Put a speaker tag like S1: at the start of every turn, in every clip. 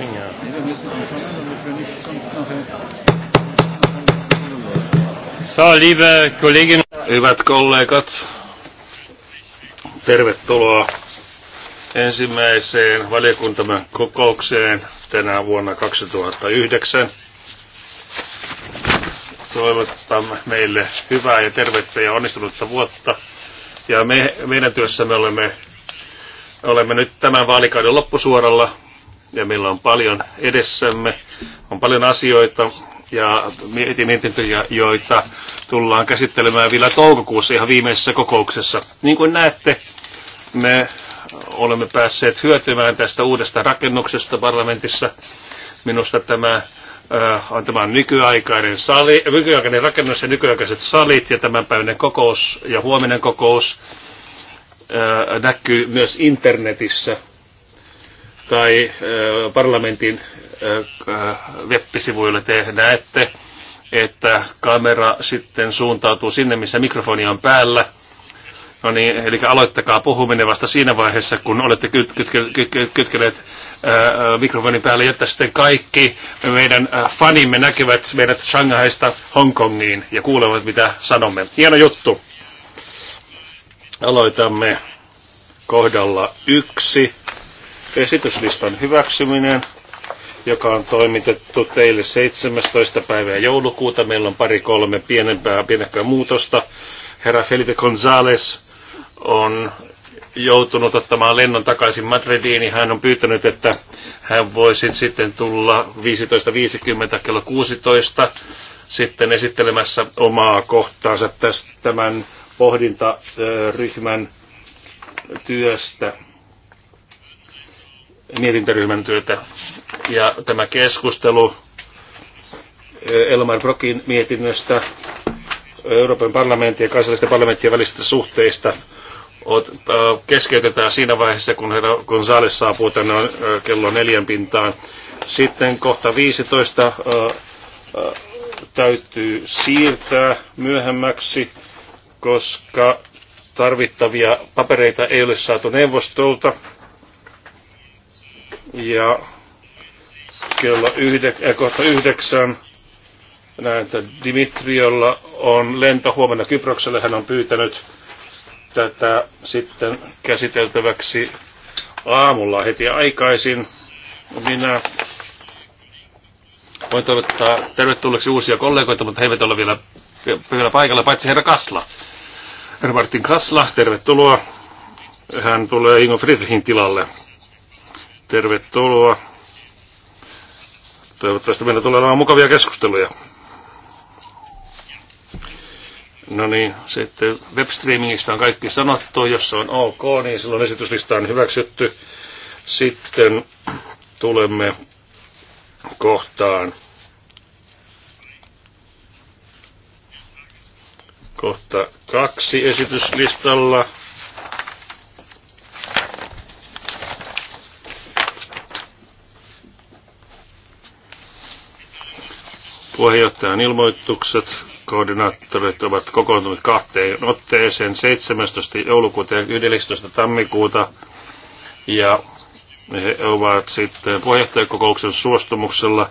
S1: Finger. So, liebe Kolleginnen, hyvät kollegat, tervetuloa ensimmäiseen valiokuntamme kokoukseen tänä vuonna 2009. Toivotamme meille hyvää ja tervettä ja onnistunutta vuotta. Ja me, meidän työssämme olemme, olemme nyt tämän vaalikauden loppusuoralla, ja meillä on paljon edessämme, on paljon asioita ja mietintöjä, joita tullaan käsittelemään vielä toukokuussa ihan viimeisessä kokouksessa. Niin kuin näette, me olemme päässeet hyötymään tästä uudesta rakennuksesta parlamentissa. Minusta tämä äh, on tämä nykyaikainen, sali, nykyaikainen rakennus ja nykyaikaiset salit ja tämänpäiväinen kokous ja huominen kokous äh, näkyy myös internetissä – tai parlamentin web-sivuille te näette, että kamera sitten suuntautuu sinne, missä mikrofoni on päällä. No niin, eli aloittakaa puhuminen vasta siinä vaiheessa, kun olette kytkeneet mikrofonin päälle, jotta sitten kaikki meidän fanimme näkevät meidät Shanghaista Hongkongiin ja kuulevat, mitä sanomme. Hieno juttu. Aloitamme kohdalla yksi esityslistan hyväksyminen, joka on toimitettu teille 17. päivää joulukuuta. Meillä on pari kolme pienempää, pienempää muutosta. Herra Felipe González on joutunut ottamaan lennon takaisin Madridiin, hän on pyytänyt, että hän voisi sitten tulla 15.50 kello 16 sitten esittelemässä omaa kohtaansa tämän pohdintaryhmän työstä mietintöryhmän työtä. Ja tämä keskustelu Elmar Brokin mietinnöstä Euroopan parlamentin ja kansallisten parlamenttien välisistä suhteista keskeytetään siinä vaiheessa, kun herra Gonzales saapuu tänne kello neljän pintaan. Sitten kohta 15 täytyy siirtää myöhemmäksi, koska tarvittavia papereita ei ole saatu neuvostolta. Ja kello yhdek, äh, eh, kohta yhdeksän näen, että Dimitriolla on lento huomenna Kyprokselle. Hän on pyytänyt tätä sitten käsiteltäväksi aamulla heti aikaisin. Minä voin toivottaa tervetulleeksi uusia kollegoita, mutta he eivät ole vielä, vielä paikalla, paitsi herra Kasla. Herra Martin Kasla, tervetuloa. Hän tulee Ingo Friedrichin tilalle. Tervetuloa. Toivottavasti meillä tulee olemaan mukavia keskusteluja. No niin, sitten webstreamingista on kaikki sanottu. Jos se on ok, niin silloin esityslista on hyväksytty. Sitten tulemme kohtaan. Kohta kaksi esityslistalla. Puheenjohtajan ilmoitukset, koordinaattorit ovat kokoontuneet kahteen otteeseen 17. joulukuuta ja 11. tammikuuta. Ja he ovat sitten puheenjohtajakokouksen suostumuksella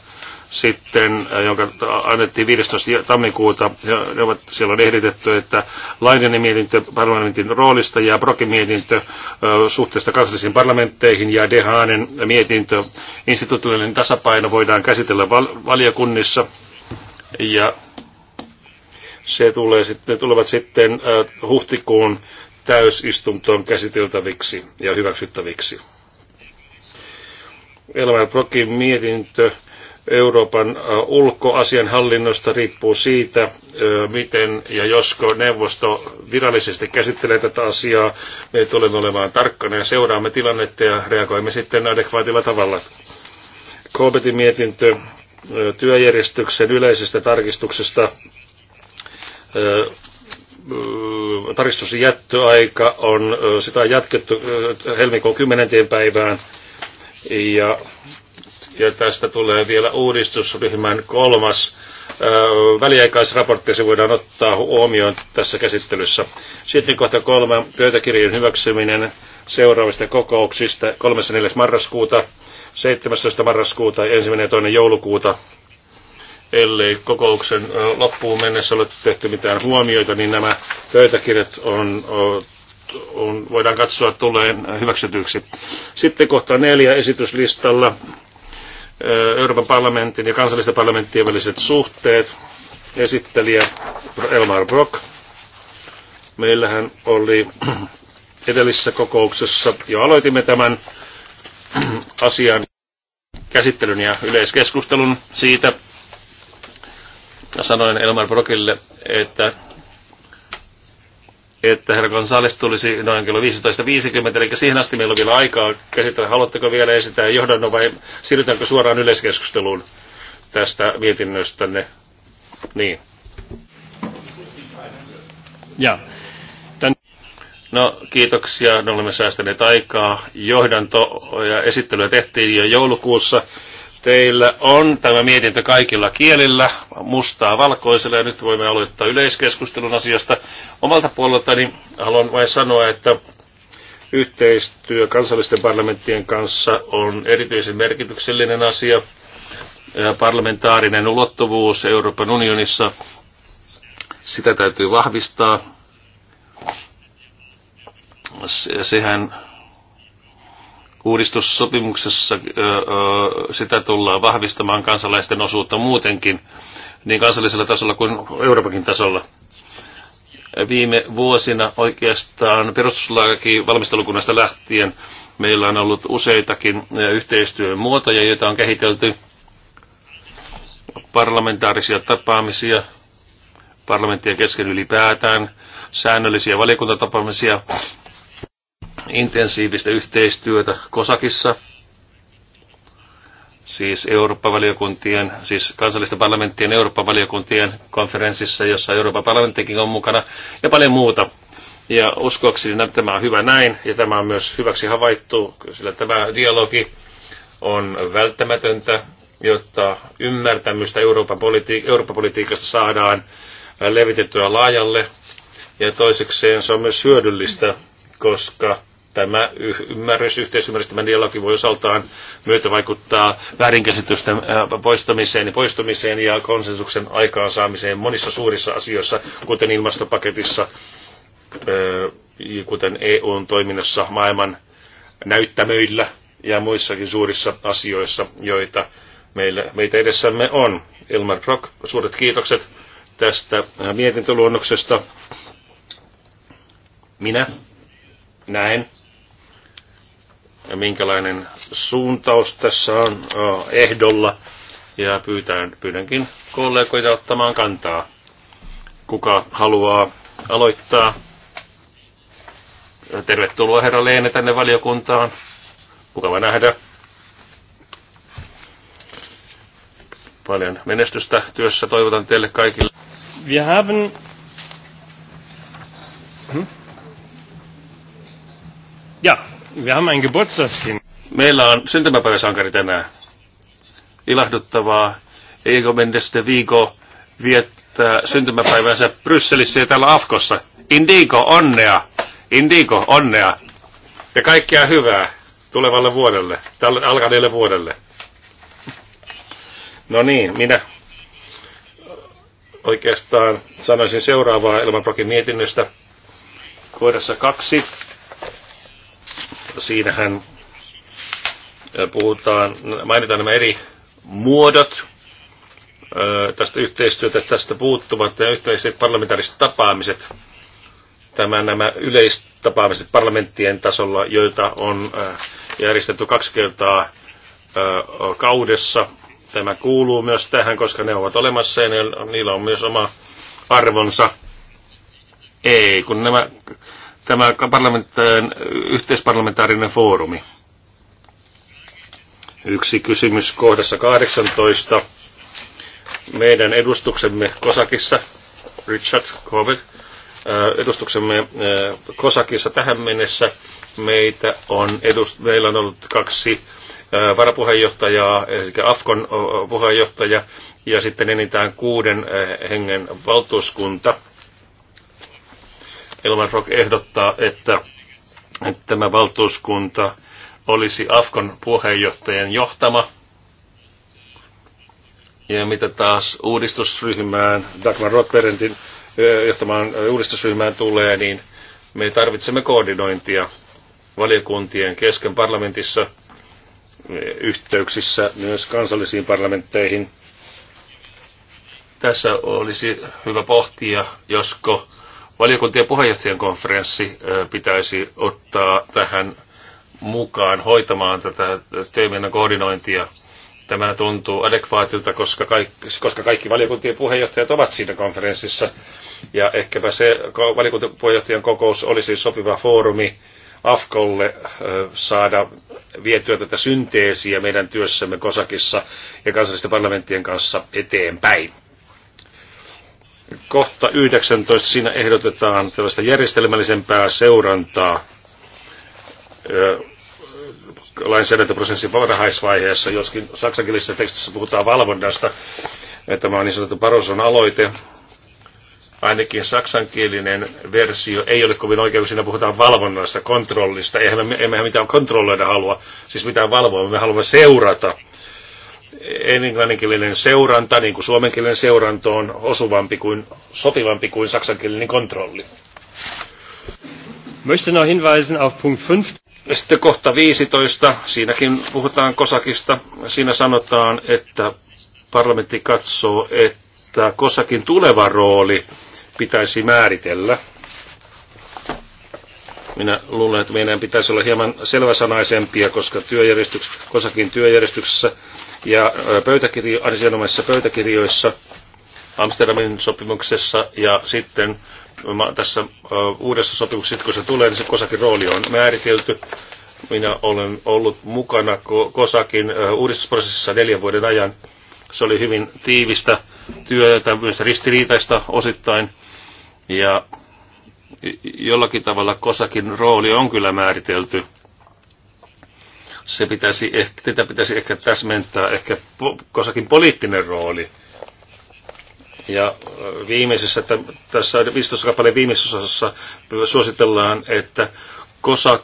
S1: sitten, äh, jonka annettiin 15. tammikuuta. Ne ovat, siellä on ehditetty, että Lainenin mietintö parlamentin roolista ja Brokin mietintö äh, suhteesta kansallisiin parlamentteihin ja Dehaanen mietintö instituutioiden tasapaino voidaan käsitellä val- valiokunnissa ja se tulee sitten, ne tulevat sitten huhtikuun täysistuntoon käsiteltäviksi ja hyväksyttäviksi. Elmar Brokin mietintö Euroopan ulkoasian hallinnosta riippuu siitä, miten ja josko neuvosto virallisesti käsittelee tätä asiaa. Me tulemme olemaan tarkkana ja seuraamme tilannetta ja reagoimme sitten adekvaatilla tavalla. Kobetin mietintö työjärjestyksen yleisestä tarkistuksesta. Tarkistuksen jättöaika on, sitä on jatkettu helmikuun 10. päivään ja, ja tästä tulee vielä uudistusryhmän kolmas väliaikaisraportti, se voidaan ottaa huomioon tässä käsittelyssä. Sitten kohta kolme, pöytäkirjan hyväksyminen seuraavista kokouksista 3.4. marraskuuta 17. marraskuuta ja 1. ja 2. joulukuuta. Ellei kokouksen loppuun mennessä ole tehty mitään huomioita, niin nämä pöytäkirjat on, on, voidaan katsoa tuleen hyväksytyksi. Sitten kohta neljä esityslistalla Euroopan parlamentin ja kansallisten parlamenttien väliset suhteet. Esittelijä Elmar Brock. Meillähän oli edellisessä kokouksessa jo aloitimme tämän asian käsittelyn ja yleiskeskustelun siitä. Ja sanoin Elmar Brokille, että, että herra Gonzales tulisi noin kello 15.50, eli siihen asti meillä on vielä aikaa käsitellä. Haluatteko vielä esittää johdannon vai siirrytäänkö suoraan yleiskeskusteluun tästä mietinnöstänne? Niin. Ja, No, kiitoksia. Me olemme säästäneet aikaa. Johdanto ja esittelyä tehtiin jo joulukuussa. Teillä on tämä mietintö kaikilla kielillä, mustaa valkoisella, ja nyt voimme aloittaa yleiskeskustelun asiasta. Omalta puoleltani haluan vain sanoa, että yhteistyö kansallisten parlamenttien kanssa on erityisen merkityksellinen asia. Parlamentaarinen ulottuvuus Euroopan unionissa, sitä täytyy vahvistaa sehän uudistussopimuksessa sitä tullaan vahvistamaan kansalaisten osuutta muutenkin, niin kansallisella tasolla kuin Euroopankin tasolla. Viime vuosina oikeastaan perustuslaki valmistelukunnasta lähtien meillä on ollut useitakin yhteistyömuotoja, joita on kehitelty parlamentaarisia tapaamisia, parlamenttien kesken ylipäätään, säännöllisiä valiokuntatapaamisia, intensiivistä yhteistyötä Kosakissa, siis Eurooppa-valiokuntien, siis kansallisten parlamenttien Eurooppa-valiokuntien konferenssissa, jossa Euroopan parlamenttikin on mukana, ja paljon muuta. Ja uskoakseni tämä on hyvä näin, ja tämä on myös hyväksi havaittu, sillä tämä dialogi on välttämätöntä, jotta ymmärtämystä Euroopan, politi- Euroopan politiikasta saadaan äh, levitettyä laajalle. Ja toisekseen se on myös hyödyllistä, koska Tämä ymmärrys, yhteisymmärrys, tämä dialogi voi osaltaan myötä vaikuttaa väärinkäsitysten äh, poistamiseen ja poistumiseen ja konsensuksen aikaansaamiseen monissa suurissa asioissa, kuten ilmastopaketissa, äh, kuten EUn toiminnassa maailman näyttämöillä ja muissakin suurissa asioissa, joita meillä, meitä edessämme on. Elmar Brock, suuret kiitokset tästä äh, mietintöluonnoksesta. Minä näen minkälainen suuntaus tässä on ehdolla. Ja pyytän, pyydänkin kollegoita ottamaan kantaa. Kuka haluaa aloittaa? Tervetuloa herra Leene tänne valiokuntaan. Mukava nähdä. Paljon menestystä työssä toivotan teille kaikille. Wir haben hm? Ja, Wir haben ein Geburtstagskind. Meillä on syntymäpäiväsankari tänään. Ilahduttavaa. Ego Mendes de Vigo viettää syntymäpäivänsä Brysselissä ja täällä Afkossa. Indigo, onnea! Indigo, onnea! Ja kaikkea hyvää tulevalle vuodelle, tälle alkaneelle vuodelle. No niin, minä oikeastaan sanoisin seuraavaa Elman mietinnöstä. Kohdassa kaksi Siinähän puhutaan, mainitaan nämä eri muodot tästä yhteistyötä, tästä puuttuvat ja yhteiset parlamentaariset tapaamiset, tämä, nämä yleistapaamiset parlamenttien tasolla, joita on järjestetty kaksi kertaa kaudessa. Tämä kuuluu myös tähän, koska ne ovat olemassa ja niillä on myös oma arvonsa. Ei, kun nämä tämä yhteisparlamentaarinen foorumi. Yksi kysymys kohdassa 18. Meidän edustuksemme Kosakissa, Richard Corbett, äh, edustuksemme äh, Kosakissa tähän mennessä meitä on edust- meillä on ollut kaksi äh, varapuheenjohtajaa, eli Afkon puheenjohtaja ja sitten enintään kuuden hengen valtuuskunta – Elmar Rock ehdottaa, että, että tämä valtuuskunta olisi Afkon puheenjohtajan johtama. Ja mitä taas uudistusryhmään, Dagmar Rotberentin johtamaan uudistusryhmään tulee, niin me tarvitsemme koordinointia valiokuntien kesken parlamentissa, yhteyksissä myös kansallisiin parlamentteihin. Tässä olisi hyvä pohtia, josko valiokuntien puheenjohtajien konferenssi pitäisi ottaa tähän mukaan hoitamaan tätä toiminnan koordinointia. Tämä tuntuu adekvaatilta, koska kaikki, koska kaikki valiokuntien puheenjohtajat ovat siinä konferenssissa. Ja ehkäpä se valiokuntien puheenjohtajan kokous olisi sopiva foorumi Afkolle saada vietyä tätä synteesiä meidän työssämme Kosakissa ja kansallisten parlamenttien kanssa eteenpäin. Kohta 19 siinä ehdotetaan tällaista järjestelmällisempää seurantaa lainsäädäntöprosessin varhaisvaiheessa, joskin saksankielisessä tekstissä puhutaan valvonnasta. Tämä on niin sanottu Baroson aloite. Ainakin saksankielinen versio ei ole kovin oikein, kun siinä puhutaan valvonnasta, kontrollista. Eihän me, emme mitään kontrolloida halua, siis mitään valvoa, me haluamme seurata englanninkielinen seuranta, niin kuin suomenkielinen seuranto, on osuvampi kuin, sopivampi kuin saksankielinen kontrolli. Möchte noch hinweisen auf Punkt 5. Sitten kohta 15, siinäkin puhutaan kosakista. Siinä sanotaan, että parlamentti katsoo, että kosakin tuleva rooli pitäisi määritellä. Minä luulen, että meidän pitäisi olla hieman selväsanaisempia, koska työjärjestyks, kosakin työjärjestyksessä ja pöytäkirjo, asianomaisissa pöytäkirjoissa Amsterdamin sopimuksessa ja sitten tässä uudessa sopimuksessa, kun se tulee, niin se kosakin rooli on määritelty. Minä olen ollut mukana kosakin uudistusprosessissa neljän vuoden ajan. Se oli hyvin tiivistä työtä, myös ristiriitaista osittain. Ja jollakin tavalla kosakin rooli on kyllä määritelty se pitäisi ehkä, tätä pitäisi ehkä täsmentää, ehkä kosakin poliittinen rooli. Ja äh, viimeisessä, tässä 15 kappaleen viimeisessä osassa suositellaan, että kosak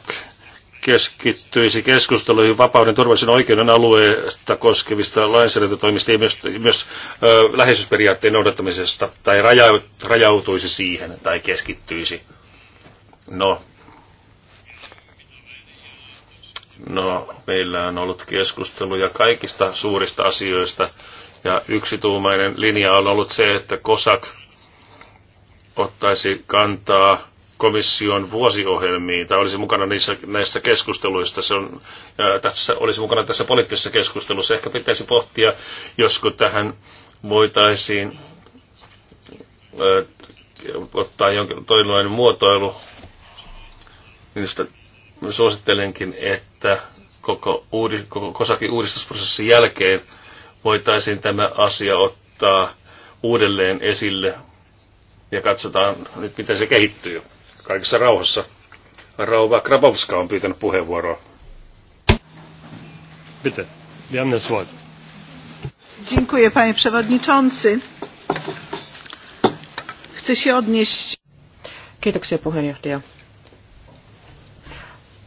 S1: keskittyisi keskusteluihin vapauden turvallisen oikeuden alueesta koskevista lainsäädäntötoimista ja myös, myös ö, läheisyysperiaatteen noudattamisesta, tai rajautuisi siihen tai keskittyisi. No, No, meillä on ollut keskusteluja kaikista suurista asioista, ja yksituumainen linja on ollut se, että COSAC ottaisi kantaa komission vuosiohjelmiin, tai olisi mukana niissä, näissä keskusteluissa. Se on, tässä, olisi mukana tässä poliittisessa keskustelussa. Ehkä pitäisi pohtia, josko tähän voitaisiin ö, ottaa jonkin toinen muotoilu. niistä suosittelenkin, että koko, uudi, koko kosakin uudistusprosessin jälkeen voitaisiin tämä asia ottaa uudelleen esille ja katsotaan nyt, miten se kehittyy kaikessa rauhassa. Rauva Krabowska on pyytänyt puheenvuoroa. Bitte, wir haben das Wort.
S2: Dziękuję, panie przewodniczący. Chcę się odnieść... Kiitoksia, puheenjohtaja.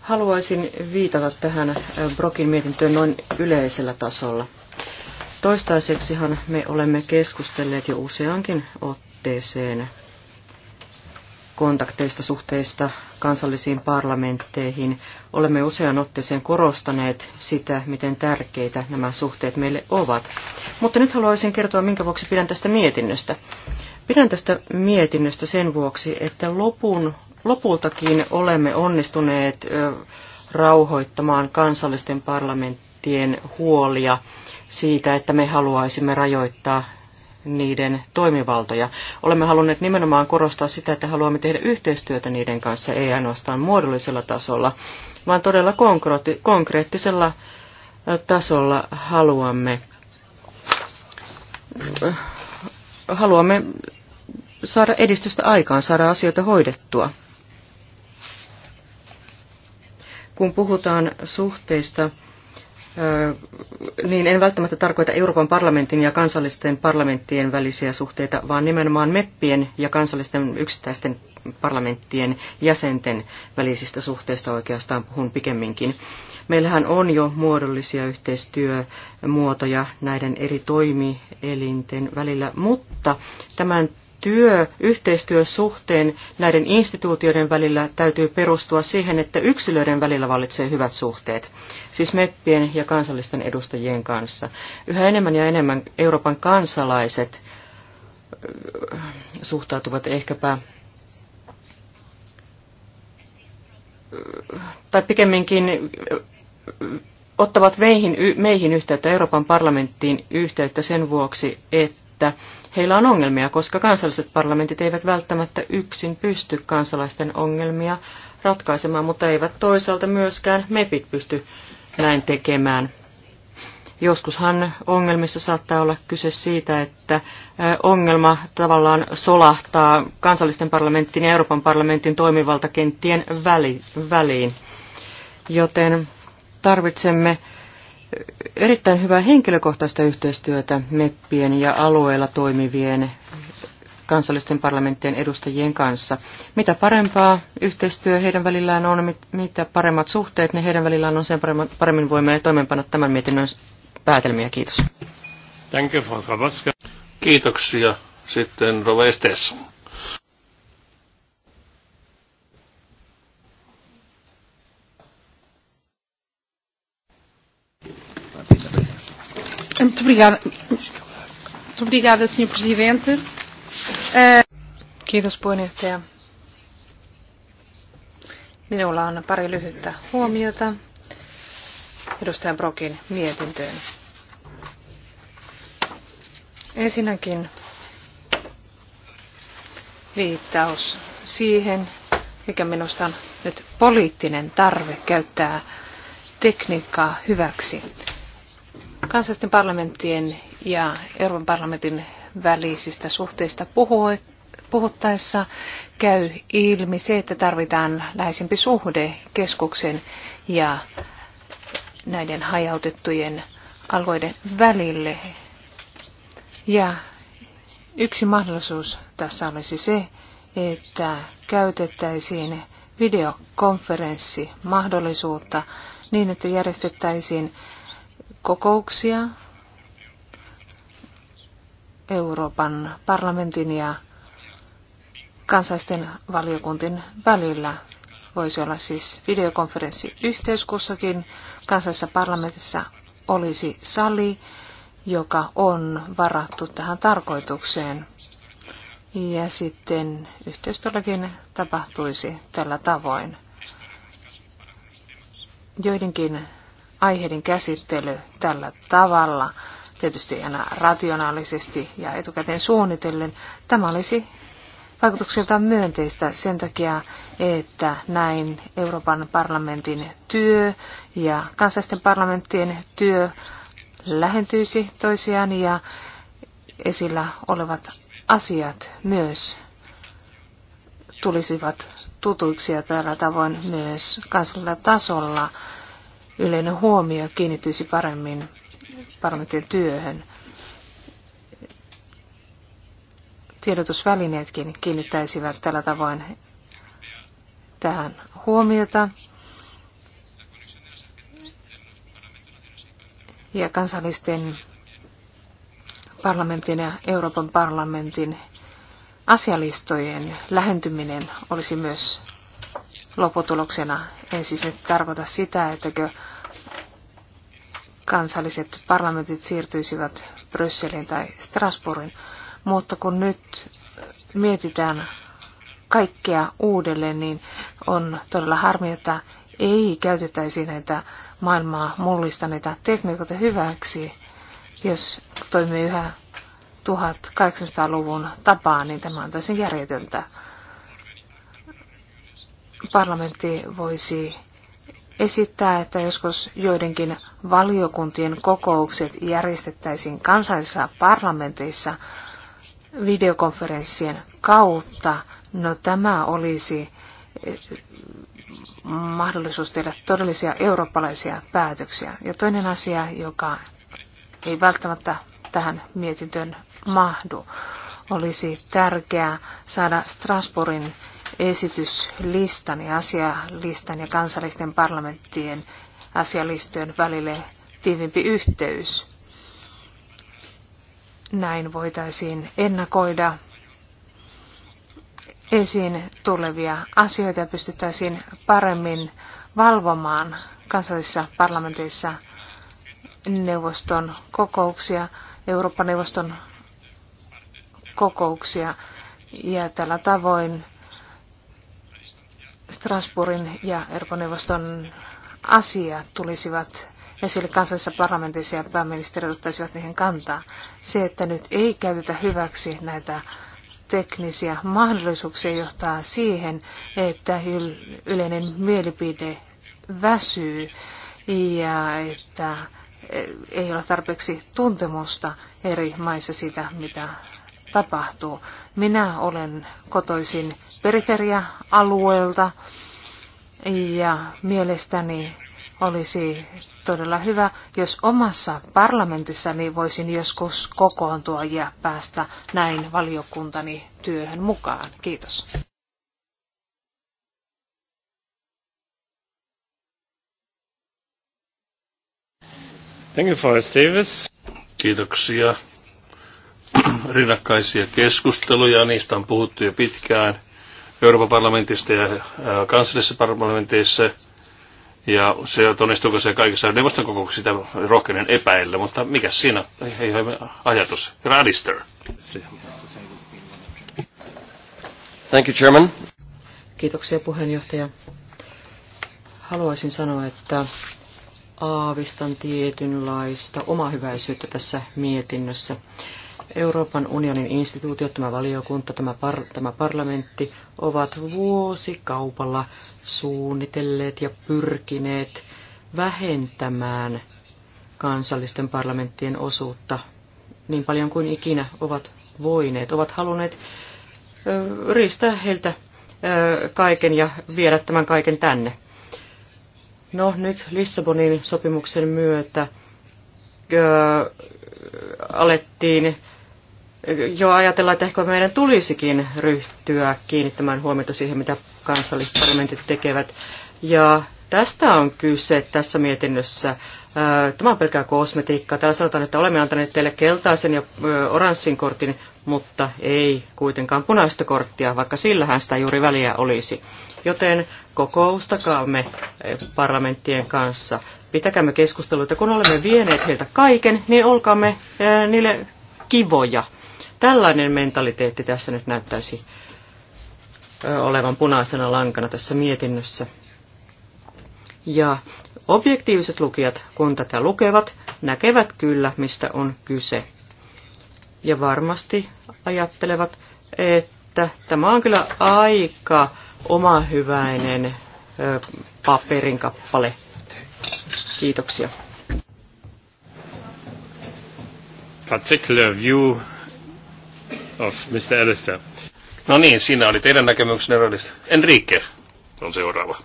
S2: Haluaisin viitata tähän äh, Brokin mietintöön noin yleisellä tasolla. Toistaiseksihan me olemme keskustelleet jo useankin otteeseen kontakteista suhteista kansallisiin parlamentteihin. Olemme usean otteeseen korostaneet sitä, miten tärkeitä nämä suhteet meille ovat. Mutta nyt haluaisin kertoa, minkä vuoksi pidän tästä mietinnöstä. Pidän tästä mietinnöstä sen vuoksi, että lopun lopultakin olemme onnistuneet rauhoittamaan kansallisten parlamenttien huolia siitä, että me haluaisimme rajoittaa niiden toimivaltoja. Olemme halunneet nimenomaan korostaa sitä, että haluamme tehdä yhteistyötä niiden kanssa, ei ainoastaan muodollisella tasolla, vaan todella konkreettisella tasolla haluamme, haluamme saada edistystä aikaan, saada asioita hoidettua. Kun puhutaan suhteista, niin en välttämättä tarkoita Euroopan parlamentin ja kansallisten parlamenttien välisiä suhteita, vaan nimenomaan meppien ja kansallisten yksittäisten parlamenttien jäsenten välisistä suhteista oikeastaan puhun pikemminkin. Meillähän on jo muodollisia yhteistyömuotoja näiden eri toimielinten välillä, mutta tämän työ yhteistyösuhteen näiden instituutioiden välillä täytyy perustua siihen, että yksilöiden välillä vallitsee hyvät suhteet, siis meppien ja kansallisten edustajien kanssa. Yhä enemmän ja enemmän Euroopan kansalaiset äh, suhtautuvat ehkäpä äh, tai pikemminkin äh, ottavat meihin, meihin yhteyttä, Euroopan parlamenttiin yhteyttä sen vuoksi, että että heillä on ongelmia, koska kansalliset parlamentit eivät välttämättä yksin pysty kansalaisten ongelmia ratkaisemaan, mutta eivät toisaalta myöskään MEPit pysty näin tekemään. Joskushan ongelmissa saattaa olla kyse siitä, että ongelma tavallaan solahtaa kansallisten parlamenttien ja Euroopan parlamentin toimivaltakenttien väliin. Joten tarvitsemme erittäin hyvää henkilökohtaista yhteistyötä meppien ja alueella toimivien kansallisten parlamenttien edustajien kanssa. Mitä parempaa yhteistyö heidän välillään on, mit, mitä paremmat suhteet ne niin heidän välillään on, sen paremmin, paremmin voimme toimeenpanna tämän mietinnön päätelmiä. Kiitos.
S1: Kiitoksia. Sitten Rova Estes.
S3: Muito obrigada. Muito obrigada, Sr. Presidente. Eh,
S4: Kiitos puheenjohtaja. Minulla on pari lyhyttä huomiota edustajan Brokin mietintöön. Ensinnäkin viittaus siihen, mikä minusta on nyt poliittinen tarve käyttää tekniikkaa hyväksi kansallisten parlamenttien ja Euroopan parlamentin välisistä suhteista puhuttaessa käy ilmi se, että tarvitaan läheisempi suhde keskuksen ja näiden hajautettujen alueiden välille. Ja yksi mahdollisuus tässä olisi se, että käytettäisiin videokonferenssimahdollisuutta niin, että järjestettäisiin kokouksia Euroopan parlamentin ja kansaisten valiokuntien välillä. Voisi olla siis videokonferenssi yhteiskussakin. Kansallisessa parlamentissa olisi sali, joka on varattu tähän tarkoitukseen. Ja sitten yhteistyölläkin tapahtuisi tällä tavoin. Joidenkin aiheiden käsittely tällä tavalla, tietysti aina rationaalisesti ja etukäteen suunnitellen, tämä olisi vaikutuksiltaan myönteistä sen takia, että näin Euroopan parlamentin työ ja kansallisten parlamenttien työ lähentyisi toisiaan ja esillä olevat asiat myös tulisivat tutuiksi ja tällä tavoin myös kansallisella tasolla yleinen huomio kiinnittyisi paremmin parlamentin työhön. Tiedotusvälineetkin kiinnittäisivät tällä tavoin tähän huomiota. Ja kansallisten parlamentin ja Euroopan parlamentin asialistojen lähentyminen olisi myös lopputuloksena. En siis nyt tarkoita sitä, että kansalliset parlamentit siirtyisivät Brysseliin tai Strasbourgin, mutta kun nyt mietitään kaikkea uudelleen, niin on todella harmi, että ei käytettäisi näitä maailmaa mullistaneita tekniikoita hyväksi. Jos toimii yhä 1800-luvun tapaan, niin tämä on täysin järjetöntä parlamentti voisi esittää, että joskus joidenkin valiokuntien kokoukset järjestettäisiin kansallisissa parlamenteissa videokonferenssien kautta. No tämä olisi eh, mahdollisuus tehdä todellisia eurooppalaisia päätöksiä. Ja toinen asia, joka ei välttämättä tähän mietintöön mahdu, olisi tärkeää saada Strasbourgin esityslistan ja asialistan ja kansallisten parlamenttien asialistojen välille tiivimpi yhteys. Näin voitaisiin ennakoida esiin tulevia asioita ja pystyttäisiin paremmin valvomaan kansallisissa parlamenteissa neuvoston kokouksia, Eurooppa-neuvoston kokouksia ja tällä tavoin Strasbourgin ja Erkoneuvoston asiat tulisivat esille kansallisessa parlamentissa ja pääministerit ottaisivat niihin kantaa. Se, että nyt ei käytetä hyväksi näitä teknisiä mahdollisuuksia johtaa siihen, että yleinen mielipide väsyy ja että e, ei ole tarpeeksi tuntemusta eri maissa sitä, mitä tapahtuu. Minä olen kotoisin periferia-alueelta ja mielestäni olisi todella hyvä, jos omassa parlamentissani voisin joskus kokoontua ja päästä näin valiokuntani työhön mukaan. Kiitos.
S1: Thank you, Forrest Davis. Kiitoksia. rinnakkaisia keskusteluja, niistä on puhuttu jo pitkään Euroopan parlamentista ja äh, kansallisissa parlamenteissa. Ja se, onnistuuko se kaikissa neuvoston kokouksissa, sitä rohkeinen epäillä, mutta mikä siinä ei ole ajatus? Radister. Thank you, Chairman. Kiitoksia
S2: puheenjohtaja. Haluaisin sanoa, että aavistan tietynlaista omahyväisyyttä tässä mietinnössä. Euroopan unionin instituutiot, tämä valiokunta, tämä, par, tämä parlamentti ovat vuosikaupalla suunnitelleet ja pyrkineet vähentämään kansallisten parlamenttien osuutta niin paljon kuin ikinä ovat voineet, ovat halunneet ö, riistää heiltä ö, kaiken ja viedä tämän kaiken tänne. No nyt Lissabonin sopimuksen myötä ö, alettiin jo ajatella, että ehkä meidän tulisikin ryhtyä kiinnittämään huomiota siihen, mitä kansalliset parlamentit tekevät. Ja tästä on kyse tässä mietinnössä. Tämä on pelkää kosmetiikkaa. Täällä sanotaan, että olemme antaneet teille keltaisen ja oranssin kortin, mutta ei kuitenkaan punaista korttia, vaikka sillähän sitä juuri väliä olisi. Joten kokoustakaamme parlamenttien kanssa. Pitäkäämme keskusteluita. Kun olemme vieneet heiltä kaiken, niin olkaamme niille kivoja. Tällainen mentaliteetti tässä nyt näyttäisi olevan punaisena lankana tässä mietinnössä. Ja objektiiviset lukijat, kun tätä lukevat, näkevät kyllä, mistä on kyse. Ja varmasti ajattelevat, että tämä on kyllä aika hyväinen paperin kappale. Kiitoksia.
S1: Particular view of Mr. Alistair. No niin, siinä oli teidän näkemyksenne roolista. Enrique on seuraava.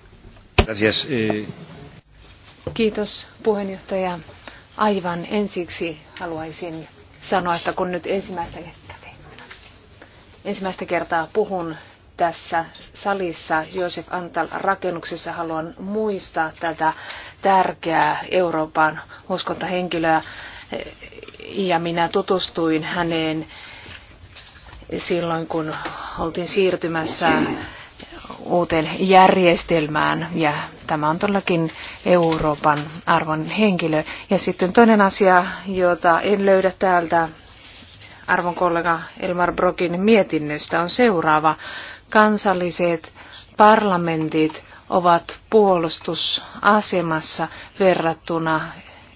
S1: Gracias. Eh.
S4: Kiitos puheenjohtaja. Aivan ensiksi haluaisin sanoa, että kun nyt ensimmäistä kertaa ensimmäistä kertaa puhun tässä salissa Josef Antal rakennuksessa haluan muistaa tätä tärkeää Euroopan uskontahenkilöä ja minä tutustuin häneen silloin, kun oltiin siirtymässä uuteen järjestelmään ja tämä on todellakin Euroopan arvon henkilö. Ja sitten toinen asia, jota en löydä täältä arvon kollega Elmar Brokin mietinnöstä on seuraava. Kansalliset parlamentit ovat puolustusasemassa verrattuna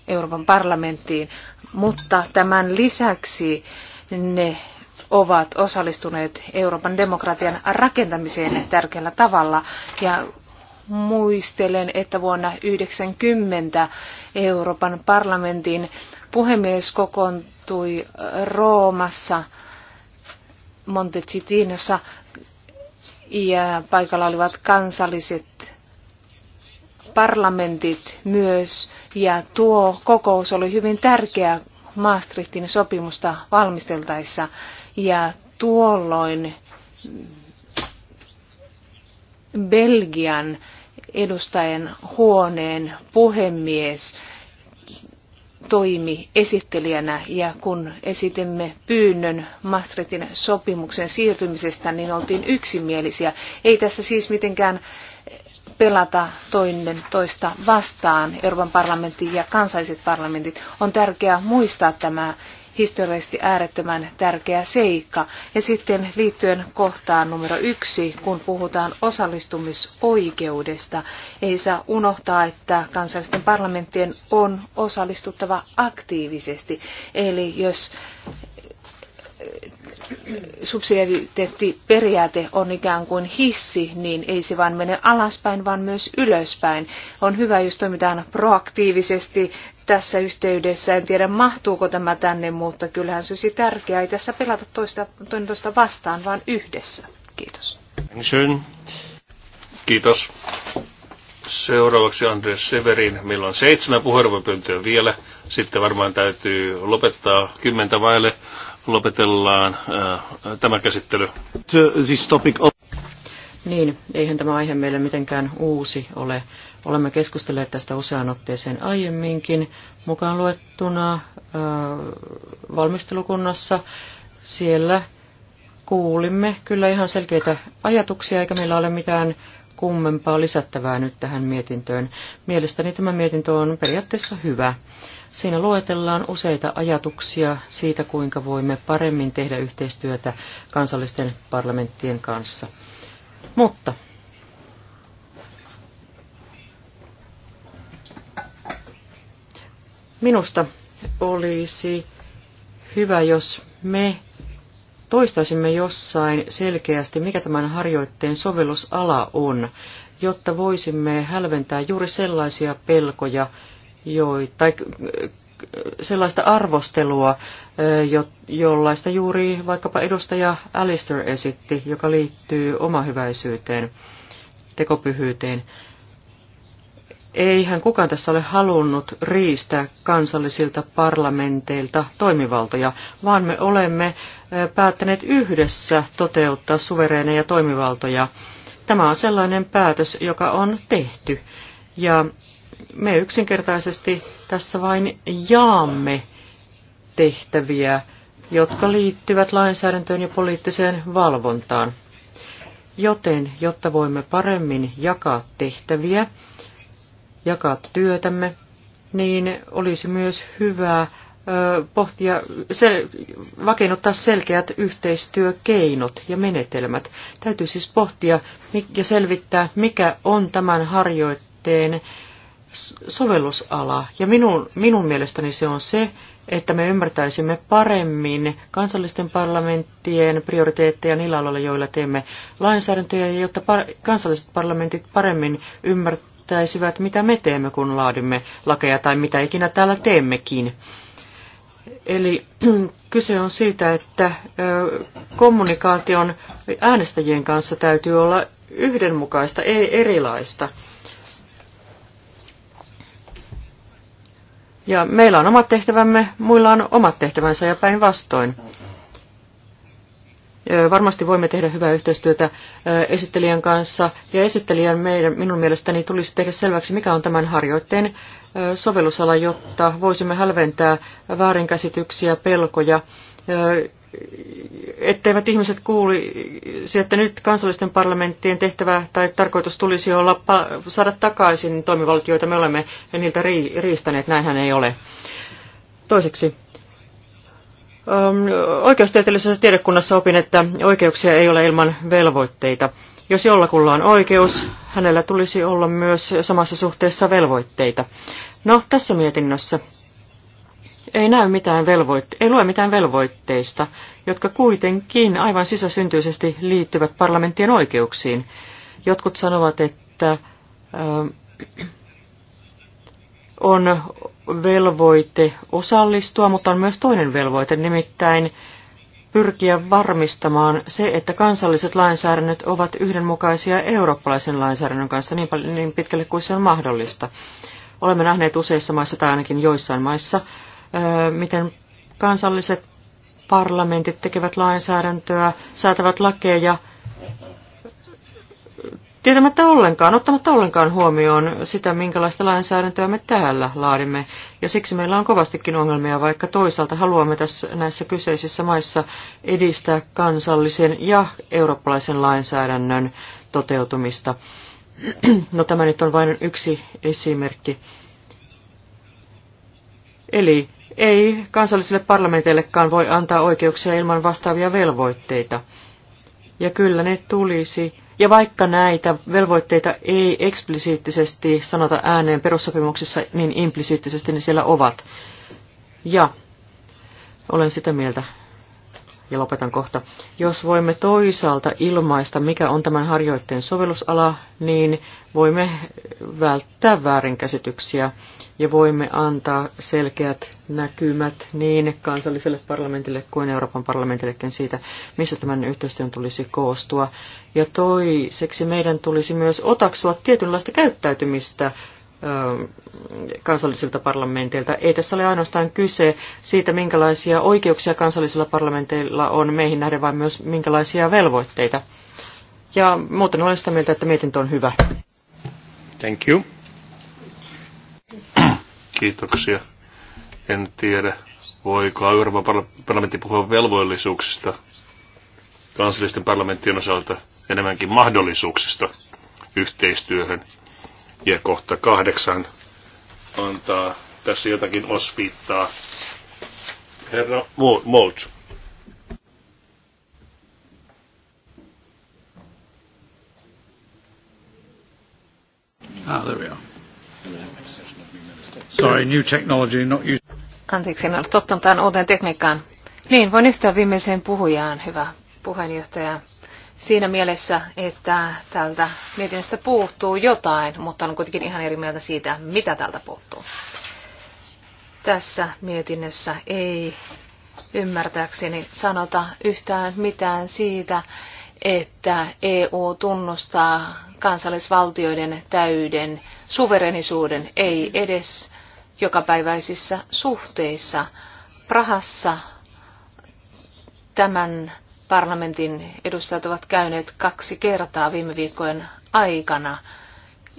S4: Euroopan parlamenttiin, mutta tämän lisäksi ne ovat osallistuneet Euroopan demokratian rakentamiseen tärkeällä tavalla. Ja muistelen, että vuonna 1990 Euroopan parlamentin puhemies kokoontui Roomassa Montecitinossa ja paikalla olivat kansalliset parlamentit myös ja tuo kokous oli hyvin tärkeä Maastrichtin sopimusta valmisteltaessa ja tuolloin Belgian edustajan huoneen puhemies toimi esittelijänä ja kun esitimme pyynnön Maastrichtin sopimuksen siirtymisestä, niin oltiin yksimielisiä. Ei tässä siis mitenkään pelata toinen toista vastaan, Euroopan parlamentti ja kansalliset parlamentit. On tärkeää muistaa tämä historiallisesti äärettömän tärkeä seikka. Ja sitten liittyen kohtaan numero yksi, kun puhutaan osallistumisoikeudesta, ei saa unohtaa, että kansallisten parlamenttien on osallistuttava aktiivisesti. Eli jos subsidiariteettiperiaate on ikään kuin hissi, niin ei se vaan mene alaspäin, vaan myös ylöspäin. On hyvä, jos toimitaan proaktiivisesti tässä yhteydessä. En tiedä, mahtuuko tämä tänne, mutta kyllähän se olisi tärkeää. Ei tässä pelata toista, toinen toista vastaan, vaan yhdessä.
S1: Kiitos. Kiitos. Seuraavaksi Andres Severin. Meillä on seitsemän puheenvuoropyyntöä vielä. Sitten varmaan täytyy lopettaa kymmentä vaille lopetellaan äh, tämä käsittely.
S2: Niin, eihän tämä aihe meille mitenkään uusi ole. Olemme keskustelleet tästä useaan otteeseen aiemminkin, mukaan luettuna äh, valmistelukunnassa. Siellä kuulimme kyllä ihan selkeitä ajatuksia, eikä meillä ole mitään kummempaa lisättävää nyt tähän mietintöön. Mielestäni tämä mietintö on periaatteessa hyvä. Siinä luetellaan useita ajatuksia siitä, kuinka voimme paremmin tehdä yhteistyötä kansallisten parlamenttien kanssa. Mutta minusta olisi hyvä, jos me toistaisimme jossain selkeästi, mikä tämän harjoitteen sovellusala on, jotta voisimme hälventää juuri sellaisia pelkoja, joi, tai sellaista arvostelua, jo, jollaista juuri vaikkapa edustaja Alistair esitti, joka liittyy omahyväisyyteen, tekopyhyyteen. Eihän kukaan tässä ole halunnut riistää kansallisilta parlamenteilta toimivaltoja, vaan me olemme päättäneet yhdessä toteuttaa suvereeneja toimivaltoja. Tämä on sellainen päätös, joka on tehty. Ja me yksinkertaisesti tässä vain jaamme tehtäviä, jotka liittyvät lainsäädäntöön ja poliittiseen valvontaan. Joten, jotta voimme paremmin jakaa tehtäviä, jakaa työtämme, niin olisi myös hyvä pohtia, se, vakiinnuttaa selkeät yhteistyökeinot ja menetelmät. Täytyy siis pohtia ja selvittää, mikä on tämän harjoitteen sovellusala. Ja minun, minun mielestäni se on se, että me ymmärtäisimme paremmin kansallisten parlamenttien prioriteetteja niillä aloilla, joilla teemme lainsäädäntöjä, jotta par- kansalliset parlamentit paremmin ymmärtäisivät, mitä me teemme, kun laadimme lakeja tai mitä ikinä täällä teemmekin. Eli kyse on siitä, että kommunikaation äänestäjien kanssa täytyy olla yhdenmukaista, ei erilaista. Ja meillä on omat tehtävämme, muilla on omat tehtävänsä ja päinvastoin. Varmasti voimme tehdä hyvää yhteistyötä esittelijän kanssa ja esittelijän meidän, minun mielestäni tulisi tehdä selväksi, mikä on tämän harjoitteen sovellusala, jotta voisimme hälventää väärinkäsityksiä, pelkoja etteivät ihmiset kuulisi, että nyt kansallisten parlamenttien tehtävä tai tarkoitus tulisi olla saada takaisin toimivaltioita, me olemme niiltä riistäneet, näinhän ei ole. Toiseksi, ähm, oikeustieteellisessä tiedekunnassa opin, että oikeuksia ei ole ilman velvoitteita. Jos jollakulla on oikeus, hänellä tulisi olla myös samassa suhteessa velvoitteita. No, tässä mietinnössä ei näy mitään velvoitte- ei lue mitään velvoitteista, jotka kuitenkin aivan sisäsyntyisesti liittyvät parlamenttien oikeuksiin. Jotkut sanovat, että äh, on velvoite osallistua, mutta on myös toinen velvoite, nimittäin pyrkiä varmistamaan se, että kansalliset lainsäädännöt ovat yhdenmukaisia eurooppalaisen lainsäädännön kanssa niin, paljon, niin pitkälle kuin se on mahdollista. Olemme nähneet useissa maissa tai ainakin joissain maissa miten kansalliset parlamentit tekevät lainsäädäntöä, säätävät lakeja, tietämättä ollenkaan, ottamatta ollenkaan huomioon sitä, minkälaista lainsäädäntöä me täällä laadimme. Ja siksi meillä on kovastikin ongelmia, vaikka toisaalta haluamme tässä, näissä kyseisissä maissa edistää kansallisen ja eurooppalaisen lainsäädännön toteutumista. No tämä nyt on vain yksi esimerkki. Eli ei kansallisille parlamenteillekaan voi antaa oikeuksia ilman vastaavia velvoitteita. Ja kyllä ne tulisi. Ja vaikka näitä velvoitteita ei eksplisiittisesti sanota ääneen perussopimuksissa, niin implisiittisesti ne siellä ovat. Ja olen sitä mieltä, ja lopetan kohta. Jos voimme toisaalta ilmaista, mikä on tämän harjoitteen sovellusala, niin voimme välttää väärinkäsityksiä ja voimme antaa selkeät näkymät niin kansalliselle parlamentille kuin Euroopan parlamentillekin siitä, missä tämän yhteistyön tulisi koostua. Ja toiseksi meidän tulisi myös otaksua tietynlaista käyttäytymistä kansallisilta parlamenteilta. Ei tässä ole ainoastaan kyse siitä, minkälaisia oikeuksia kansallisilla parlamenteilla on meihin nähden, vaan myös minkälaisia velvoitteita. Ja muuten olen sitä mieltä, että mietintö on hyvä.
S1: Thank you. Kiitoksia. En tiedä, voiko Euroopan parlamentti puhua velvollisuuksista kansallisten parlamenttien osalta enemmänkin mahdollisuuksista yhteistyöhön ja kohta kahdeksan antaa tässä jotakin osviittaa. Herra Molt. Ah, there we are. Sorry, new technology, not you.
S4: Anteeksi, en ole tottunut tähän uuteen tekniikkaan. Niin, voin yhtyä viimeiseen puhujaan, hyvä puheenjohtaja siinä mielessä, että tältä mietinnöstä puuttuu jotain, mutta on kuitenkin ihan eri mieltä siitä, mitä tältä puuttuu. Tässä mietinnössä ei ymmärtääkseni sanota yhtään mitään siitä, että EU tunnustaa kansallisvaltioiden täyden suverenisuuden, ei edes jokapäiväisissä suhteissa. Prahassa tämän parlamentin edustajat ovat käyneet kaksi kertaa viime viikkojen aikana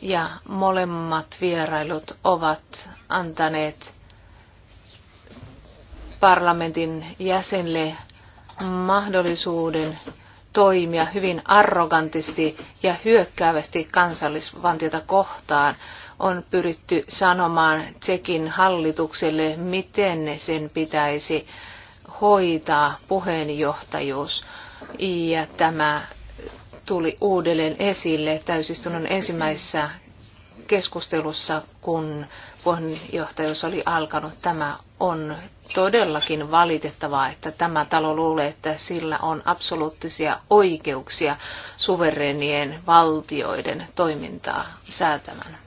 S4: ja molemmat vierailut ovat antaneet parlamentin jäsenille mahdollisuuden toimia hyvin arrogantisti ja hyökkäävästi kansallisvaltiota kohtaan. On pyritty sanomaan Tsekin hallitukselle, miten sen pitäisi hoitaa puheenjohtajuus. Ja tämä tuli uudelleen esille täysistunnon ensimmäisessä keskustelussa, kun puheenjohtajuus oli alkanut. Tämä on todellakin valitettavaa, että tämä talo luulee, että sillä on absoluuttisia oikeuksia suverenien valtioiden toimintaa säätämään.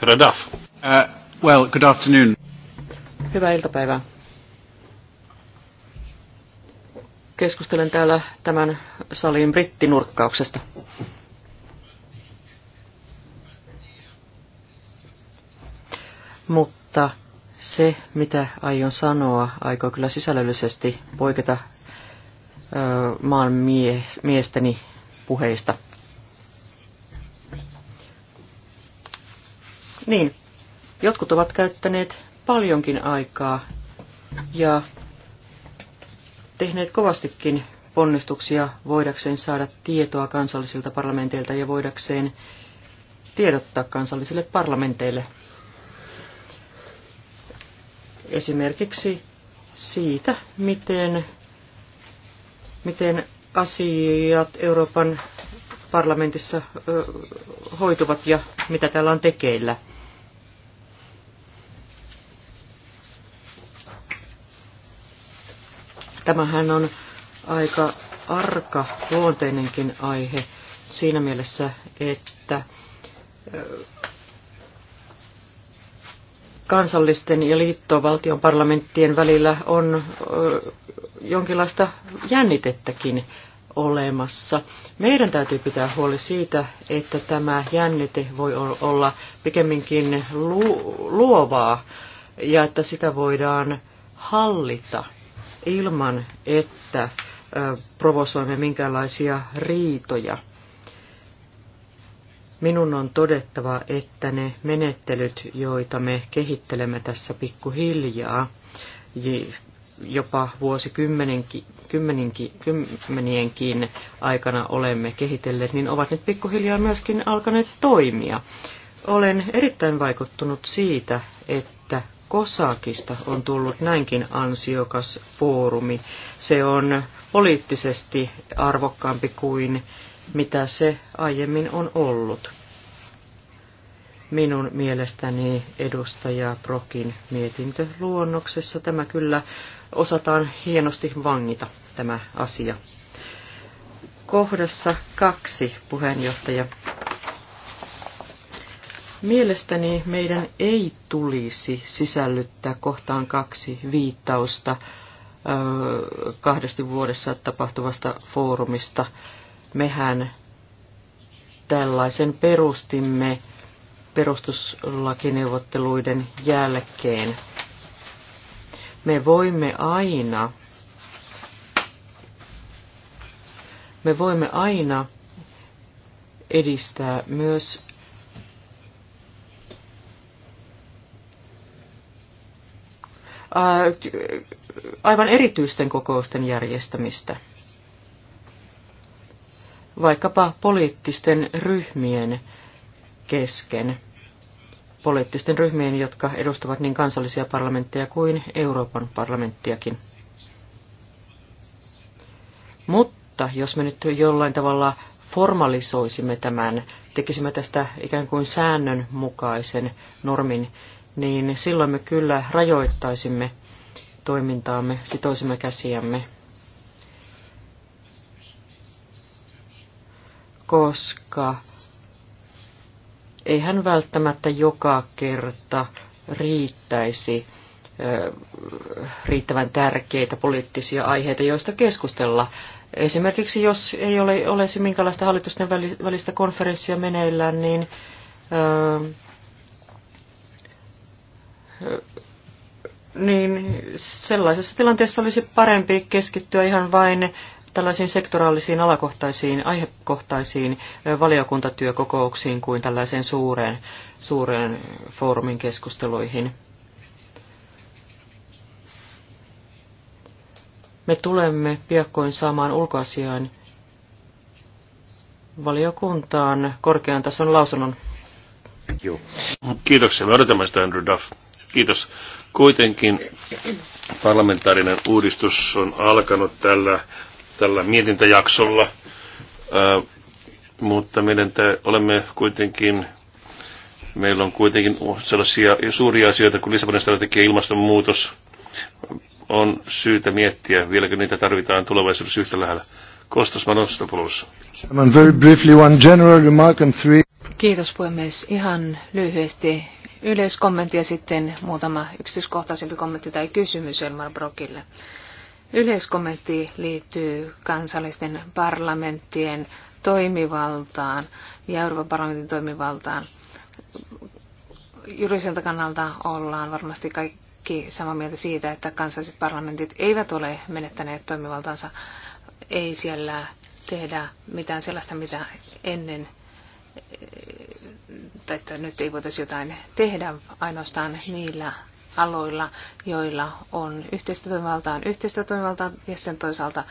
S1: Uh, well, good afternoon.
S2: Hyvää iltapäivää. Keskustelen täällä tämän salin brittinurkkauksesta. Mutta se, mitä aion sanoa, aikoo kyllä sisällöllisesti poiketa ö, maan mie- miesteni puheista. Niin, jotkut ovat käyttäneet paljonkin aikaa ja tehneet kovastikin ponnistuksia voidakseen saada tietoa kansallisilta parlamenteilta ja voidakseen tiedottaa kansallisille parlamenteille esimerkiksi siitä, miten, miten asiat Euroopan parlamentissa ö, hoituvat ja mitä täällä on tekeillä – Tämähän on aika arka luonteinenkin aihe siinä mielessä, että kansallisten ja liittovaltion parlamenttien välillä on jonkinlaista jännitettäkin olemassa. Meidän täytyy pitää huoli siitä, että tämä jännite voi olla pikemminkin luovaa ja että sitä voidaan hallita – ilman, että provosoimme minkäänlaisia riitoja. Minun on todettava, että ne menettelyt, joita me kehittelemme tässä pikkuhiljaa, jopa vuosikymmenienkin aikana olemme kehitelleet, niin ovat nyt pikkuhiljaa myöskin alkaneet toimia. Olen erittäin vaikuttunut siitä, että Kosakista on tullut näinkin ansiokas foorumi. Se on poliittisesti arvokkaampi kuin mitä se aiemmin on ollut. Minun mielestäni edustaja Prokin mietintöluonnoksessa tämä kyllä osataan hienosti vangita tämä asia. Kohdassa kaksi puheenjohtaja Mielestäni meidän ei tulisi sisällyttää kohtaan kaksi viittausta kahdesti vuodessa tapahtuvasta foorumista. Mehän tällaisen perustimme perustuslakineuvotteluiden jälkeen. Me voimme aina me voimme aina edistää myös aivan erityisten kokousten järjestämistä. Vaikkapa poliittisten ryhmien kesken. Poliittisten ryhmien, jotka edustavat niin kansallisia parlamentteja kuin Euroopan parlamenttiakin. Mutta jos me nyt jollain tavalla formalisoisimme tämän, tekisimme tästä ikään kuin säännönmukaisen normin, niin silloin me kyllä rajoittaisimme toimintaamme, sitoisimme käsiämme, koska eihän välttämättä joka kerta riittäisi riittävän tärkeitä poliittisia aiheita, joista keskustella. Esimerkiksi jos ei ole, olisi minkälaista hallitusten välistä konferenssia meneillään, niin niin sellaisessa tilanteessa olisi parempi keskittyä ihan vain tällaisiin sektoraalisiin, alakohtaisiin, aihekohtaisiin valiokuntatyökokouksiin kuin tällaiseen suureen, suureen foorumin keskusteluihin. Me tulemme piakkoin saamaan ulkoasiaan valiokuntaan korkean tason lausunnon.
S1: Kiitoksia. Me odotamme sitä, Andrew Duff. Kiitos. Kuitenkin parlamentaarinen uudistus on alkanut tällä, tällä mietintäjaksolla, äh, mutta meidän tää, olemme kuitenkin meillä on kuitenkin sellaisia suuria asioita kuin Lissabonin strategia ilmastonmuutos. On syytä miettiä, vieläkö niitä tarvitaan tulevaisuudessa yhtä lähellä. Kostas Manostopoulos.
S4: Kiitos puhemies. Ihan lyhyesti yleiskommentti ja sitten muutama yksityiskohtaisempi kommentti tai kysymys Elmar Brokille. Yleiskommentti liittyy kansallisten parlamenttien toimivaltaan ja Euroopan parlamentin toimivaltaan. Juridiselta kannalta ollaan varmasti kaikki samaa mieltä siitä, että kansalliset parlamentit eivät ole menettäneet toimivaltaansa Ei siellä tehdä mitään sellaista, mitä ennen tai että nyt ei voitaisi jotain tehdä ainoastaan niillä aloilla, joilla on yhteistä toimivaltaan yhteistä toimivaltaa, ja sitten toisaalta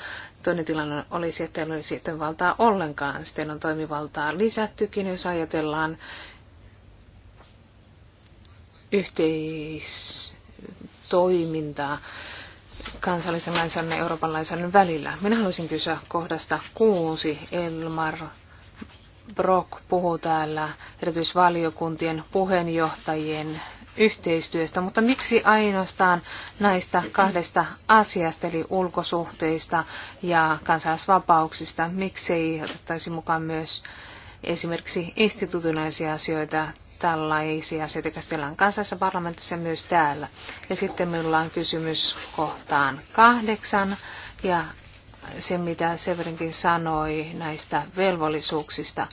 S4: toinen tilanne olisi, että ei olisi toimivaltaa ollenkaan. Sitten on toimivaltaa lisättykin, jos ajatellaan yhteistoimintaa kansallisen lainsäädännön ja Euroopan lainsäädännön välillä. Minä haluaisin kysyä kohdasta kuusi Elmar Brock puhuu täällä erityisvaliokuntien puheenjohtajien yhteistyöstä, mutta miksi ainoastaan näistä kahdesta asiasta, eli ulkosuhteista ja kansalaisvapauksista, miksei otettaisi mukaan myös esimerkiksi institutionaalisia asioita, tällaisia asioita käsitellään kansallisessa parlamentissa ja myös täällä. Ja sitten meillä on kysymys kohtaan kahdeksan ja se, mitä Severinkin sanoi näistä velvollisuuksista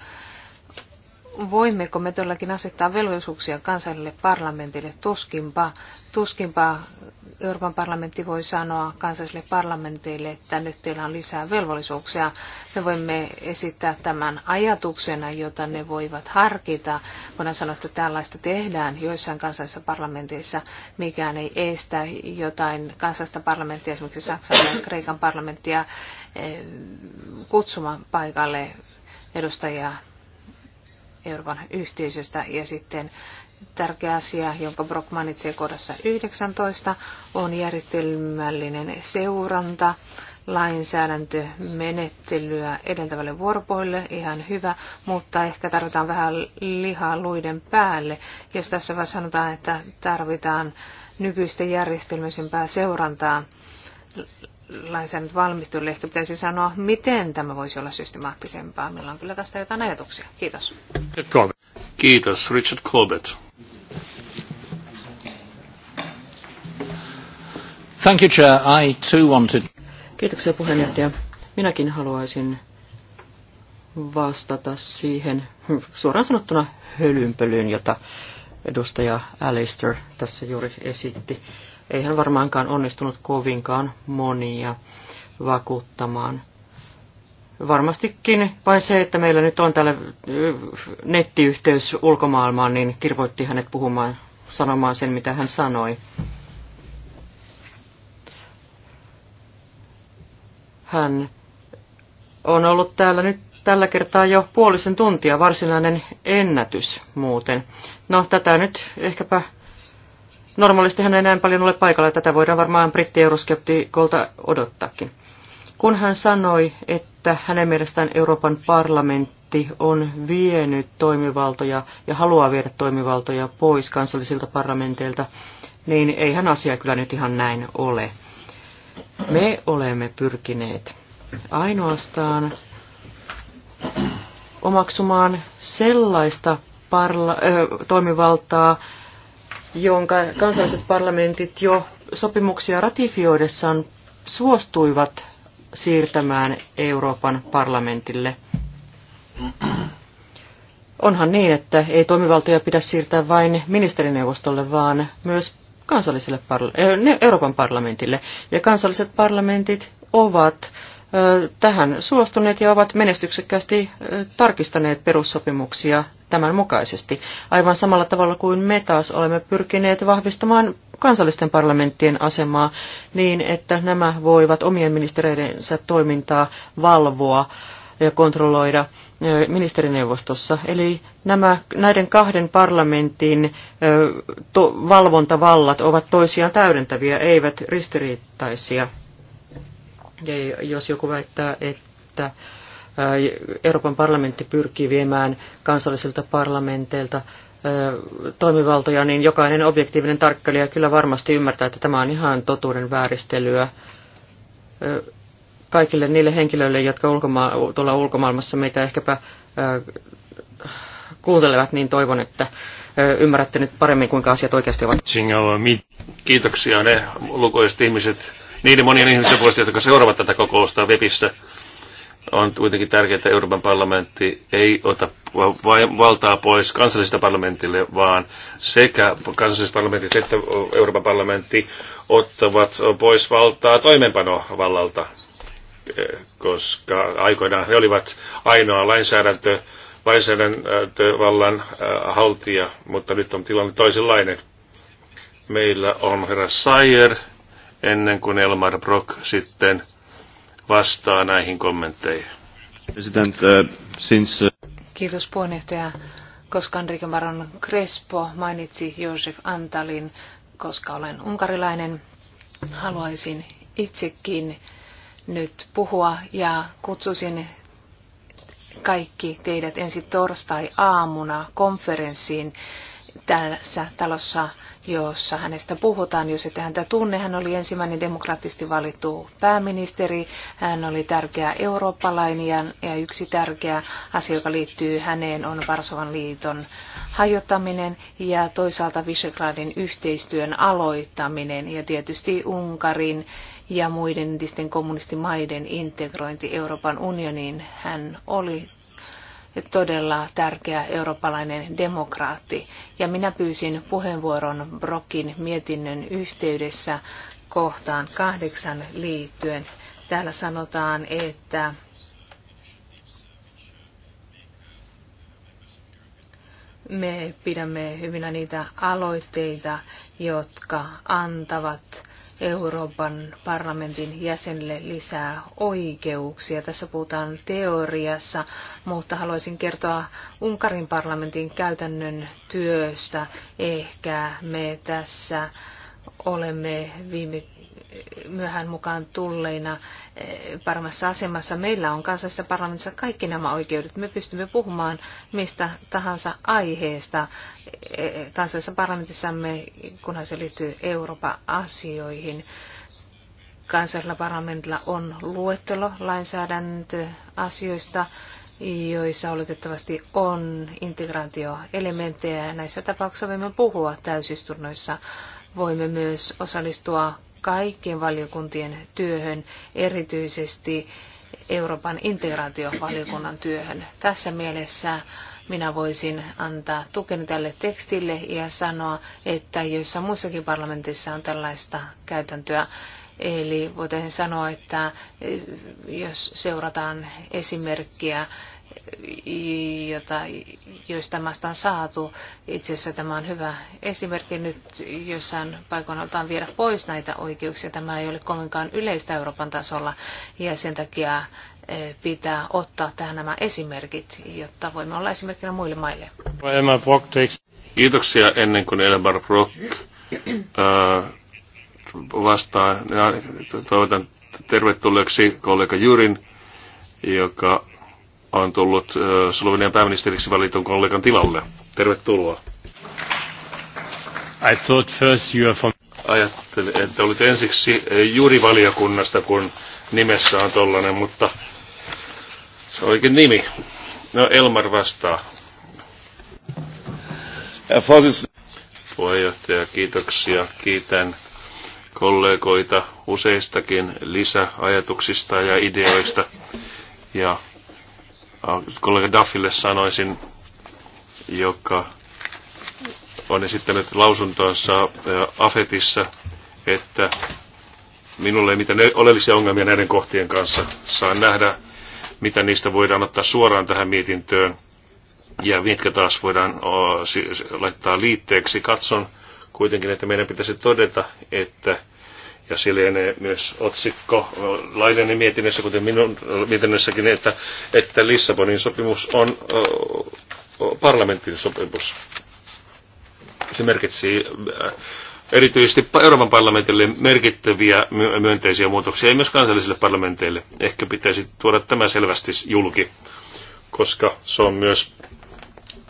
S4: voimmeko me todellakin asettaa velvollisuuksia kansalliselle parlamentille? Tuskinpa, tuskinpa Euroopan parlamentti voi sanoa kansalliselle parlamentille, että nyt teillä on lisää velvollisuuksia. Me voimme esittää tämän ajatuksena, jota ne voivat harkita. Voidaan sanoa, että tällaista tehdään joissain kansallisissa parlamenteissa. Mikään ei estä jotain kansallista parlamenttia, esimerkiksi Saksan ja Kreikan parlamenttia, eh, kutsumaan paikalle edustajia Euroopan yhteisöstä. Ja sitten tärkeä asia, jonka Brock mainitsee kohdassa 19, on järjestelmällinen seuranta menettelyä edeltävälle vuoropuolelle ihan hyvä, mutta ehkä tarvitaan vähän lihaa luiden päälle, jos tässä vaan sanotaan, että tarvitaan nykyistä järjestelmällisempää seurantaa lainsäädännön valmistelulle ehkä pitäisi sanoa, miten tämä voisi olla systemaattisempaa. Meillä on kyllä tästä jotain ajatuksia. Kiitos.
S1: Kiitos. Richard Corbett.
S3: Thank you, Chair.
S2: I too wanted... Kiitoksia puheenjohtaja. Minäkin haluaisin vastata siihen suoraan sanottuna hölynpölyyn, jota edustaja Alistair tässä juuri esitti. Ei hän varmaankaan onnistunut kovinkaan monia vakuuttamaan. Varmastikin vain se, että meillä nyt on täällä nettiyhteys ulkomaailmaan, niin kirvoitti hänet puhumaan, sanomaan sen, mitä hän sanoi. Hän on ollut täällä nyt tällä kertaa jo puolisen tuntia, varsinainen ennätys muuten. No, tätä nyt ehkäpä Normaalisti hän ei näin paljon ole paikalla, tätä voidaan varmaan brittieuroskeptikolta odottaakin. Kun hän sanoi, että hänen mielestään Euroopan parlamentti on vienyt toimivaltoja ja haluaa viedä toimivaltoja pois kansallisilta parlamenteilta, niin eihän asia kyllä nyt ihan näin ole. Me olemme pyrkineet ainoastaan omaksumaan sellaista parla- ö, toimivaltaa, jonka kansalliset parlamentit jo sopimuksia ratifioidessaan suostuivat siirtämään Euroopan parlamentille. Onhan niin, että ei toimivaltoja pidä siirtää vain ministerineuvostolle, vaan myös kansalliselle parla- eh, Euroopan parlamentille. Ja kansalliset parlamentit ovat tähän suostuneet ja ovat menestyksekkäästi tarkistaneet perussopimuksia tämän mukaisesti. Aivan samalla tavalla kuin me taas olemme pyrkineet vahvistamaan kansallisten parlamenttien asemaa niin, että nämä voivat omien ministereidensä toimintaa valvoa ja kontrolloida ministerineuvostossa. Eli nämä, näiden kahden parlamentin to, valvontavallat ovat toisiaan täydentäviä, eivät ristiriitaisia. Ja jos joku väittää, että äh, Euroopan parlamentti pyrkii viemään kansallisilta parlamenteilta äh, toimivaltoja, niin jokainen objektiivinen tarkkailija kyllä varmasti ymmärtää, että tämä on ihan totuuden vääristelyä äh, kaikille niille henkilöille, jotka ulkoma- tuolla ulkomaailmassa meitä ehkäpä kuuntelevat, niin toivon, että ymmärrätte nyt paremmin, kuinka asiat oikeasti ovat.
S1: Kiitoksia ne lukuiset ihmiset, niiden monien ihmisten puolesta, jotka seuraavat tätä kokousta webissä, on kuitenkin tärkeää, että Euroopan parlamentti ei ota valtaa pois kansallisesta parlamentille, vaan sekä kansalliset parlamentit että Euroopan parlamentti ottavat pois valtaa toimeenpanovallalta, koska aikoinaan he olivat ainoa lainsäädäntö, lainsäädäntövallan haltija, mutta nyt on tilanne toisenlainen. Meillä on herra Sayer, ennen kuin Elmar Brock sitten vastaa näihin kommentteihin. President,
S3: uh, since, uh...
S4: Kiitos puheenjohtaja. Koska Enrique Maron Crespo mainitsi Josef Antalin, koska olen unkarilainen, haluaisin itsekin nyt puhua ja kutsusin kaikki teidät ensi torstai-aamuna konferenssiin tässä talossa jossa hänestä puhutaan, jos ette häntä tunne. Hän oli ensimmäinen demokraattisesti valittu pääministeri, hän oli tärkeä eurooppalainen ja yksi tärkeä asia, joka liittyy häneen, on Varsovan liiton hajottaminen ja toisaalta Visegradin yhteistyön aloittaminen ja tietysti Unkarin ja muiden entisten kommunistimaiden integrointi Euroopan unioniin. Hän oli todella tärkeä eurooppalainen demokraatti. Ja minä pyysin puheenvuoron Brokin mietinnön yhteydessä kohtaan kahdeksan liittyen. Täällä sanotaan, että me pidämme hyvinä niitä aloitteita, jotka antavat Euroopan parlamentin jäsenille lisää oikeuksia. Tässä puhutaan teoriassa, mutta haluaisin kertoa Unkarin parlamentin käytännön työstä. Ehkä me tässä olemme viime myöhään mukaan tulleina eh, paremmassa asemassa. Meillä on kansallisessa parlamentissa kaikki nämä oikeudet. Me pystymme puhumaan mistä tahansa aiheesta eh, kansallisessa parlamentissamme, kunhan se liittyy Euroopan asioihin. Kansallisella parlamentilla on luettelo lainsäädäntöasioista, joissa oletettavasti on integraatioelementtejä. Näissä tapauksissa voimme puhua täysistunnoissa voimme myös osallistua kaikkien valiokuntien työhön, erityisesti Euroopan integraatiovaliokunnan työhön. Tässä mielessä minä voisin antaa tukeni tälle tekstille ja sanoa, että joissa muissakin parlamentissa on tällaista käytäntöä, Eli voitaisiin sanoa, että jos seurataan esimerkkiä jota, joista maasta on saatu. Itse asiassa tämä on hyvä esimerkki nyt, jossain paikoin paikoinaltaan viedä pois näitä oikeuksia. Tämä ei ole kovinkaan yleistä Euroopan tasolla ja sen takia eh, pitää ottaa tähän nämä esimerkit, jotta voimme olla esimerkkinä muille maille.
S1: Kiitoksia ennen kuin Elmar Brock eh, vastaa. Toivotan tervetulleeksi kollega Jurin, joka on tullut Slovenian pääministeriksi valitun kollegan tilalle. Tervetuloa. I thought first you are from... Ajattelin, että olit ensiksi juuri valiokunnasta, kun nimessä on tollainen, mutta se olikin nimi. No Elmar vastaa. Puheenjohtaja, kiitoksia. Kiitän kollegoita useistakin lisäajatuksista ja ideoista. Ja kollega Daffille sanoisin, joka on esittänyt lausuntoonsa äh, Afetissa, että minulle ei mitään oleellisia ongelmia näiden kohtien kanssa. Saan nähdä, mitä niistä voidaan ottaa suoraan tähän mietintöön ja mitkä taas voidaan laittaa liitteeksi. Katson kuitenkin, että meidän pitäisi todeta, että ja se lienee myös otsikko Laineni mietinnössä, kuten minun mietinnössäkin, että, että Lissabonin sopimus on parlamentin sopimus. Se merkitsi äh, erityisesti Euroopan parlamentille merkittäviä myönteisiä muutoksia, ei myös kansallisille parlamenteille. Ehkä pitäisi tuoda tämä selvästi julki, koska se on myös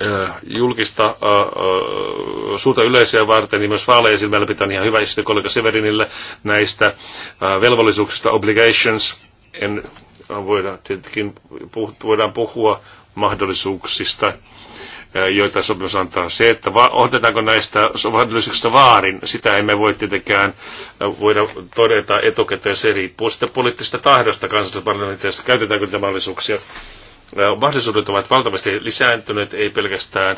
S1: Äh, julkista äh, äh, suurta yleisöä varten, niin myös vaaleja silmällä pitää ihan hyvä esitys kollega Severinille näistä äh, velvollisuuksista, obligations, en, voidaan tietenkin puh, voidaan puhua mahdollisuuksista, joita sopimus antaa. Se, että va- otetaanko näistä mahdollisuuksista vaarin, sitä emme voi tietenkään voida todeta etukäteen. Se riippuu sitten poliittisesta tahdosta kansallisesta parlamentista, käytetäänkö niitä mahdollisuuksia mahdollisuudet ovat valtavasti lisääntyneet, ei pelkästään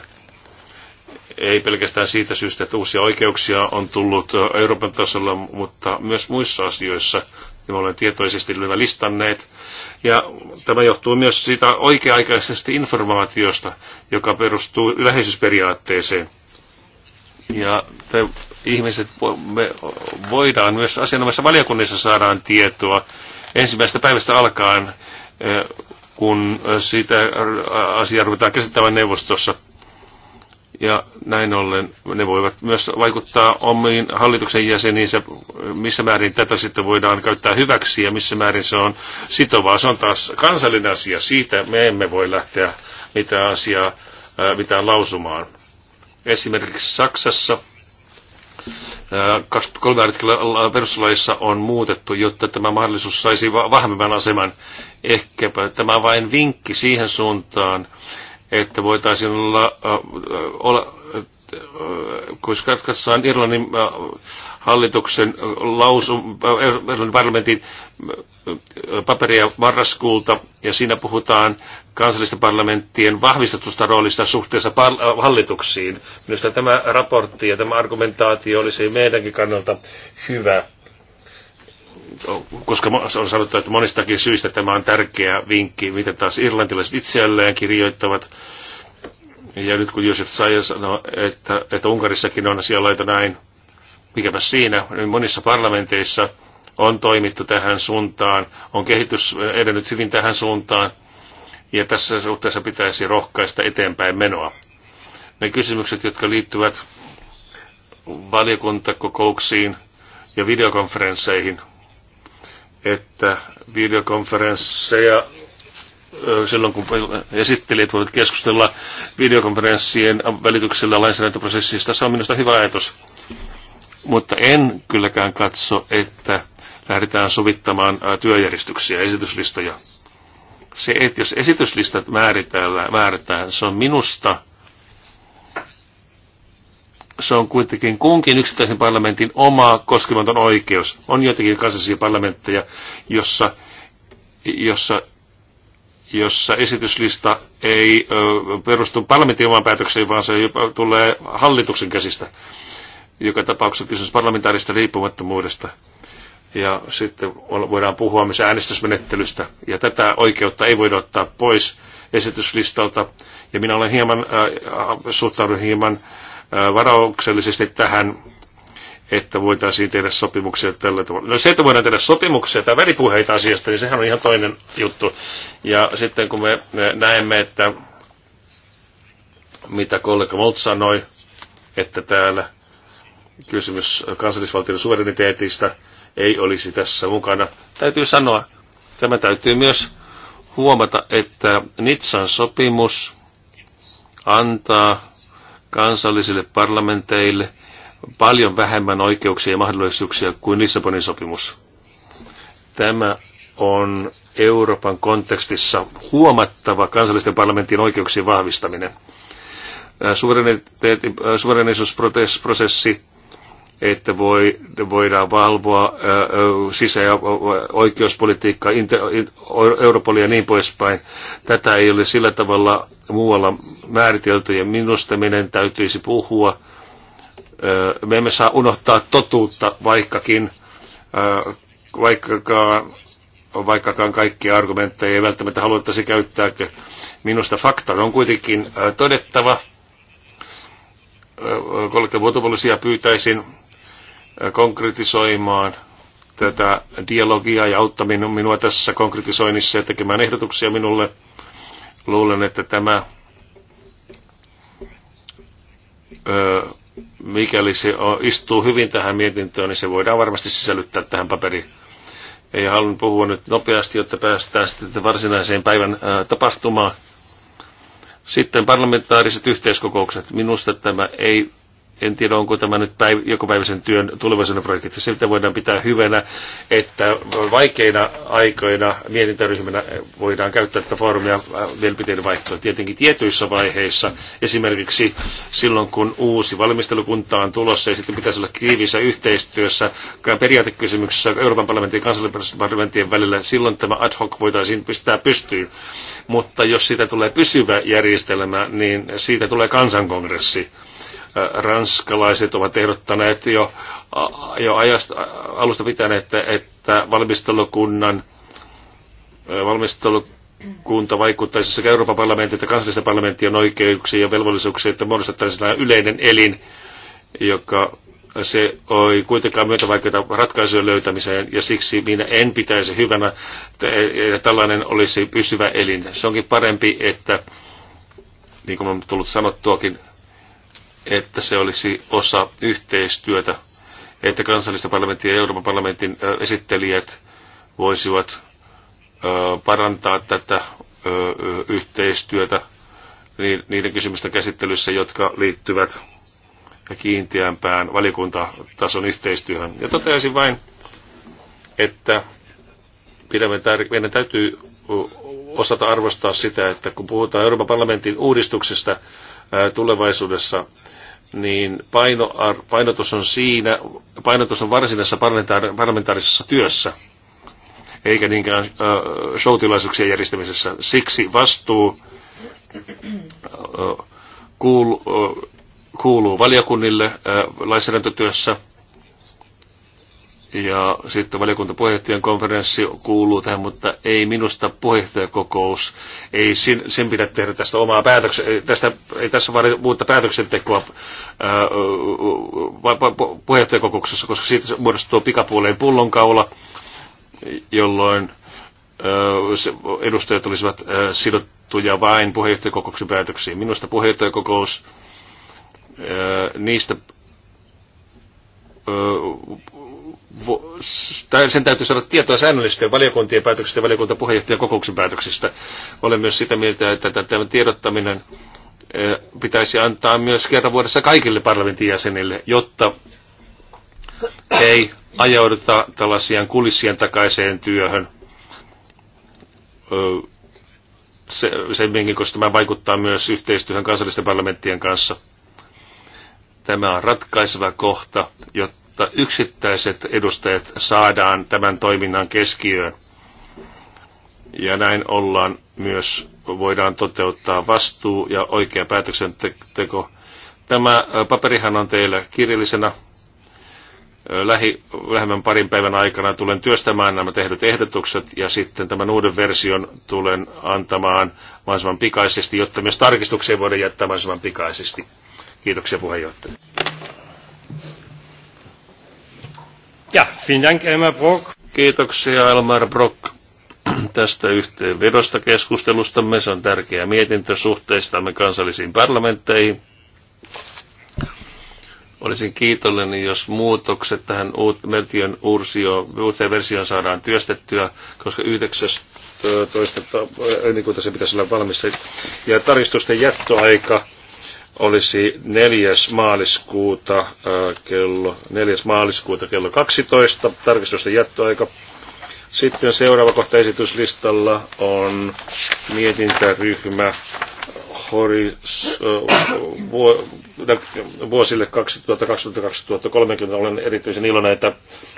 S1: ei pelkästään siitä syystä, että uusia oikeuksia on tullut Euroopan tasolla, mutta myös muissa asioissa. Ja me olemme tietoisesti nämä listanneet. Ja tämä johtuu myös siitä oikea-aikaisesta informaatiosta, joka perustuu läheisyysperiaatteeseen. Ja te ihmiset, me voidaan myös asianomaisessa valiokunnissa saadaan tietoa ensimmäisestä päivästä alkaen kun sitä asiaa ruvetaan käsittämään neuvostossa. Ja näin ollen ne voivat myös vaikuttaa omiin hallituksen jäseniinsä, missä määrin tätä sitten voidaan käyttää hyväksi ja missä määrin se on sitovaa. Se on taas kansallinen asia. Siitä me emme voi lähteä mitään asiaa, mitään lausumaan. Esimerkiksi Saksassa 23 äh, artikla perustuslaissa on muutettu, jotta tämä mahdollisuus saisi vahvemman aseman. Ehkäpä tämä on vain vinkki siihen suuntaan, että voitaisiin olla, äh, olla äh, kun katsotaan Irlannin hallituksen lausun, Irlannin parlamentin paperia marraskuulta, ja siinä puhutaan kansallisten parlamenttien vahvistetusta roolista suhteessa äh, hallituksiin. Minusta tämä raportti ja tämä argumentaatio olisi meidänkin kannalta hyvä, koska on sanottu, että monistakin syistä tämä on tärkeä vinkki, mitä taas irlantilaiset itselleen kirjoittavat. Ja nyt kun Josef Sayer sanoi, että, että Unkarissakin on asia laita näin, mikäpä siinä, niin monissa parlamenteissa – on toimittu tähän suuntaan, on kehitys edennyt hyvin tähän suuntaan, ja tässä suhteessa pitäisi rohkaista eteenpäin menoa. Ne kysymykset, jotka liittyvät valiokuntakokouksiin ja videokonferensseihin, että videokonferensseja silloin kun esittelijät voivat keskustella videokonferenssien välityksellä lainsäädäntöprosessista, se on minusta hyvä ajatus. Mutta en kylläkään katso, että lähdetään sovittamaan työjärjestyksiä, esityslistoja. Se, että jos esityslistat määritellään, määrätään, se on minusta, se on kuitenkin kunkin yksittäisen parlamentin oma koskematon oikeus. On joitakin kansallisia parlamentteja, jossa, jossa jossa esityslista ei ö, perustu parlamentin omaan päätökseen, vaan se jopa tulee hallituksen käsistä. Joka tapauksessa kysymys parlamentaarista riippumattomuudesta. Ja sitten voidaan puhua myös äänestysmenettelystä. Ja tätä oikeutta ei voida ottaa pois esityslistalta. Ja minä olen hieman, äh, äh, suhtaudun hieman äh, varauksellisesti tähän, että voitaisiin tehdä sopimuksia tällä tavalla. No se, että voidaan tehdä sopimuksia tai välipuheita asiasta, niin sehän on ihan toinen juttu. Ja sitten kun me näemme, että mitä kollega Molt sanoi, että täällä kysymys kansallisvaltion suvereniteetista – ei olisi tässä mukana. Täytyy sanoa, tämä täytyy myös huomata, että Nitsan sopimus antaa kansallisille parlamenteille paljon vähemmän oikeuksia ja mahdollisuuksia kuin Lissabonin sopimus. Tämä on Euroopan kontekstissa huomattava kansallisten parlamenttien oikeuksien vahvistaminen. Suvereniteetin, suverenisuusprosessi että voi, voidaan valvoa sisä- ja oikeuspolitiikkaa, Europolia ja niin poispäin. Tätä ei ole sillä tavalla muualla määritelty ja minusta meidän täytyisi puhua. Me emme saa unohtaa totuutta, vaikkakin, vaikkakaan, vaikkakaan kaikkia argumentteja ei välttämättä haluttaisi käyttääkö. Minusta fakta on kuitenkin todettava, kollegavuotopolisia pyytäisin konkretisoimaan tätä dialogia ja auttaa minua tässä konkretisoinnissa ja tekemään ehdotuksia minulle. Luulen, että tämä, mikäli se istuu hyvin tähän mietintöön, niin se voidaan varmasti sisällyttää tähän paperiin. Ei halunnut puhua nyt nopeasti, jotta päästään sitten varsinaiseen päivän tapahtumaan. Sitten parlamentaariset yhteiskokoukset. Minusta tämä ei en tiedä, onko tämä nyt päiv- jokapäiväisen työn tulevaisuuden projekti. Siltä voidaan pitää hyvänä, että vaikeina aikoina mietintäryhmänä voidaan käyttää tätä foorumia äh, mielipiteiden vaihtoa. Tietenkin tietyissä vaiheissa, esimerkiksi silloin kun uusi valmistelukunta on tulossa ja sitten pitäisi olla tiiviissä yhteistyössä periaatekysymyksessä Euroopan parlamentin ja kansallisen parlamentin välillä, silloin tämä ad hoc voitaisiin pistää pystyyn. Mutta jos siitä tulee pysyvä järjestelmä, niin siitä tulee kansankongressi ranskalaiset ovat ehdottaneet jo, jo ajasta, alusta pitäen, että, että valmistelukunnan valmistelukunta vaikuttaisi sekä Euroopan parlamentin että kansallisten parlamenttien oikeuksiin ja velvollisuuksiin, että muodostettaisiin yleinen elin, joka se oli kuitenkaan myötä vaikeita ratkaisujen löytämiseen, ja siksi minä en pitäisi hyvänä, että tällainen olisi pysyvä elin. Se onkin parempi, että niin kuin on tullut sanottuakin, että se olisi osa yhteistyötä, että kansallista parlamenttia ja Euroopan parlamentin esittelijät voisivat parantaa tätä yhteistyötä niiden kysymysten käsittelyssä, jotka liittyvät kiinteämpään valikuntatason yhteistyöhön. Ja toteaisin vain, että pidämme meidän täytyy osata arvostaa sitä, että kun puhutaan Euroopan parlamentin uudistuksesta tulevaisuudessa, niin paino, painotus on siinä, painotus on varsinaisessa parlamentaar, parlamentaarisessa työssä, eikä niinkään äh, showtilaisuuksien järjestämisessä. Siksi vastuu äh, kuul, äh, kuuluu valiokunnille äh, lainsäädäntötyössä, ja sitten valiokuntapuheenjohtajan konferenssi kuuluu tähän, mutta ei minusta puheenjohtajakokous, ei sen, sen pidä tehdä tästä omaa päätöksen, tästä, ei tässä vaadi muuta päätöksentekoa ää, puheenjohtajakokouksessa, koska siitä muodostuu pikapuoleen pullonkaula, jolloin edustajat olisivat sidottuja vain puheenjohtajakokouksen päätöksiin. Minusta puheenjohtajakokous niistä tai sen täytyy saada tietoa säännöllisesti valiokuntien päätöksistä ja valiokuntapuheenjohtajan kokouksen päätöksistä. Olen myös sitä mieltä, että tämä tiedottaminen pitäisi antaa myös kerran vuodessa kaikille parlamentin jäsenille, jotta ei ajauduta tällaisien kulissien takaiseen työhön. Se, semminkin, koska tämä vaikuttaa myös yhteistyöhön kansallisten parlamenttien kanssa. Tämä on ratkaiseva kohta, jotta jotta yksittäiset edustajat saadaan tämän toiminnan keskiöön. Ja näin ollaan myös, voidaan toteuttaa vastuu ja oikea päätöksenteko. Tämä paperihan on teillä kirjallisena. Lähi, lähemmän parin päivän aikana tulen työstämään nämä tehdyt ehdotukset ja sitten tämän uuden version tulen antamaan mahdollisimman pikaisesti, jotta myös tarkistuksia voidaan jättää mahdollisimman pikaisesti. Kiitoksia puheenjohtaja. Ja, vielen Dank Elmar Brock. Kiitoksia Elmar Brock tästä yhteenvedosta keskustelustamme. Se on tärkeä mietintö suhteistamme kansallisiin parlamentteihin. Olisin kiitollinen, jos muutokset tähän uuteen versioon saadaan työstettyä, koska 19. ennen niin kuin se pitäisi olla valmis. Ja taristusten jättöaika olisi 4. maaliskuuta kello, 4. maaliskuuta kello 12, tarkistusten jättöaika. Sitten seuraava kohta esityslistalla on mietintäryhmä vuosille 2020-2030 olen erityisen iloinen, että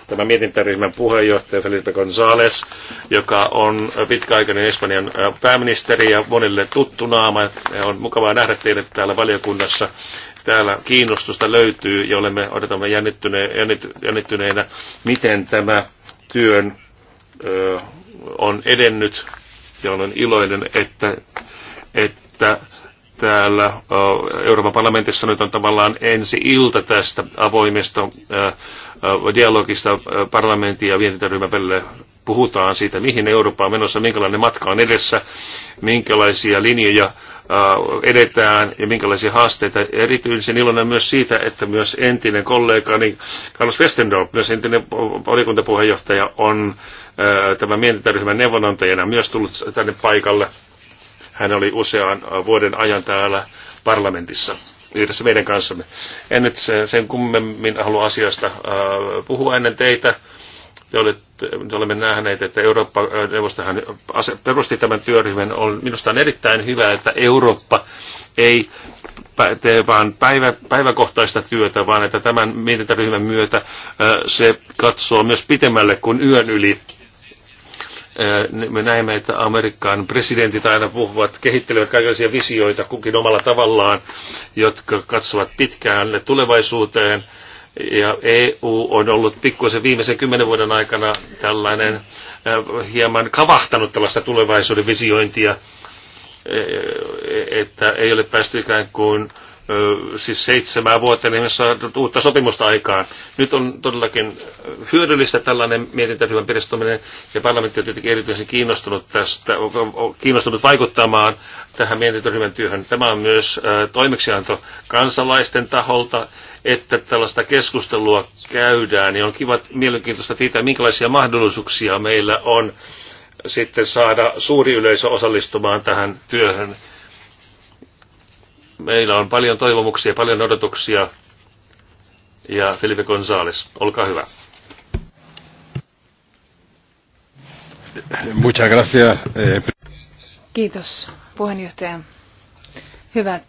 S1: tämä mietintäryhmän puheenjohtaja Felipe González, joka on pitkäaikainen Espanjan pääministeri ja monille tuttu naama, on mukavaa nähdä teidät täällä valiokunnassa. Täällä kiinnostusta löytyy ja olemme odotamme jännittyneinä, miten tämä työn on edennyt ja olen iloinen, että, että että täällä Euroopan parlamentissa nyt on tavallaan ensi ilta tästä avoimesta dialogista parlamentin ja vientityöryhmän välillä. Puhutaan siitä, mihin Eurooppa on menossa, minkälainen matka on edessä, minkälaisia linjoja edetään ja minkälaisia haasteita. Erityisen iloinen myös siitä, että myös entinen kollegani Carlos Westendorp, myös entinen valiokuntapuheenjohtaja, on tämän mietintäryhmän neuvonantajana myös tullut tänne paikalle hän oli usean vuoden ajan täällä parlamentissa yhdessä meidän kanssamme. En nyt sen kummemmin halua asiasta puhua ennen teitä. Te olette, te olemme nähneet, että Eurooppa-neuvostohan perusti tämän työryhmän. On, minusta on erittäin hyvä, että Eurooppa ei tee vaan päivä, päiväkohtaista työtä, vaan että tämän mietintäryhmän myötä se katsoo myös pitemmälle kuin yön yli me näemme, että Amerikan presidentit aina puhuvat, kehittelevät kaikenlaisia visioita kukin omalla tavallaan, jotka katsovat pitkään tulevaisuuteen. Ja EU on ollut pikkuisen viimeisen kymmenen vuoden aikana tällainen hieman kavahtanut tällaista tulevaisuuden visiointia, e- että ei ole päästy ikään kuin siis seitsemää vuotta, niin saanut uutta sopimusta aikaan. Nyt on todellakin hyödyllistä tällainen mietintäryhmän perustaminen, ja parlamentti on tietenkin erityisen kiinnostunut tästä, kiinnostunut vaikuttamaan tähän mietintäryhmän työhön. Tämä on myös toimeksianto kansalaisten taholta, että tällaista keskustelua käydään, niin on kiva, mielenkiintoista tietää, minkälaisia mahdollisuuksia meillä on sitten saada suuri yleisö osallistumaan tähän työhön meillä on paljon toivomuksia, paljon odotuksia. Ja Felipe González, olkaa hyvä. Muchas gracias. Eh,
S4: Kiitos puheenjohtaja. Hyvät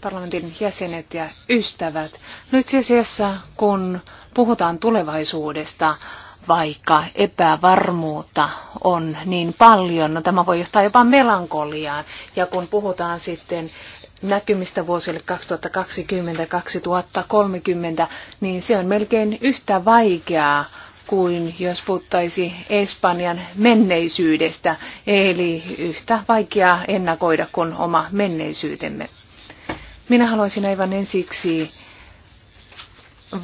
S4: parlamentin jäsenet ja ystävät. Nyt asiassa, kun puhutaan tulevaisuudesta, vaikka epävarmuutta on niin paljon, no tämä voi johtaa jopa melankoliaan. Ja kun puhutaan sitten näkymistä vuosille 2020-2030, niin se on melkein yhtä vaikeaa kuin jos puhuttaisi Espanjan menneisyydestä, eli yhtä vaikeaa ennakoida kuin oma menneisyytemme. Minä haluaisin aivan ensiksi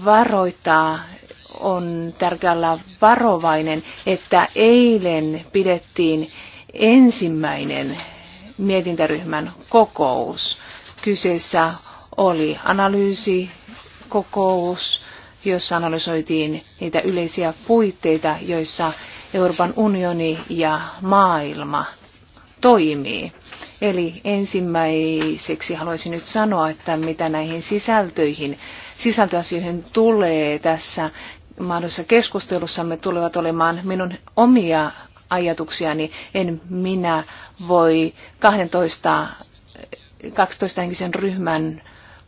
S4: varoittaa, on tärkeää olla varovainen, että eilen pidettiin ensimmäinen mietintäryhmän kokous. Kyseessä oli analyysikokous, jossa analysoitiin niitä yleisiä puitteita, joissa Euroopan unioni ja maailma toimii. Eli ensimmäiseksi haluaisin nyt sanoa, että mitä näihin sisältöihin, sisältöasioihin tulee tässä mahdollisessa keskustelussamme tulevat olemaan minun omia ajatuksia, niin en minä voi 12, 12 henkisen ryhmän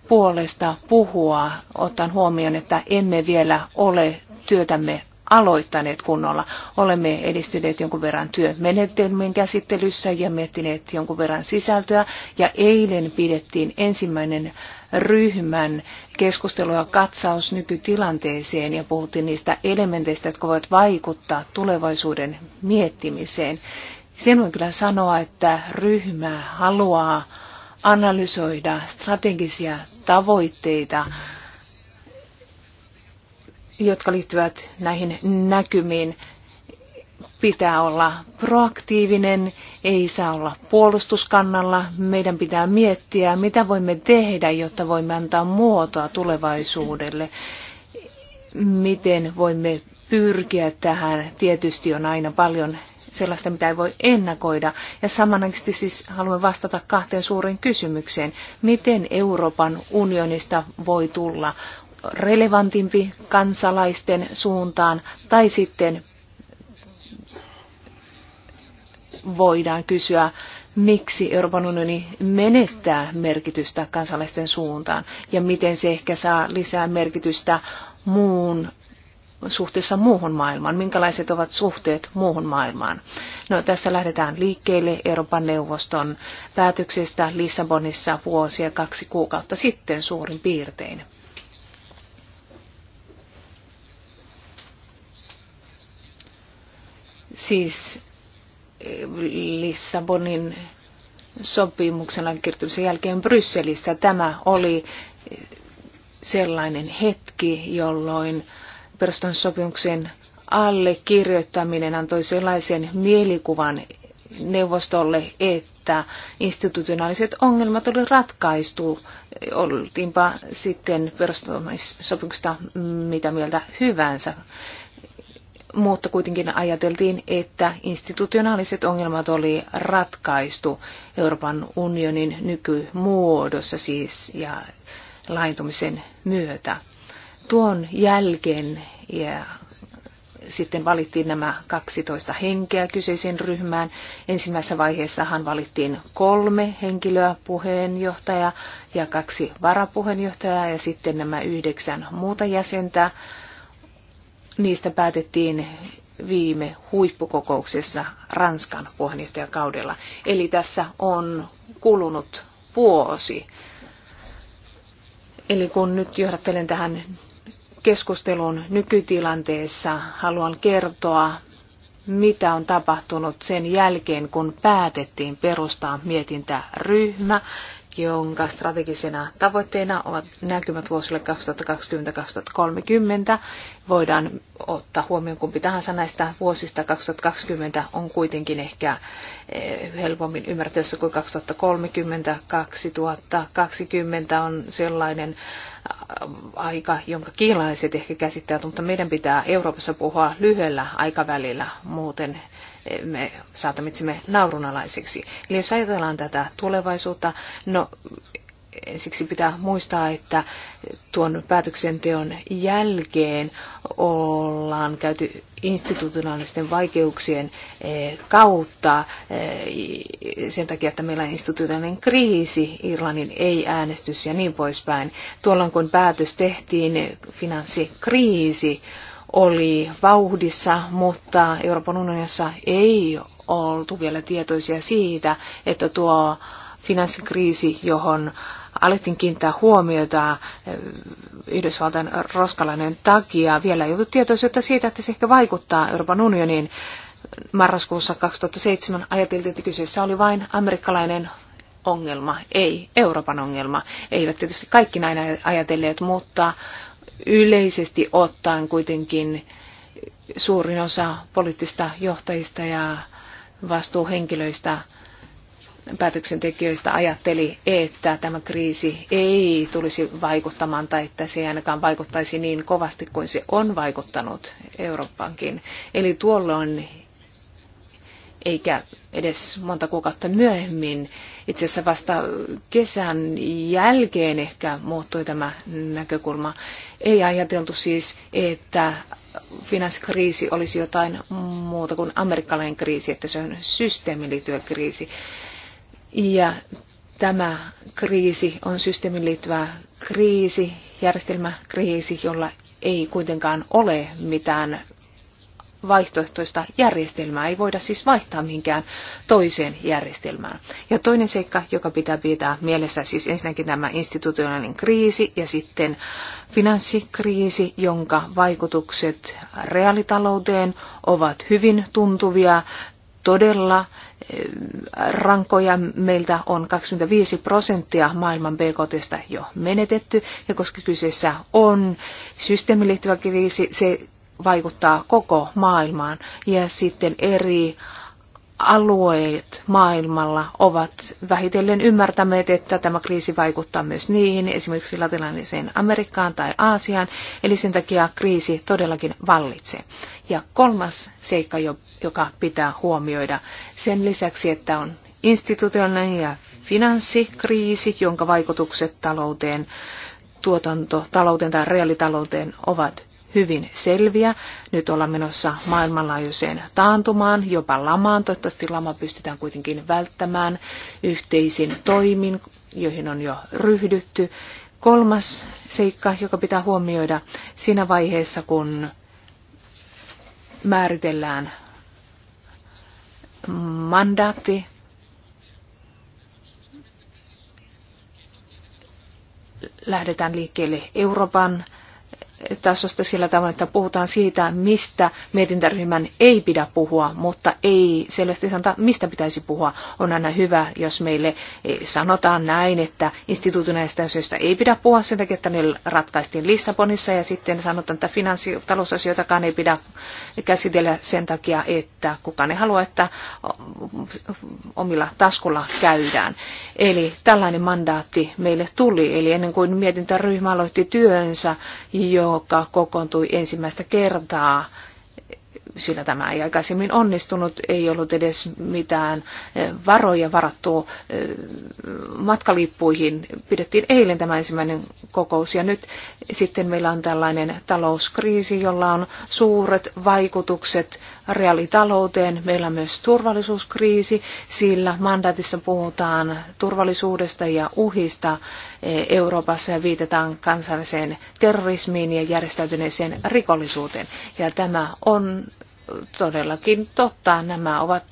S4: puolesta puhua, ottaen huomioon, että emme vielä ole työtämme aloittaneet kunnolla. Olemme edistyneet jonkun verran työmenetelmien käsittelyssä ja miettineet jonkun verran sisältöä. Ja eilen pidettiin ensimmäinen ryhmän keskustelua katsaus nykytilanteeseen ja puhuttiin niistä elementeistä, jotka voivat vaikuttaa tulevaisuuden miettimiseen. Sen voi kyllä sanoa, että ryhmä haluaa analysoida strategisia tavoitteita, jotka liittyvät näihin näkymiin pitää olla proaktiivinen, ei saa olla puolustuskannalla. Meidän pitää miettiä, mitä voimme tehdä, jotta voimme antaa muotoa tulevaisuudelle. Miten voimme pyrkiä tähän. Tietysti on aina paljon sellaista, mitä ei voi ennakoida. Ja samanaikaisesti siis haluan vastata kahteen suureen kysymykseen. Miten Euroopan unionista voi tulla relevantimpi kansalaisten suuntaan tai sitten voidaan kysyä, miksi Euroopan unioni menettää merkitystä kansalaisten suuntaan ja miten se ehkä saa lisää merkitystä muun suhteessa muuhun maailmaan, minkälaiset ovat suhteet muuhun maailmaan. No, tässä lähdetään liikkeelle Euroopan neuvoston päätöksestä Lissabonissa vuosia kaksi kuukautta sitten suurin piirtein. Siis Lissabonin sopimuksen allekirjoituksen jälkeen Brysselissä. Tämä oli sellainen hetki, jolloin perustamissopimuksen allekirjoittaminen antoi sellaisen mielikuvan neuvostolle, että institutionaaliset ongelmat oli ratkaistu, oltiinpa sitten perustamissopimuksesta mitä mieltä hyvänsä mutta kuitenkin ajateltiin, että institutionaaliset ongelmat oli ratkaistu Euroopan unionin nykymuodossa siis ja laajentumisen myötä. Tuon jälkeen ja sitten valittiin nämä 12 henkeä kyseiseen ryhmään. Ensimmäisessä vaiheessahan valittiin kolme henkilöä, puheenjohtaja ja kaksi varapuheenjohtajaa ja sitten nämä yhdeksän muuta jäsentä niistä päätettiin viime huippukokouksessa Ranskan puheenjohtajakaudella. Eli tässä on kulunut vuosi. Eli kun nyt johdattelen tähän keskustelun nykytilanteessa, haluan kertoa, mitä on tapahtunut sen jälkeen, kun päätettiin perustaa mietintäryhmä jonka strategisena tavoitteena ovat näkymät vuosille 2020-2030. Voidaan ottaa huomioon kumpi tahansa näistä vuosista. 2020 on kuitenkin ehkä eh, helpommin ymmärtävässä kuin 2030. 2020 on sellainen eh, aika, jonka kiinalaiset ehkä käsittävät, mutta meidän pitää Euroopassa puhua lyhyellä aikavälillä, muuten me saatamme itsemme naurunalaisiksi. Eli jos ajatellaan tätä tulevaisuutta, no siksi pitää muistaa, että tuon päätöksenteon jälkeen ollaan käyty institutionaalisten vaikeuksien eh, kautta eh, sen takia, että meillä on institutionaalinen kriisi, Irlannin ei-äänestys ja niin poispäin. Tuolloin kun päätös tehtiin, finanssikriisi oli vauhdissa, mutta Euroopan unionissa ei oltu vielä tietoisia siitä, että tuo finanssikriisi, johon alettiin kiinnittää huomiota eh, Yhdysvaltain roskalainen takia, vielä ei ollut tietoisuutta siitä, että se ehkä vaikuttaa Euroopan unioniin. Marraskuussa 2007 ajateltiin, että kyseessä oli vain amerikkalainen ongelma, ei Euroopan ongelma. Eivät tietysti kaikki näin ajatelleet, mutta yleisesti ottaen kuitenkin suurin osa poliittista johtajista ja vastuuhenkilöistä päätöksentekijöistä ajatteli, että tämä kriisi ei tulisi vaikuttamaan tai että se ei ainakaan vaikuttaisi niin kovasti kuin se on vaikuttanut Eurooppaankin. Eli tuolloin, eikä edes monta kuukautta myöhemmin, itse asiassa vasta kesän jälkeen ehkä muuttui tämä näkökulma. Ei ajateltu siis, että finanssikriisi olisi jotain muuta kuin amerikkalainen kriisi, että se on systeemiin liittyvä kriisi. Ja tämä kriisi on systeemiin liittyvä kriisi, järjestelmäkriisi, jolla ei kuitenkaan ole mitään vaihtoehtoista järjestelmää. Ei voida siis vaihtaa mihinkään toiseen järjestelmään. Ja toinen seikka, joka pitää pitää mielessä, siis ensinnäkin tämä institutionaalinen kriisi ja sitten finanssikriisi, jonka vaikutukset reaalitalouteen ovat hyvin tuntuvia todella eh, rankoja. Meiltä on 25 prosenttia maailman BKTstä jo menetetty, ja koska kyseessä on systeemiin liittyvä kriisi, se vaikuttaa koko maailmaan. Ja sitten eri alueet maailmalla ovat vähitellen ymmärtäneet, että tämä kriisi vaikuttaa myös niihin, esimerkiksi latinalaiseen Amerikkaan tai Aasiaan, eli sen takia kriisi todellakin vallitsee. Ja kolmas seikka, joka pitää huomioida, sen lisäksi, että on institutionaalinen ja finanssikriisi, jonka vaikutukset talouteen, tuotantotalouteen tai reaalitalouteen ovat hyvin selviä. Nyt ollaan menossa maailmanlaajuiseen taantumaan, jopa lamaan. Toivottavasti lama pystytään kuitenkin välttämään yhteisin toimin, joihin on jo ryhdytty. Kolmas seikka, joka pitää huomioida siinä vaiheessa, kun määritellään mandaatti lähdetään liikkeelle Euroopan tasosta sillä tavalla, että puhutaan siitä, mistä mietintäryhmän ei pidä puhua, mutta ei selvästi sanota, mistä pitäisi puhua. On aina hyvä, jos meille e, sanotaan näin, että instituutionaista syystä ei pidä puhua sen takia, että ne ratkaistiin Lissabonissa ja sitten sanotaan, että finanssitalousasioitakaan ei pidä käsitellä sen takia, että kukaan ei halua, että omilla taskulla käydään. Eli tällainen mandaatti meille tuli, eli ennen kuin mietintäryhmä aloitti työnsä jo johtoporukka kokoontui ensimmäistä kertaa sillä tämä ei aikaisemmin onnistunut, ei ollut edes mitään e, varoja varattu e, matkalippuihin. Pidettiin eilen tämä ensimmäinen kokous ja nyt sitten meillä on tällainen talouskriisi, jolla on suuret vaikutukset reaalitalouteen. Meillä on myös turvallisuuskriisi, sillä mandaatissa puhutaan turvallisuudesta ja uhista Euroopassa ja viitataan kansalliseen terrorismiin ja järjestäytyneeseen rikollisuuteen. Ja tämä on todellakin totta. Nämä ovat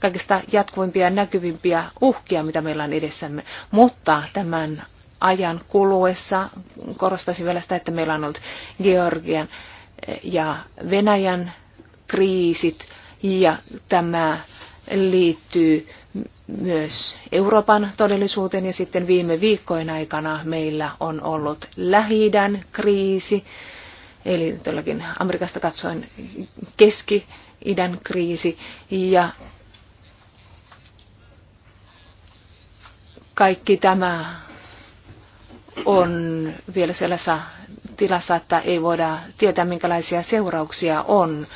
S4: kaikista jatkuvimpia ja näkyvimpiä uhkia, mitä meillä on edessämme. Mutta tämän ajan kuluessa korostaisin vielä sitä, että meillä on ollut Georgian ja Venäjän kriisit ja tämä liittyy myös Euroopan todellisuuteen ja sitten viime viikkojen aikana meillä on ollut lähi kriisi, eli todellakin Amerikasta katsoen keski-idän kriisi ja kaikki tämä on vielä sellaisessa tilassa, että ei voida tietää minkälaisia seurauksia on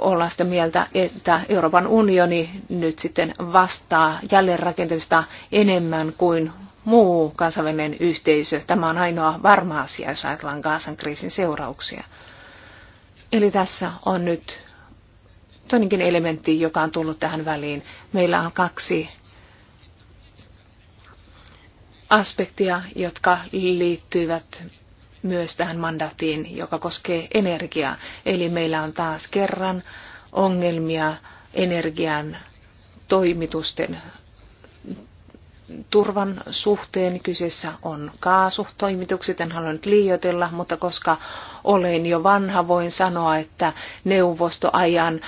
S4: ollaan sitä mieltä, että Euroopan unioni nyt sitten vastaa jälleenrakentamista enemmän kuin muu kansainvälinen yhteisö. Tämä on ainoa varma asia, jos ajatellaan Gaasan kriisin seurauksia. Eli tässä on nyt toinenkin elementti, joka on tullut tähän väliin. Meillä on kaksi aspektia, jotka liittyvät myös tähän mandaattiin, joka koskee energiaa. Eli meillä on taas kerran ongelmia energian toimitusten turvan suhteen. Kyseessä on kaasutoimitukset, en halua nyt liioitella, mutta koska olen jo vanha, voin sanoa, että neuvostoajan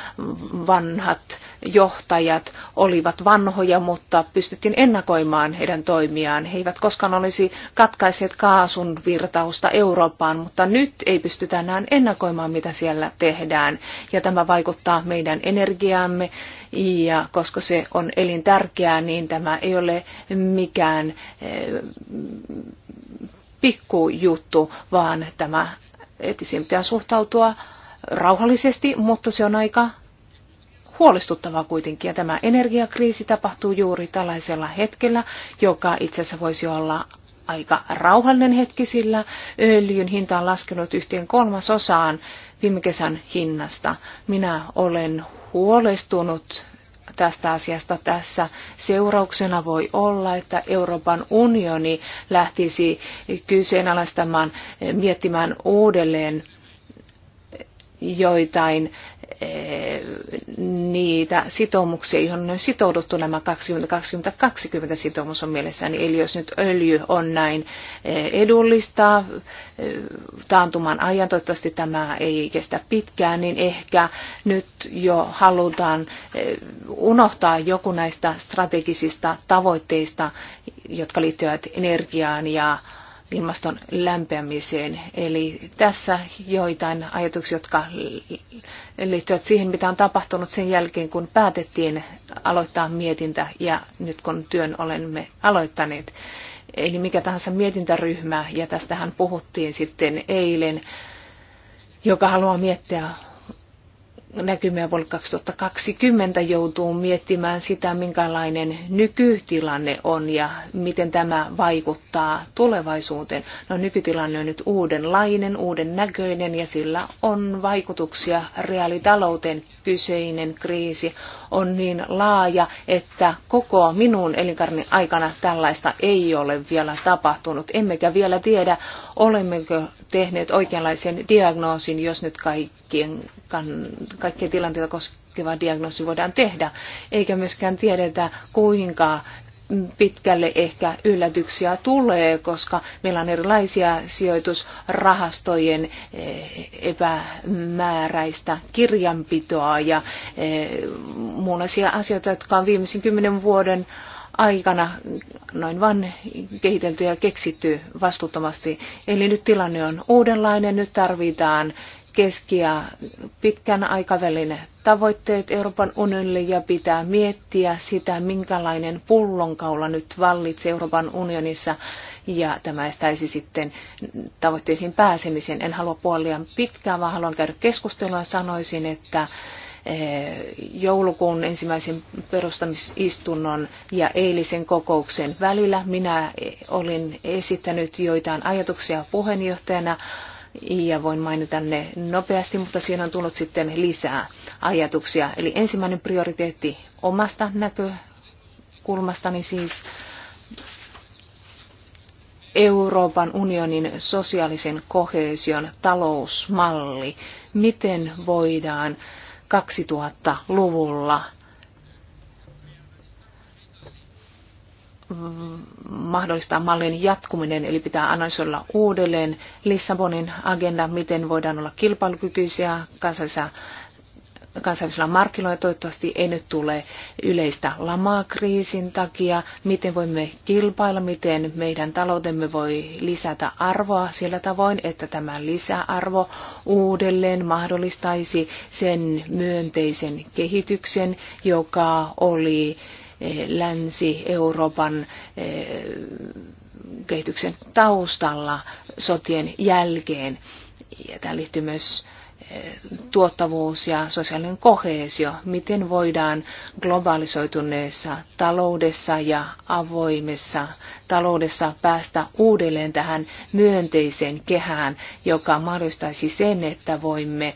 S4: vanhat johtajat olivat vanhoja, mutta pystyttiin ennakoimaan heidän toimiaan. He eivät koskaan olisi katkaiseet kaasun virtausta Eurooppaan, mutta nyt ei pystytä enää ennakoimaan, mitä siellä tehdään. Ja tämä vaikuttaa meidän energiaamme, ja koska se on elintärkeää, niin tämä ei ole mikään eh, pikkujuttu, vaan tämä, että suhtautua rauhallisesti, mutta se on aika huolestuttavaa kuitenkin. Ja tämä energiakriisi tapahtuu juuri tällaisella hetkellä, joka itse asiassa voisi olla aika rauhallinen hetki, sillä öljyn hinta on laskenut yhteen kolmasosaan viime kesän hinnasta. Minä olen huolestunut tästä asiasta tässä. Seurauksena voi olla, että Euroopan unioni lähtisi kyseenalaistamaan, miettimään uudelleen joitain niitä sitoumuksia, joihin on sitouduttu nämä 2020 sitoumus on mielessäni. Eli jos nyt öljy on näin eh, edullista eh, taantuman ajan, toivottavasti tämä ei kestä pitkään, niin ehkä nyt jo halutaan eh, unohtaa joku näistä strategisista tavoitteista, jotka liittyvät energiaan ja ilmaston lämpeämiseen. Eli tässä joitain ajatuksia, jotka liittyvät siihen, mitä on tapahtunut sen jälkeen, kun päätettiin aloittaa mietintä ja nyt kun työn olemme aloittaneet. Eli mikä tahansa mietintäryhmä, ja tästähän puhuttiin sitten eilen, joka haluaa miettiä näkymiä vuodelle 2020 joutuu miettimään sitä, minkälainen nykytilanne on ja miten tämä vaikuttaa tulevaisuuteen. No nykytilanne on nyt uudenlainen, uuden näköinen ja sillä on vaikutuksia reaalitalouteen. Kyseinen kriisi on niin laaja, että koko minun elinkaarni aikana tällaista ei ole vielä tapahtunut. Emmekä vielä tiedä, olemmeko tehneet oikeanlaisen diagnoosin, jos nyt kaikkien, kaikkien tilanteita koskeva diagnoosi voidaan tehdä, eikä myöskään tiedetä, kuinka pitkälle ehkä yllätyksiä tulee, koska meillä on erilaisia sijoitusrahastojen eh, epämääräistä kirjanpitoa ja eh, muunlaisia asioita, jotka on viimeisen kymmenen vuoden aikana noin vain kehitelty ja keksitty vastuuttomasti. Eli nyt tilanne on uudenlainen, nyt tarvitaan keski- ja pitkän aikavälin tavoitteet Euroopan unionille ja pitää miettiä sitä, minkälainen pullonkaula nyt vallitsee Euroopan unionissa ja tämä estäisi sitten tavoitteisiin pääsemisen. En halua puolia pitkään, vaan haluan käydä keskustelua. Sanoisin, että eh, joulukuun ensimmäisen perustamisistunnon ja eilisen kokouksen välillä. Minä olin esittänyt joitain ajatuksia puheenjohtajana ja voin mainita ne nopeasti, mutta siihen on tullut sitten lisää ajatuksia. Eli ensimmäinen prioriteetti omasta näkökulmastani siis Euroopan unionin sosiaalisen kohesion talousmalli. Miten voidaan 2000-luvulla mahdollistaa mallin jatkuminen, eli pitää analysoida uudelleen Lissabonin agenda, miten voidaan olla kilpailukykyisiä kansallisia kansallisilla markkinoilla. Toivottavasti ei nyt tule yleistä lamaa kriisin takia, miten voimme kilpailla, miten meidän taloutemme voi lisätä arvoa sillä tavoin, että tämä lisäarvo uudelleen mahdollistaisi sen myönteisen kehityksen, joka oli Eh, Länsi-Euroopan eh, kehityksen taustalla sotien jälkeen. Ja tämä liittyy myös eh, tuottavuus ja sosiaalinen koheesio, miten voidaan globaalisoituneessa taloudessa ja avoimessa taloudessa päästä uudelleen tähän myönteiseen kehään, joka mahdollistaisi sen, että voimme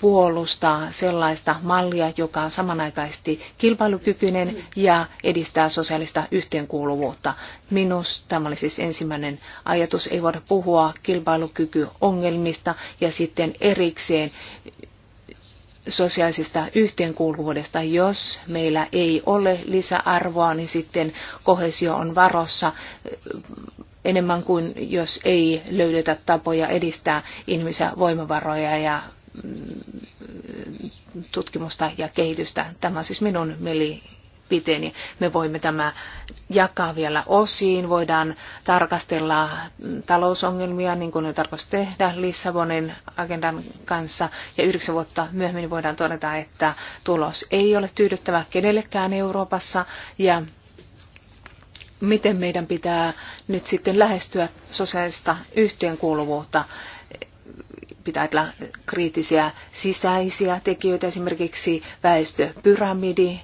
S4: puolustaa sellaista mallia, joka on samanaikaisesti kilpailukykyinen ja edistää sosiaalista yhteenkuuluvuutta. Minus tämä oli siis ensimmäinen ajatus, ei voida puhua kilpailukykyongelmista ja sitten erikseen sosiaalisesta yhteenkuuluvuudesta. Jos meillä ei ole lisäarvoa, niin sitten kohesio on varossa enemmän kuin jos ei löydetä tapoja edistää ihmisiä voimavaroja ja tutkimusta ja kehitystä. Tämä on siis minun mielipiteeni. Me voimme tämä jakaa vielä osiin. Voidaan tarkastella talousongelmia, niin kuin ne tarkoitus tehdä Lissabonin agendan kanssa. Ja yhdeksän vuotta myöhemmin voidaan todeta, että tulos ei ole tyydyttävä kenellekään Euroopassa. Ja miten meidän pitää nyt sitten lähestyä sosiaalista yhteenkuuluvuutta pitää ajatella kriittisiä sisäisiä tekijöitä, esimerkiksi väestöpyramidi,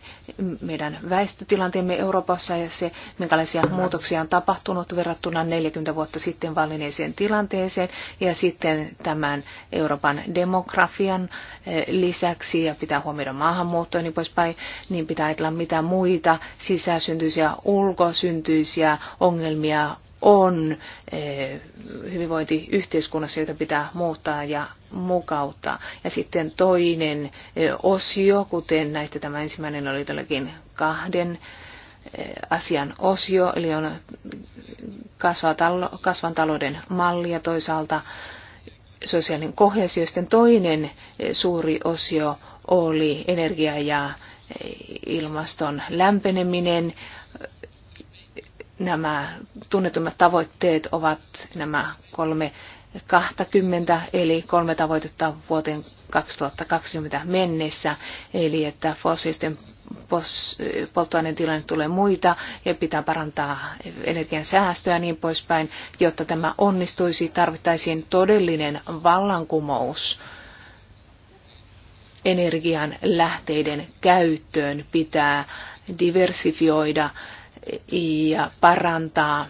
S4: meidän väestötilanteemme Euroopassa ja se, minkälaisia muutoksia on tapahtunut verrattuna 40 vuotta sitten vallineeseen tilanteeseen ja sitten tämän Euroopan demografian eh, lisäksi ja pitää huomioida maahanmuuttoa ja niin poispäin, niin pitää ajatella mitä muita sisäsyntyisiä, ulkosyntyisiä ongelmia on eh, hyvinvointiyhteiskunnassa, joita pitää muuttaa ja mukauttaa. Ja sitten toinen eh, osio, kuten näitä tämä ensimmäinen oli tälläkin kahden eh, asian osio, eli on kasvan talouden malli ja toisaalta sosiaalinen kohesio. Sitten toinen suuri osio oli energia ja ilmaston lämpeneminen, nämä tunnetummat tavoitteet ovat nämä kolme 20, eli kolme tavoitetta vuoteen 2020 mennessä, eli että fossiilisten polttoaineen tilanne tulee muita ja pitää parantaa energian säästöä ja niin poispäin. Jotta tämä onnistuisi, tarvittaisiin todellinen vallankumous energian lähteiden käyttöön. Pitää diversifioida ja parantaa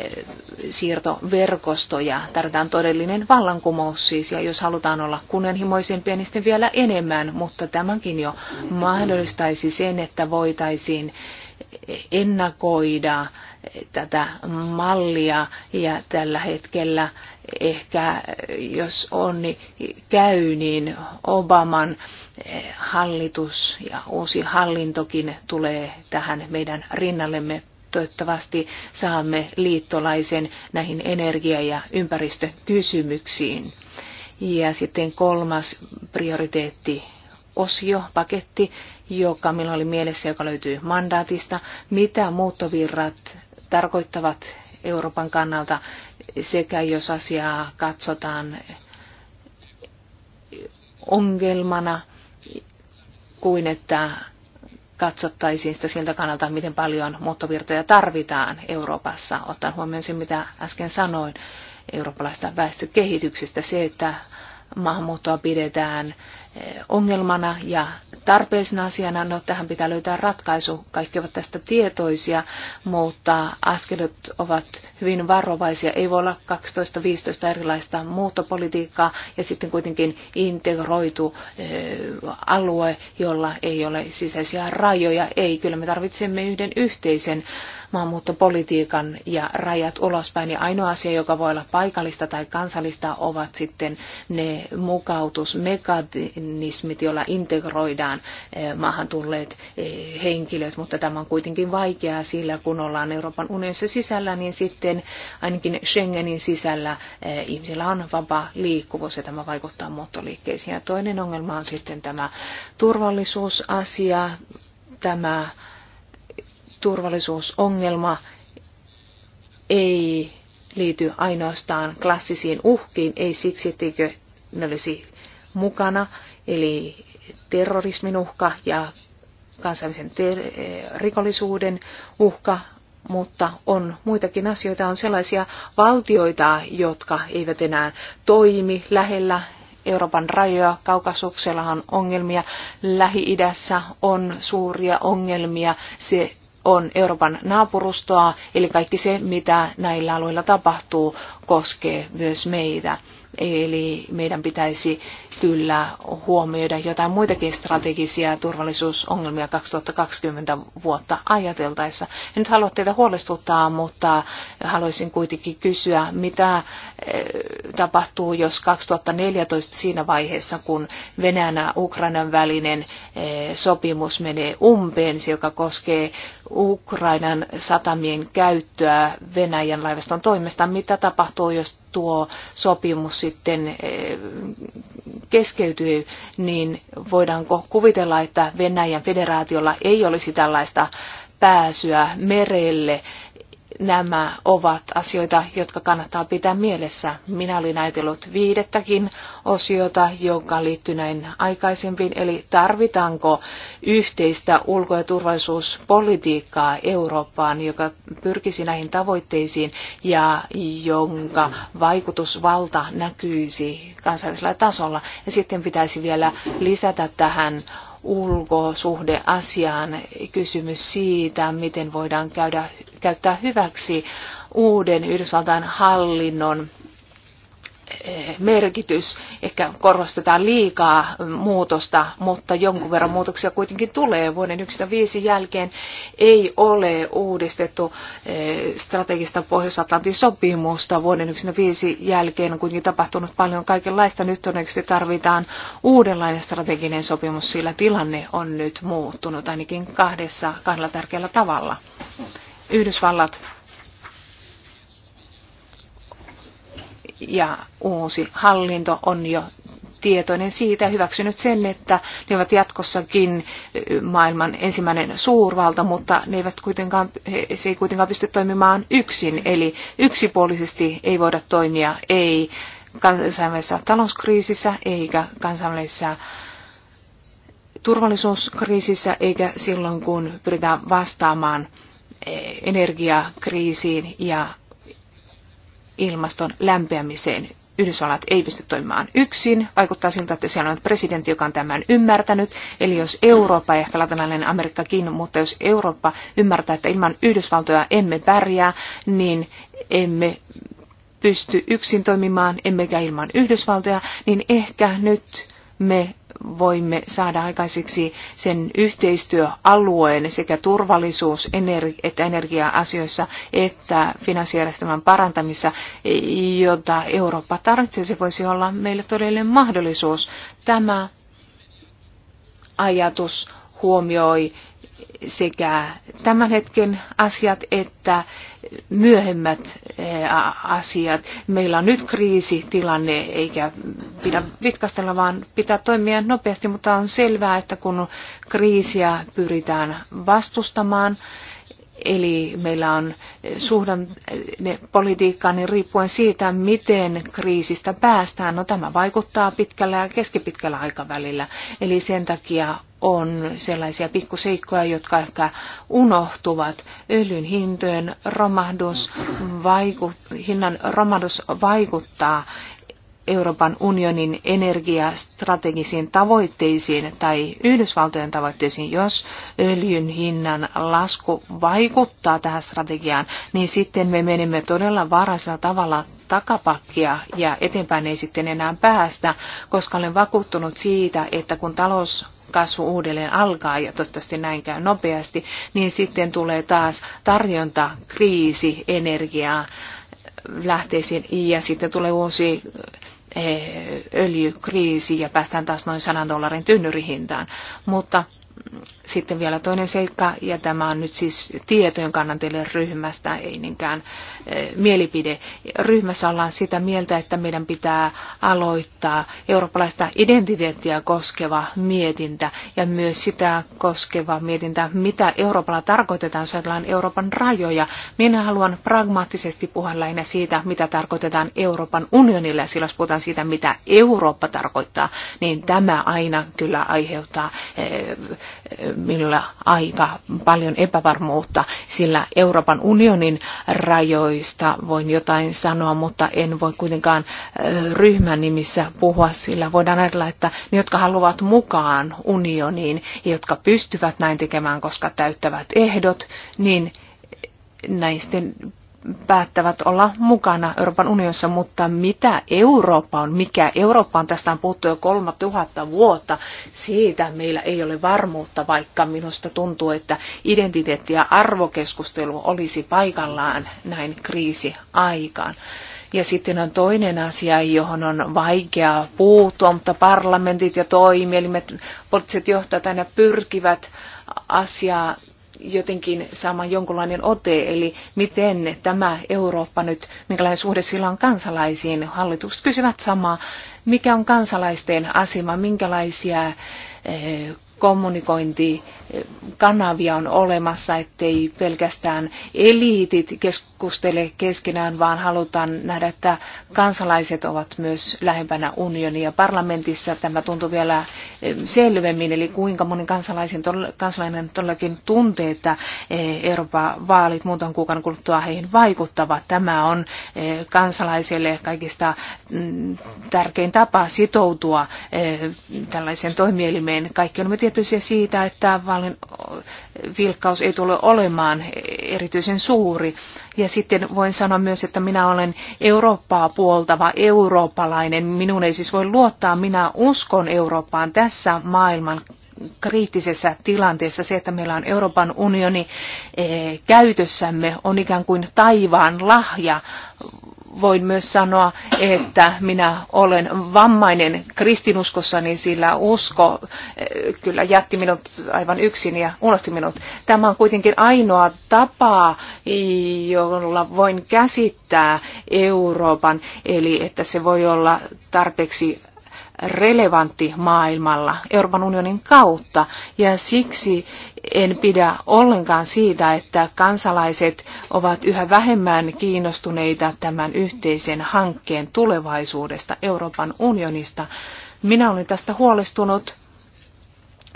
S4: eh, siirtoverkostoja. Tarvitaan todellinen vallankumous siis, ja jos halutaan olla kunnianhimoisempia, niin sitten vielä enemmän, mutta tämäkin jo mahdollistaisi sen, että voitaisiin ennakoida tätä mallia, ja tällä hetkellä ehkä jos onni niin käy, niin Obaman eh, hallitus ja uusi hallintokin tulee tähän meidän rinnallemme. Toivottavasti saamme liittolaisen näihin energia- ja ympäristökysymyksiin. Ja sitten kolmas prioriteetti osio, paketti, joka minulla oli mielessä, joka löytyy mandaatista, mitä muuttovirrat tarkoittavat Euroopan kannalta sekä jos asiaa katsotaan ongelmana kuin että katsottaisiin sitä siltä kannalta, miten paljon muuttovirtoja tarvitaan Euroopassa, ottaen huomioon sen, mitä äsken sanoin eurooppalaista väestökehityksestä, se, että maahanmuuttoa pidetään Eh, ongelmana ja tarpeellisena asiana. No, tähän pitää löytää ratkaisu. Kaikki ovat tästä tietoisia, mutta askelet ovat hyvin varovaisia. Ei voi olla 12-15 erilaista muuttopolitiikkaa ja sitten kuitenkin integroitu eh, alue, jolla ei ole sisäisiä rajoja. Ei, kyllä me tarvitsemme yhden yhteisen maahanmuuttopolitiikan ja rajat ulospäin. Ja ainoa asia, joka voi olla paikallista tai kansallista, ovat sitten ne mukautusmekanismit, joilla integroidaan eh, maahan tulleet eh, henkilöt. Mutta tämä on kuitenkin vaikeaa, sillä kun ollaan Euroopan unionissa sisällä, niin sitten ainakin Schengenin sisällä eh, ihmisillä on vapaa liikkuvuus ja tämä vaikuttaa muuttoliikkeisiin. Ja toinen ongelma on sitten tämä turvallisuusasia, tämä turvallisuusongelma ei liity ainoastaan klassisiin uhkiin, ei siksi, etteikö ne olisi mukana, eli terrorismin uhka ja kansainvälisen rikollisuuden uhka, mutta on muitakin asioita, on sellaisia valtioita, jotka eivät enää toimi lähellä Euroopan rajoja, kaukasuksella on ongelmia, Lähi-idässä on suuria ongelmia, se on Euroopan naapurustoa, eli kaikki se, mitä näillä alueilla tapahtuu, koskee myös meitä. Eli meidän pitäisi kyllä huomioida jotain muitakin strategisia turvallisuusongelmia 2020 vuotta ajateltaessa. En nyt halua teitä huolestuttaa, mutta haluaisin kuitenkin kysyä, mitä eh, tapahtuu, jos 2014 siinä vaiheessa, kun Venäjän ja Ukrainan välinen eh, sopimus menee umpeen, joka koskee Ukrainan satamien käyttöä Venäjän laivaston toimesta, mitä tapahtuu, jos tuo sopimus sitten eh, keskeytyy, niin voidaanko kuvitella, että Venäjän federaatiolla ei olisi tällaista pääsyä merelle nämä ovat asioita, jotka kannattaa pitää mielessä. Minä olin ajatellut viidettäkin osiota, joka liittyy näin aikaisempiin, eli tarvitaanko yhteistä ulko- ja turvallisuuspolitiikkaa Eurooppaan, joka pyrkisi näihin tavoitteisiin ja jonka vaikutusvalta näkyisi kansallisella tasolla. Ja sitten pitäisi vielä lisätä tähän ulkosuhdeasiaan kysymys siitä, miten voidaan käydä, käyttää hyväksi uuden Yhdysvaltain hallinnon merkitys. Ehkä korostetaan liikaa muutosta, mutta jonkun verran muutoksia kuitenkin tulee. Vuoden 1905 jälkeen ei ole uudistettu eh, strategista Pohjois-Atlantin sopimusta. Vuoden 1905 jälkeen on kuitenkin tapahtunut paljon kaikenlaista. Nyt todennäköisesti tarvitaan uudenlainen strateginen sopimus, sillä tilanne on nyt muuttunut ainakin kahdessa, kahdella tärkeällä tavalla. Yhdysvallat ja uusi hallinto on jo tietoinen siitä ja hyväksynyt sen, että ne ovat jatkossakin maailman ensimmäinen suurvalta, mutta ne eivät kuitenkaan, se ei kuitenkaan pysty toimimaan yksin. Eli yksipuolisesti ei voida toimia, ei kansainvälisessä talouskriisissä eikä kansainvälisessä turvallisuuskriisissä eikä silloin, kun pyritään vastaamaan energiakriisiin ja ilmaston lämpeämiseen. Yhdysvallat ei pysty toimimaan yksin. Vaikuttaa siltä, että siellä on presidentti, joka on tämän ymmärtänyt. Eli jos Eurooppa ehkä latinalainen Amerikkakin, mutta jos Eurooppa ymmärtää, että ilman Yhdysvaltoja emme pärjää, niin emme pysty yksin toimimaan, emmekä ilman Yhdysvaltoja, niin ehkä nyt me voimme saada aikaiseksi sen yhteistyöalueen sekä turvallisuus- että energia-asioissa että finanssijärjestelmän parantamissa, jota Eurooppa tarvitsee. Se voisi olla meille todellinen mahdollisuus. Tämä ajatus huomioi sekä tämän hetken asiat että myöhemmät eh, asiat. Meillä on nyt kriisitilanne, eikä pidä vitkastella, vaan pitää toimia nopeasti, mutta on selvää, että kun kriisiä pyritään vastustamaan, Eli meillä on politiikkaa, niin riippuen siitä, miten kriisistä päästään. No tämä vaikuttaa pitkällä ja keskipitkällä aikavälillä. Eli sen takia on sellaisia pikkuseikkoja, jotka ehkä unohtuvat. Öljyn hintojen romahdus, vaikut, hinnan romahdus vaikuttaa Euroopan unionin energiastrategisiin tavoitteisiin tai Yhdysvaltojen tavoitteisiin, jos öljyn hinnan lasku vaikuttaa tähän strategiaan, niin sitten me menemme todella varaisella tavalla takapakkia ja eteenpäin ei sitten enää päästä, koska olen vakuuttunut siitä, että kun talous kasvu uudelleen alkaa ja toivottavasti näin käy nopeasti, niin sitten tulee taas kriisi, energiaa lähteisiin ja sitten tulee uusi Eh, öljykriisi ja päästään taas noin 100 dollarin tynnyrihintaan. Mutta sitten vielä toinen seikka, ja tämä on nyt siis tietojen kannan ryhmästä, ei niinkään e, mielipide. Ryhmässä ollaan sitä mieltä, että meidän pitää aloittaa eurooppalaista identiteettiä koskeva mietintä ja myös sitä koskeva mietintä, mitä Euroopalla tarkoitetaan, jos ajatellaan Euroopan rajoja. Minä haluan pragmaattisesti puhua lähinnä siitä, mitä tarkoitetaan Euroopan unionilla, ja silloin jos puhutaan siitä, mitä Eurooppa tarkoittaa, niin tämä aina kyllä aiheuttaa e, millä aika paljon epävarmuutta, sillä Euroopan unionin rajoista voin jotain sanoa, mutta en voi kuitenkaan eh, ryhmän nimissä puhua, sillä voidaan ajatella, että ne, jotka haluavat mukaan unioniin, jotka pystyvät näin tekemään, koska täyttävät ehdot, niin näisten päättävät olla mukana Euroopan unionissa, mutta mitä Eurooppa on, mikä Eurooppa on, tästä on puhuttu jo 3000 vuotta, siitä meillä ei ole varmuutta, vaikka minusta tuntuu, että identiteetti- ja arvokeskustelu olisi paikallaan näin kriisiaikaan. Ja sitten on toinen asia, johon on vaikea puuttua, mutta parlamentit ja toimielimet, poliittiset johtajat aina pyrkivät asiaa jotenkin saamaan jonkunlainen ote, eli miten tämä Eurooppa nyt, minkälainen suhde sillä on kansalaisiin. Hallitukset kysyvät samaa, mikä on kansalaisten asema, minkälaisia eh, kommunikointi kanavia on olemassa, ettei pelkästään eliitit keskustele keskenään, vaan halutaan nähdä, että kansalaiset ovat myös lähempänä unionia. Parlamentissa tämä tuntuu vielä eh, selvemmin, eli kuinka moni kansalaisen, kansalainen todellakin tuntee, että eh, Euroopan vaalit muutaman kuukauden kuluttua heihin vaikuttavat. Tämä on eh, kansalaisille kaikista mm, tärkein tapa sitoutua tällaisen toimielimeen. Kaikki olemme tietoisia siitä, että val- mallin vilkkaus ei tule olemaan erityisen suuri. Ja sitten voin sanoa myös, että minä olen Eurooppaa puoltava eurooppalainen. Minun ei siis voi luottaa, minä uskon Eurooppaan tässä maailman kriittisessä tilanteessa se, että meillä on Euroopan unioni eh, käytössämme, on ikään kuin taivaan lahja voin myös sanoa, että minä olen vammainen kristinuskossani, niin sillä usko eh, kyllä jätti minut aivan yksin ja unohti minut. Tämä on kuitenkin ainoa tapa, jolla voin käsittää Euroopan, eli että se voi olla tarpeeksi relevantti maailmalla Euroopan unionin kautta. Ja siksi en pidä ollenkaan siitä, että kansalaiset ovat yhä vähemmän kiinnostuneita tämän yhteisen hankkeen tulevaisuudesta Euroopan unionista. Minä olen tästä huolestunut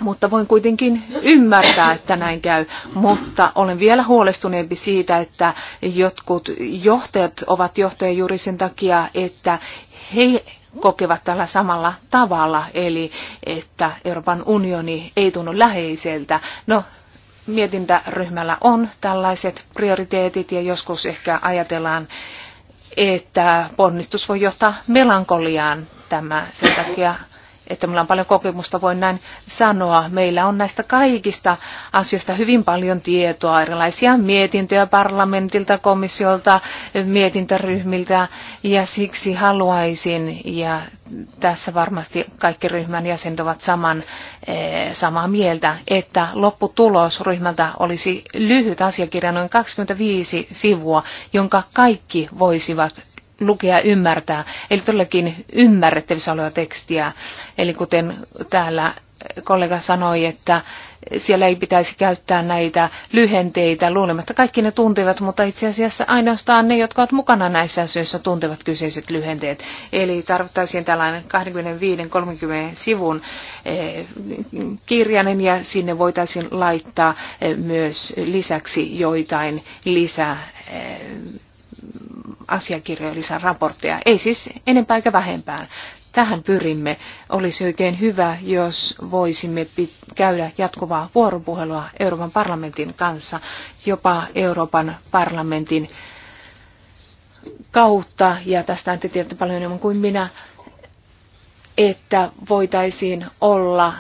S4: mutta voin kuitenkin ymmärtää, että näin käy. Mutta olen vielä huolestuneempi siitä, että jotkut johtajat ovat johtajia juuri sen takia, että he kokevat tällä samalla tavalla, eli että Euroopan unioni ei tunnu läheiseltä. No, mietintäryhmällä on tällaiset prioriteetit ja joskus ehkä ajatellaan, että ponnistus voi johtaa melankoliaan. Tämä sen takia että meillä on paljon kokemusta, voin näin sanoa. Meillä on näistä kaikista asioista hyvin paljon tietoa, erilaisia mietintöjä parlamentilta, komissiolta, mietintäryhmiltä, ja siksi haluaisin, ja tässä varmasti kaikki ryhmän jäsenet ovat saman, eh, samaa mieltä, että lopputulos ryhmältä olisi lyhyt asiakirja, noin 25 sivua, jonka kaikki voisivat lukea ja ymmärtää. Eli todellakin ymmärrettävissä oleva tekstiä. Eli kuten täällä kollega sanoi, että siellä ei pitäisi käyttää näitä lyhenteitä luulematta. Kaikki ne tuntevat, mutta itse asiassa ainoastaan ne, jotka ovat mukana näissä asioissa, tuntevat kyseiset lyhenteet. Eli tarvittaisiin tällainen 25-30 sivun eh, kirjainen ja sinne voitaisiin laittaa eh, myös lisäksi joitain lisää eh, asiakirjoillisia raportteja. Ei siis enempää eikä vähempään. Tähän pyrimme. Olisi oikein hyvä, jos voisimme käydä jatkuvaa vuoropuhelua Euroopan parlamentin kanssa, jopa Euroopan parlamentin kautta, ja tästä te tiedätte paljon enemmän kuin minä, että voitaisiin olla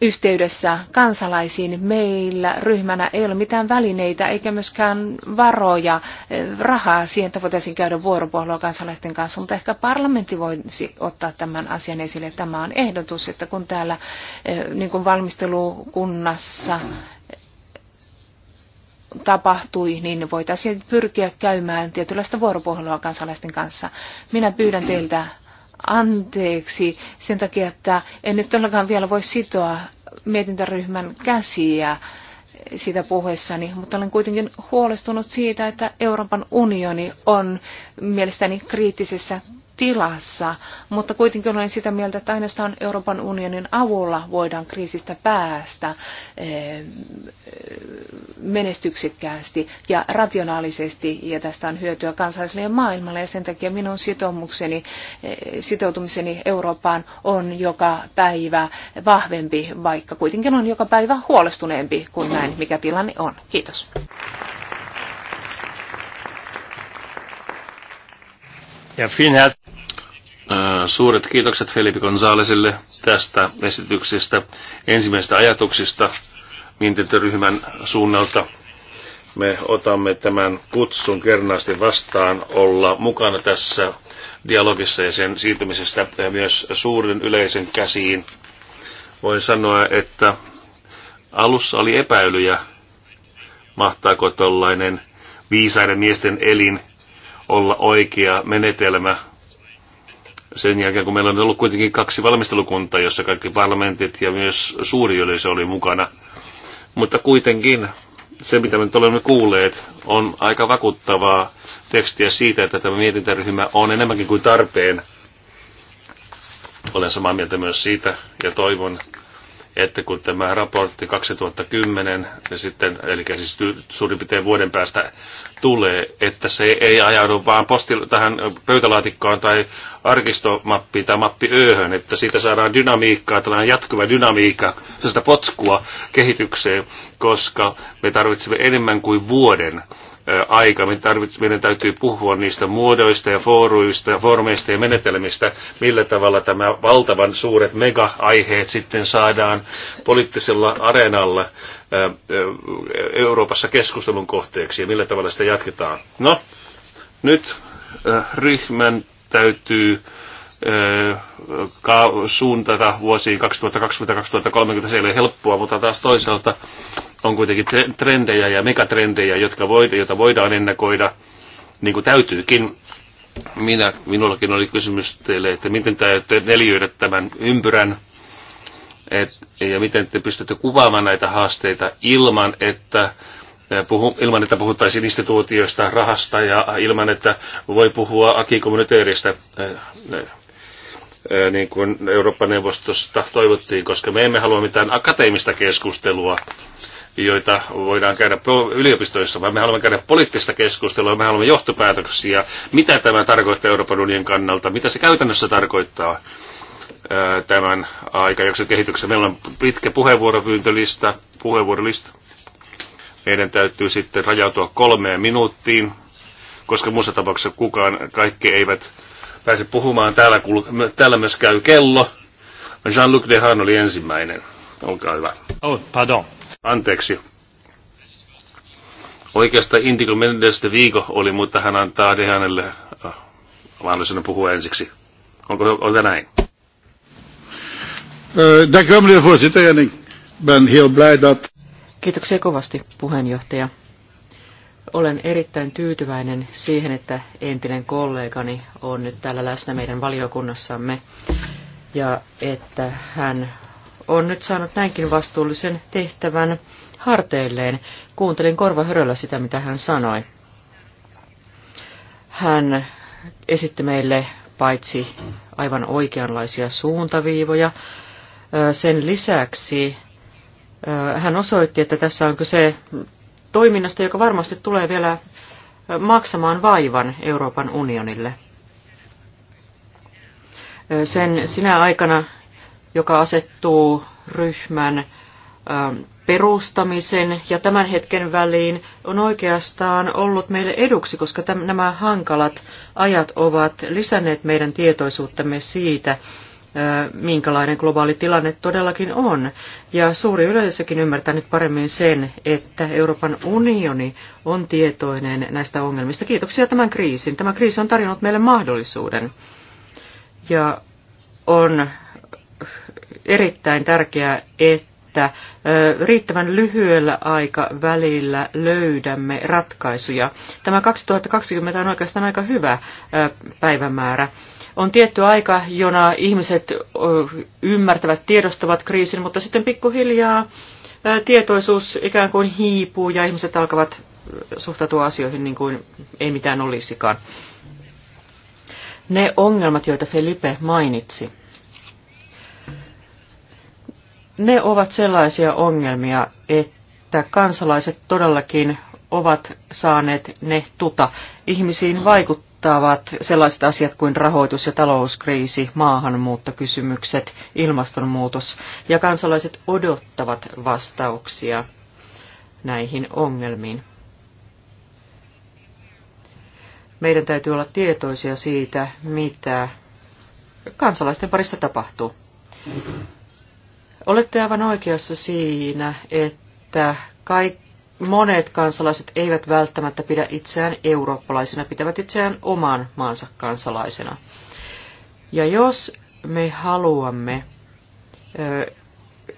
S4: yhteydessä kansalaisiin. Meillä ryhmänä ei ole mitään välineitä eikä myöskään varoja, eh, rahaa siihen, että voitaisiin käydä vuoropuhelua kansalaisten kanssa, mutta ehkä parlamentti voisi ottaa tämän asian esille. Tämä on ehdotus, että kun täällä eh, niin kuin valmistelukunnassa eh, tapahtui, niin voitaisiin pyrkiä käymään tietynlaista vuoropuhelua kansalaisten kanssa. Minä pyydän teiltä anteeksi sen takia, että en nyt todellakaan vielä voi sitoa mietintäryhmän käsiä sitä puheessani, mutta olen kuitenkin huolestunut siitä, että Euroopan unioni on mielestäni kriittisessä tilassa, mutta kuitenkin olen sitä mieltä, että ainoastaan Euroopan unionin avulla voidaan kriisistä päästä eh, menestyksekkäästi ja rationaalisesti, ja tästä on hyötyä kansalliselle ja maailmalle, ja sen takia minun sitoumukseni, eh, sitoutumiseni Eurooppaan on joka päivä vahvempi, vaikka kuitenkin on joka päivä huolestuneempi kuin näin, mikä tilanne on. Kiitos.
S1: Ja vielen herzlichen Suuret kiitokset Felipe Gonzalesille tästä esityksestä, ensimmäisistä ajatuksista mintintöryhmän suunnalta. Me otamme tämän kutsun kernaasti vastaan olla mukana tässä dialogissa ja sen siirtymisestä myös suuren yleisen käsiin. Voin sanoa, että alussa oli epäilyjä, mahtaako tällainen viisaiden miesten elin olla oikea menetelmä sen jälkeen, kun meillä on ollut kuitenkin kaksi valmistelukuntaa, jossa kaikki parlamentit ja myös suuri yleisö oli mukana. Mutta kuitenkin se, mitä me nyt olemme kuulleet, on aika vakuuttavaa tekstiä siitä, että tämä mietintäryhmä on enemmänkin kuin tarpeen. Olen samaa mieltä myös siitä ja toivon, että kun tämä raportti 2010, ja sitten, eli siis suurin piirtein vuoden päästä tulee, että se ei ajaudu vaan posti, tähän pöytälaatikkoon tai arkistomappiin tai mappi ööhön, että siitä saadaan dynamiikkaa, tällainen jatkuva dynamiikka, sitä potskua kehitykseen, koska me tarvitsemme enemmän kuin vuoden aika. Me tarvits, meidän täytyy puhua niistä muodoista ja fooruista ja foorumeista ja menetelmistä, millä tavalla tämä valtavan suuret mega-aiheet sitten saadaan poliittisella areenalla Euroopassa keskustelun kohteeksi ja millä tavalla sitä jatketaan. No, nyt ryhmän täytyy suuntata vuosiin 2020-2030. Se ei ole helppoa, mutta taas toisaalta on kuitenkin trendejä ja megatrendejä, jotka voida, joita voidaan ennakoida, niin kuin täytyykin. Minä, minullakin oli kysymys teille, että miten te neljöidät tämän ympyrän, et, ja miten te pystytte kuvaamaan näitä haasteita ilman, että puhu, ilman, että puhuttaisiin instituutioista, rahasta ja ilman, että voi puhua akikommuniteerista niin kuin Euroopan neuvostosta toivottiin, koska me emme halua mitään akateemista keskustelua, joita voidaan käydä yliopistoissa, vaan me haluamme käydä poliittista keskustelua, me haluamme johtopäätöksiä, mitä tämä tarkoittaa Euroopan unionin kannalta, mitä se käytännössä tarkoittaa tämän aikajakson kehityksen. Meillä on pitkä puheenvuoropyyntölista, puheenvuorolista. Meidän täytyy sitten rajautua kolmeen minuuttiin, koska muussa tapauksessa kukaan, kaikki eivät pääse puhumaan. Täällä, kul, täällä myös käy kello. Jean-Luc Dehan oli ensimmäinen. Olkaa hyvä. Oh, pardon. Anteeksi. Oikeastaan Indigo Mendes de Vigo oli, mutta hän antaa Dehanelle ah, mahdollisena puhua ensiksi. Onko, onko näin? Eh,
S2: Kiitoksia kovasti, puheenjohtaja. Olen erittäin tyytyväinen siihen, että entinen kollegani on nyt täällä läsnä meidän valiokunnassamme ja että hän on nyt saanut näinkin vastuullisen tehtävän harteilleen. Kuuntelin korvahöröllä sitä, mitä hän sanoi. Hän esitti meille paitsi aivan oikeanlaisia suuntaviivoja, sen lisäksi hän osoitti, että tässä on kyse toiminnasta, joka varmasti tulee vielä maksamaan vaivan Euroopan unionille. Sen sinä aikana, joka asettuu ryhmän perustamisen ja tämän hetken väliin on oikeastaan ollut meille eduksi, koska nämä hankalat ajat ovat lisänneet meidän tietoisuuttamme siitä, minkälainen globaali tilanne todellakin on. Ja suuri yleisökin ymmärtää nyt paremmin sen, että Euroopan unioni on tietoinen näistä ongelmista. Kiitoksia tämän kriisin. Tämä kriisi on tarjonnut meille mahdollisuuden. Ja on erittäin tärkeää, että riittävän lyhyellä aikavälillä löydämme ratkaisuja. Tämä 2020 on oikeastaan aika hyvä päivämäärä on tietty aika, jona ihmiset ymmärtävät, tiedostavat kriisin, mutta sitten pikkuhiljaa tietoisuus ikään kuin hiipuu ja ihmiset alkavat suhtautua asioihin niin kuin ei mitään olisikaan. Ne ongelmat, joita Felipe mainitsi, ne ovat sellaisia ongelmia, että kansalaiset todellakin ovat saaneet ne tuta. Ihmisiin vaikuttaa vaikuttavat sellaiset asiat kuin rahoitus- ja talouskriisi, maahanmuuttokysymykset, ilmastonmuutos ja kansalaiset odottavat vastauksia näihin ongelmiin. Meidän täytyy olla tietoisia siitä, mitä kansalaisten parissa tapahtuu. Olette aivan oikeassa siinä, että kaikki monet kansalaiset eivät välttämättä pidä itseään eurooppalaisina, pitävät itseään oman maansa kansalaisena. Ja jos me haluamme,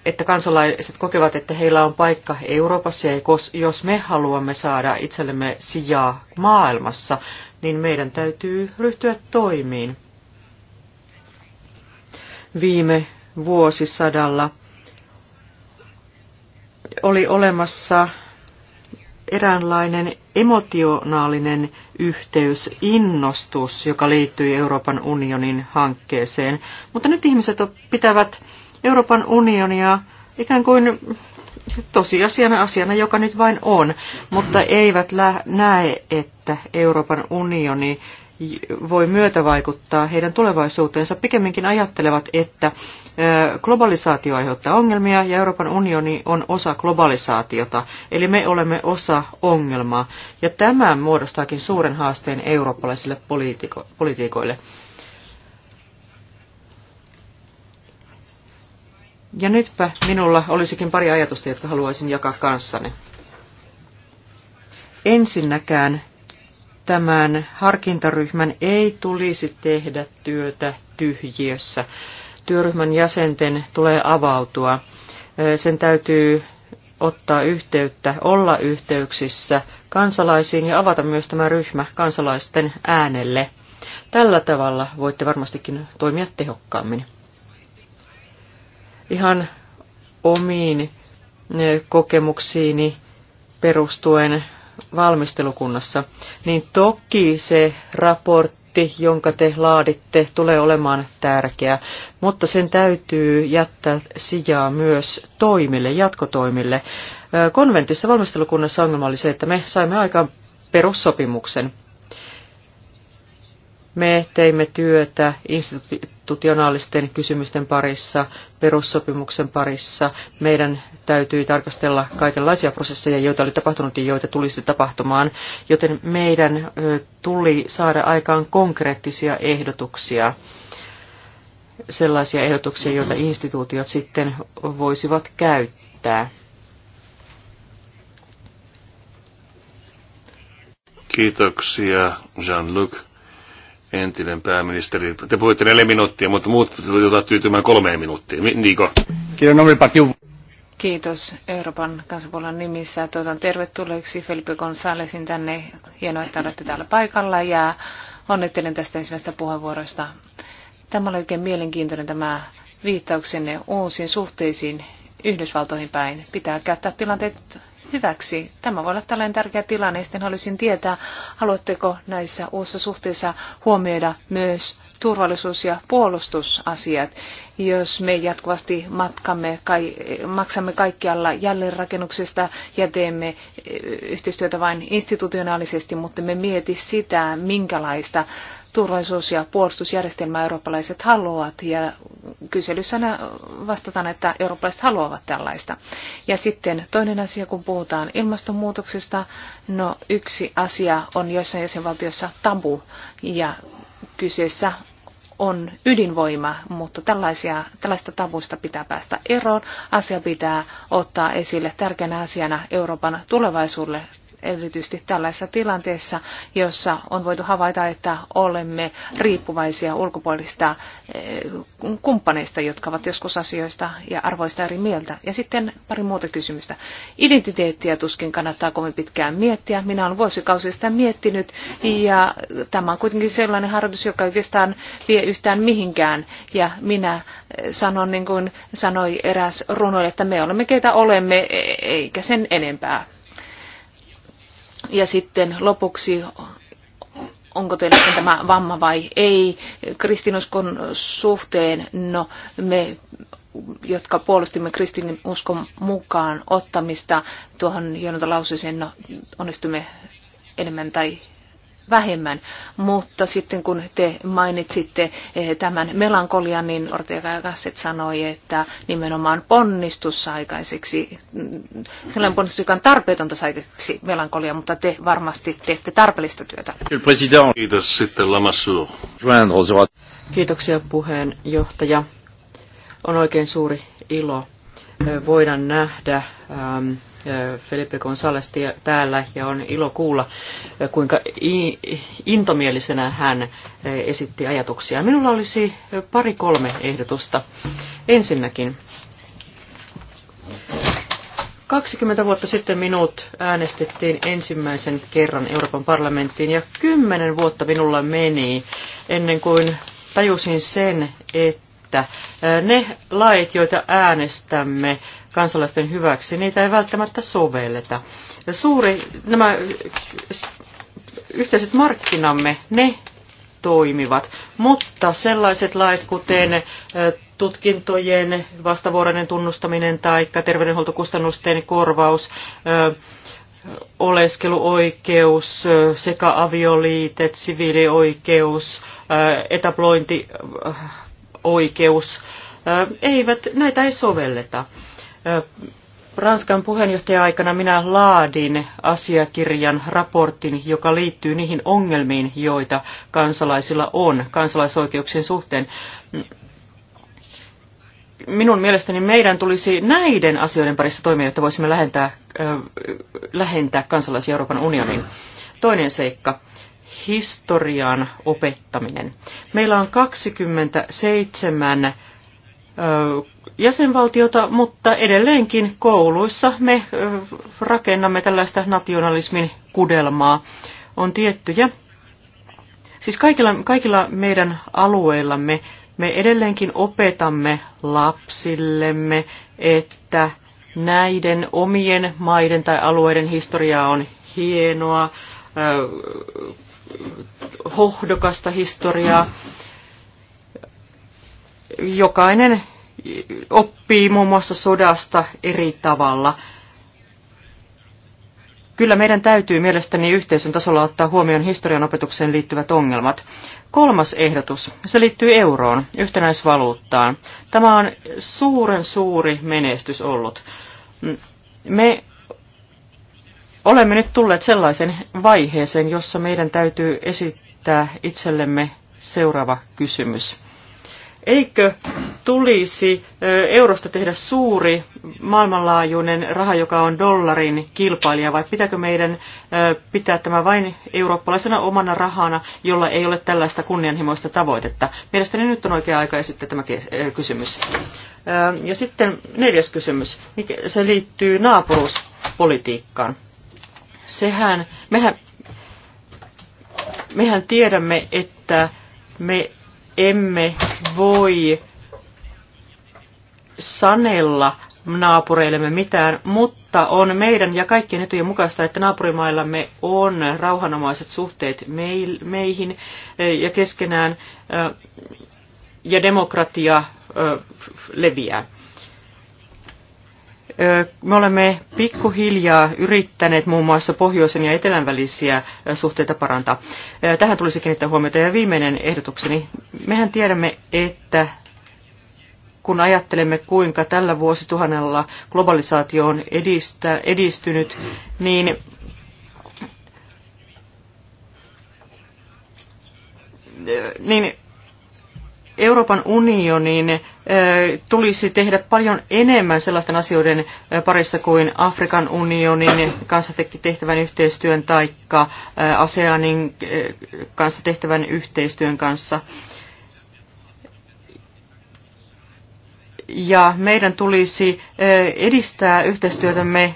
S2: että kansalaiset kokevat, että heillä on paikka Euroopassa, ja jos me haluamme saada itsellemme sijaa maailmassa, niin meidän täytyy ryhtyä toimiin. Viime vuosisadalla oli olemassa eräänlainen emotionaalinen yhteys, innostus, joka liittyy Euroopan unionin hankkeeseen. Mutta nyt ihmiset pitävät Euroopan unionia ikään kuin tosiasiana asiana, joka nyt vain on, mutta eivät näe, että Euroopan unioni voi myötävaikuttaa heidän tulevaisuuteensa, pikemminkin ajattelevat, että globalisaatio aiheuttaa ongelmia ja Euroopan unioni on osa globalisaatiota, eli me olemme osa ongelmaa. Ja tämä muodostaakin suuren haasteen eurooppalaisille politiiko- politiikoille. Ja nytpä minulla olisikin pari ajatusta, jotka haluaisin jakaa kanssanne. Ensinnäkään tämän harkintaryhmän ei tulisi tehdä työtä tyhjiössä. Työryhmän jäsenten tulee avautua. Sen täytyy ottaa yhteyttä, olla yhteyksissä kansalaisiin ja avata myös tämä ryhmä kansalaisten äänelle. Tällä tavalla voitte varmastikin toimia tehokkaammin. Ihan omiin kokemuksiini perustuen valmistelukunnassa, niin toki se raportti, jonka te laaditte, tulee olemaan tärkeä, mutta sen täytyy jättää sijaa myös toimille, jatkotoimille. Konventissa valmistelukunnassa ongelma oli se, että me saimme aikaan perussopimuksen, me teimme työtä institutionaalisten kysymysten parissa, perussopimuksen parissa. Meidän täytyi tarkastella kaikenlaisia prosesseja, joita oli tapahtunut ja joita tulisi tapahtumaan, joten meidän tuli saada aikaan konkreettisia ehdotuksia sellaisia ehdotuksia, joita instituutiot sitten voisivat käyttää.
S1: Kiitoksia, Jean-Luc entinen pääministeri. Te puhuitte neljä minuuttia, mutta muut joutuvat tyytymään kolmeen minuuttiin. Niiko?
S4: Kiitos Euroopan kansapuolen nimissä. Tuotan tervetulleeksi Felipe Gonzalesin tänne. Hienoa, että olette täällä paikalla ja onnittelen tästä ensimmäisestä puheenvuorosta. Tämä oli oikein mielenkiintoinen tämä viittauksenne uusiin suhteisiin Yhdysvaltoihin päin. Pitää käyttää tilanteet hyväksi. Tämä voi olla tällainen tärkeä tilanne. Sitten haluaisin tietää, haluatteko näissä uusissa suhteissa huomioida myös turvallisuus- ja puolustusasiat jos me jatkuvasti matkamme, kai, maksamme kaikkialla jälleenrakennuksesta ja teemme e, yhteistyötä vain institutionaalisesti, mutta me mieti sitä, minkälaista turvallisuus- ja puolustusjärjestelmää eurooppalaiset haluavat. Ja kyselyssä vastataan, että eurooppalaiset haluavat tällaista. Ja sitten toinen asia, kun puhutaan ilmastonmuutoksesta, no yksi asia on joissain jäsenvaltioissa tabu ja kyseessä on ydinvoima, mutta tällaisia, tällaista tavuista pitää päästä eroon. Asia pitää ottaa esille tärkeänä asiana Euroopan tulevaisuudelle erityisesti tällaisessa tilanteessa, jossa on voitu havaita, että olemme riippuvaisia ulkopuolista eh, kumppaneista, jotka ovat joskus asioista ja arvoista eri mieltä. Ja sitten pari muuta kysymystä. Identiteettiä tuskin kannattaa kovin pitkään miettiä. Minä olen vuosikausia sitä miettinyt ja tämä on kuitenkin sellainen harjoitus, joka oikeastaan vie yhtään mihinkään. Ja minä eh, sanon niin kuin sanoi eräs runoilija, että me olemme keitä olemme, e-, eikä sen enempää. Ja sitten lopuksi, onko teillä tämä vamma vai ei, kristinuskon suhteen, no me jotka puolustimme kristinuskon mukaan ottamista tuohon hienolta lauseeseen, no onnistumme enemmän tai vähemmän. Mutta sitten kun te mainitsitte eh, tämän melankolian, niin Ortega Gasset sanoi, että nimenomaan ponnistus aikaiseksi, mm, sellainen ponnistus, joka on tarpeetonta aikaiseksi melankolia, mutta te varmasti teette tarpeellista työtä.
S1: Kiitos sitten Lamassur.
S2: Kiitoksia puheenjohtaja. On oikein suuri ilo eh, voida nähdä ähm, Felipe González täällä ja on ilo kuulla, kuinka intomielisenä hän esitti ajatuksia. Minulla olisi pari-kolme ehdotusta. Ensinnäkin, 20 vuotta sitten minut äänestettiin ensimmäisen kerran Euroopan parlamenttiin ja 10 vuotta minulla meni ennen kuin tajusin sen, että ne lait, joita äänestämme, kansalaisten hyväksi, niitä ei välttämättä sovelleta. Suuri, nämä yhteiset markkinamme, ne toimivat, mutta sellaiset lait kuten tutkintojen vastavuoroinen tunnustaminen tai terveydenhuoltokustannusten korvaus, oleskeluoikeus, sekä avioliitet, siviilioikeus, etablointioikeus, eivät, näitä ei sovelleta. Ranskan puheenjohtaja-aikana minä laadin asiakirjan raportin, joka liittyy niihin ongelmiin, joita kansalaisilla on kansalaisoikeuksien suhteen. Minun mielestäni meidän tulisi näiden asioiden parissa toimia, jotta voisimme lähentää, äh, lähentää kansalaisia Euroopan unionin. Toinen seikka historian opettaminen. Meillä on 27 jäsenvaltiota, mutta edelleenkin kouluissa me rakennamme tällaista nationalismin kudelmaa. On tiettyjä, siis kaikilla, kaikilla meidän alueillamme me edelleenkin opetamme lapsillemme, että näiden omien maiden tai alueiden historiaa on hienoa, hohdokasta historiaa. Mm jokainen oppii muun muassa sodasta eri tavalla. Kyllä meidän täytyy mielestäni yhteisön tasolla ottaa huomioon historian opetukseen liittyvät ongelmat. Kolmas ehdotus, se liittyy euroon, yhtenäisvaluuttaan. Tämä on suuren suuri menestys ollut. Me olemme nyt tulleet sellaisen vaiheeseen, jossa meidän täytyy esittää itsellemme seuraava kysymys. Eikö tulisi eurosta tehdä suuri maailmanlaajuinen raha, joka on dollarin kilpailija, vai pitääkö meidän pitää tämä vain eurooppalaisena omana rahana, jolla ei ole tällaista kunnianhimoista tavoitetta? Mielestäni nyt on oikea aika esittää tämä kysymys. Ja sitten neljäs kysymys. Se liittyy naapuruuspolitiikkaan. Sehän, mehän, mehän tiedämme, että me emme voi sanella naapureillemme mitään, mutta on meidän ja kaikkien etujen mukaista, että naapurimaillamme on rauhanomaiset suhteet meihin e, ja keskenään e, ja demokratia e, leviää. Me olemme pikkuhiljaa yrittäneet muun muassa pohjoisen ja etelän välisiä suhteita parantaa. Tähän tulisi kiinnittää huomiota. Ja viimeinen ehdotukseni. Mehän tiedämme, että kun ajattelemme, kuinka tällä vuosituhannella globalisaatio on edistä, edistynyt, niin niin Euroopan unionin tulisi tehdä paljon enemmän sellaisten asioiden parissa kuin Afrikan unionin kanssa tehtävän yhteistyön tai ASEANin kanssa tehtävän yhteistyön kanssa. Ja meidän tulisi edistää yhteistyötämme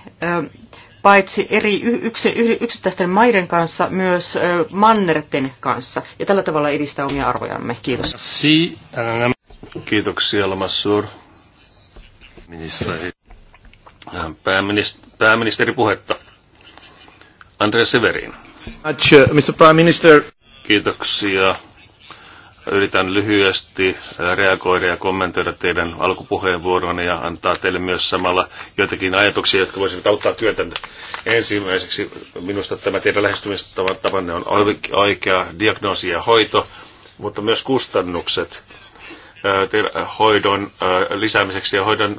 S2: paitsi eri yks, yksittäisten maiden kanssa, myös mannerten kanssa. Ja tällä tavalla edistää omia arvojamme. Kiitos.
S1: Kiitoksia, Lamassur. Ministeri. Äh, pääministeri, pääministeri puhetta. Andre Severin. Mr. Uh, Prime Minister. Kiitoksia Yritän lyhyesti reagoida ja kommentoida teidän alkupuheenvuoronne ja antaa teille myös samalla joitakin ajatuksia, jotka voisivat auttaa työtänne. Ensimmäiseksi minusta tämä teidän lähestymistavanne on oikea diagnoosi ja hoito, mutta myös kustannukset hoidon lisäämiseksi ja hoidon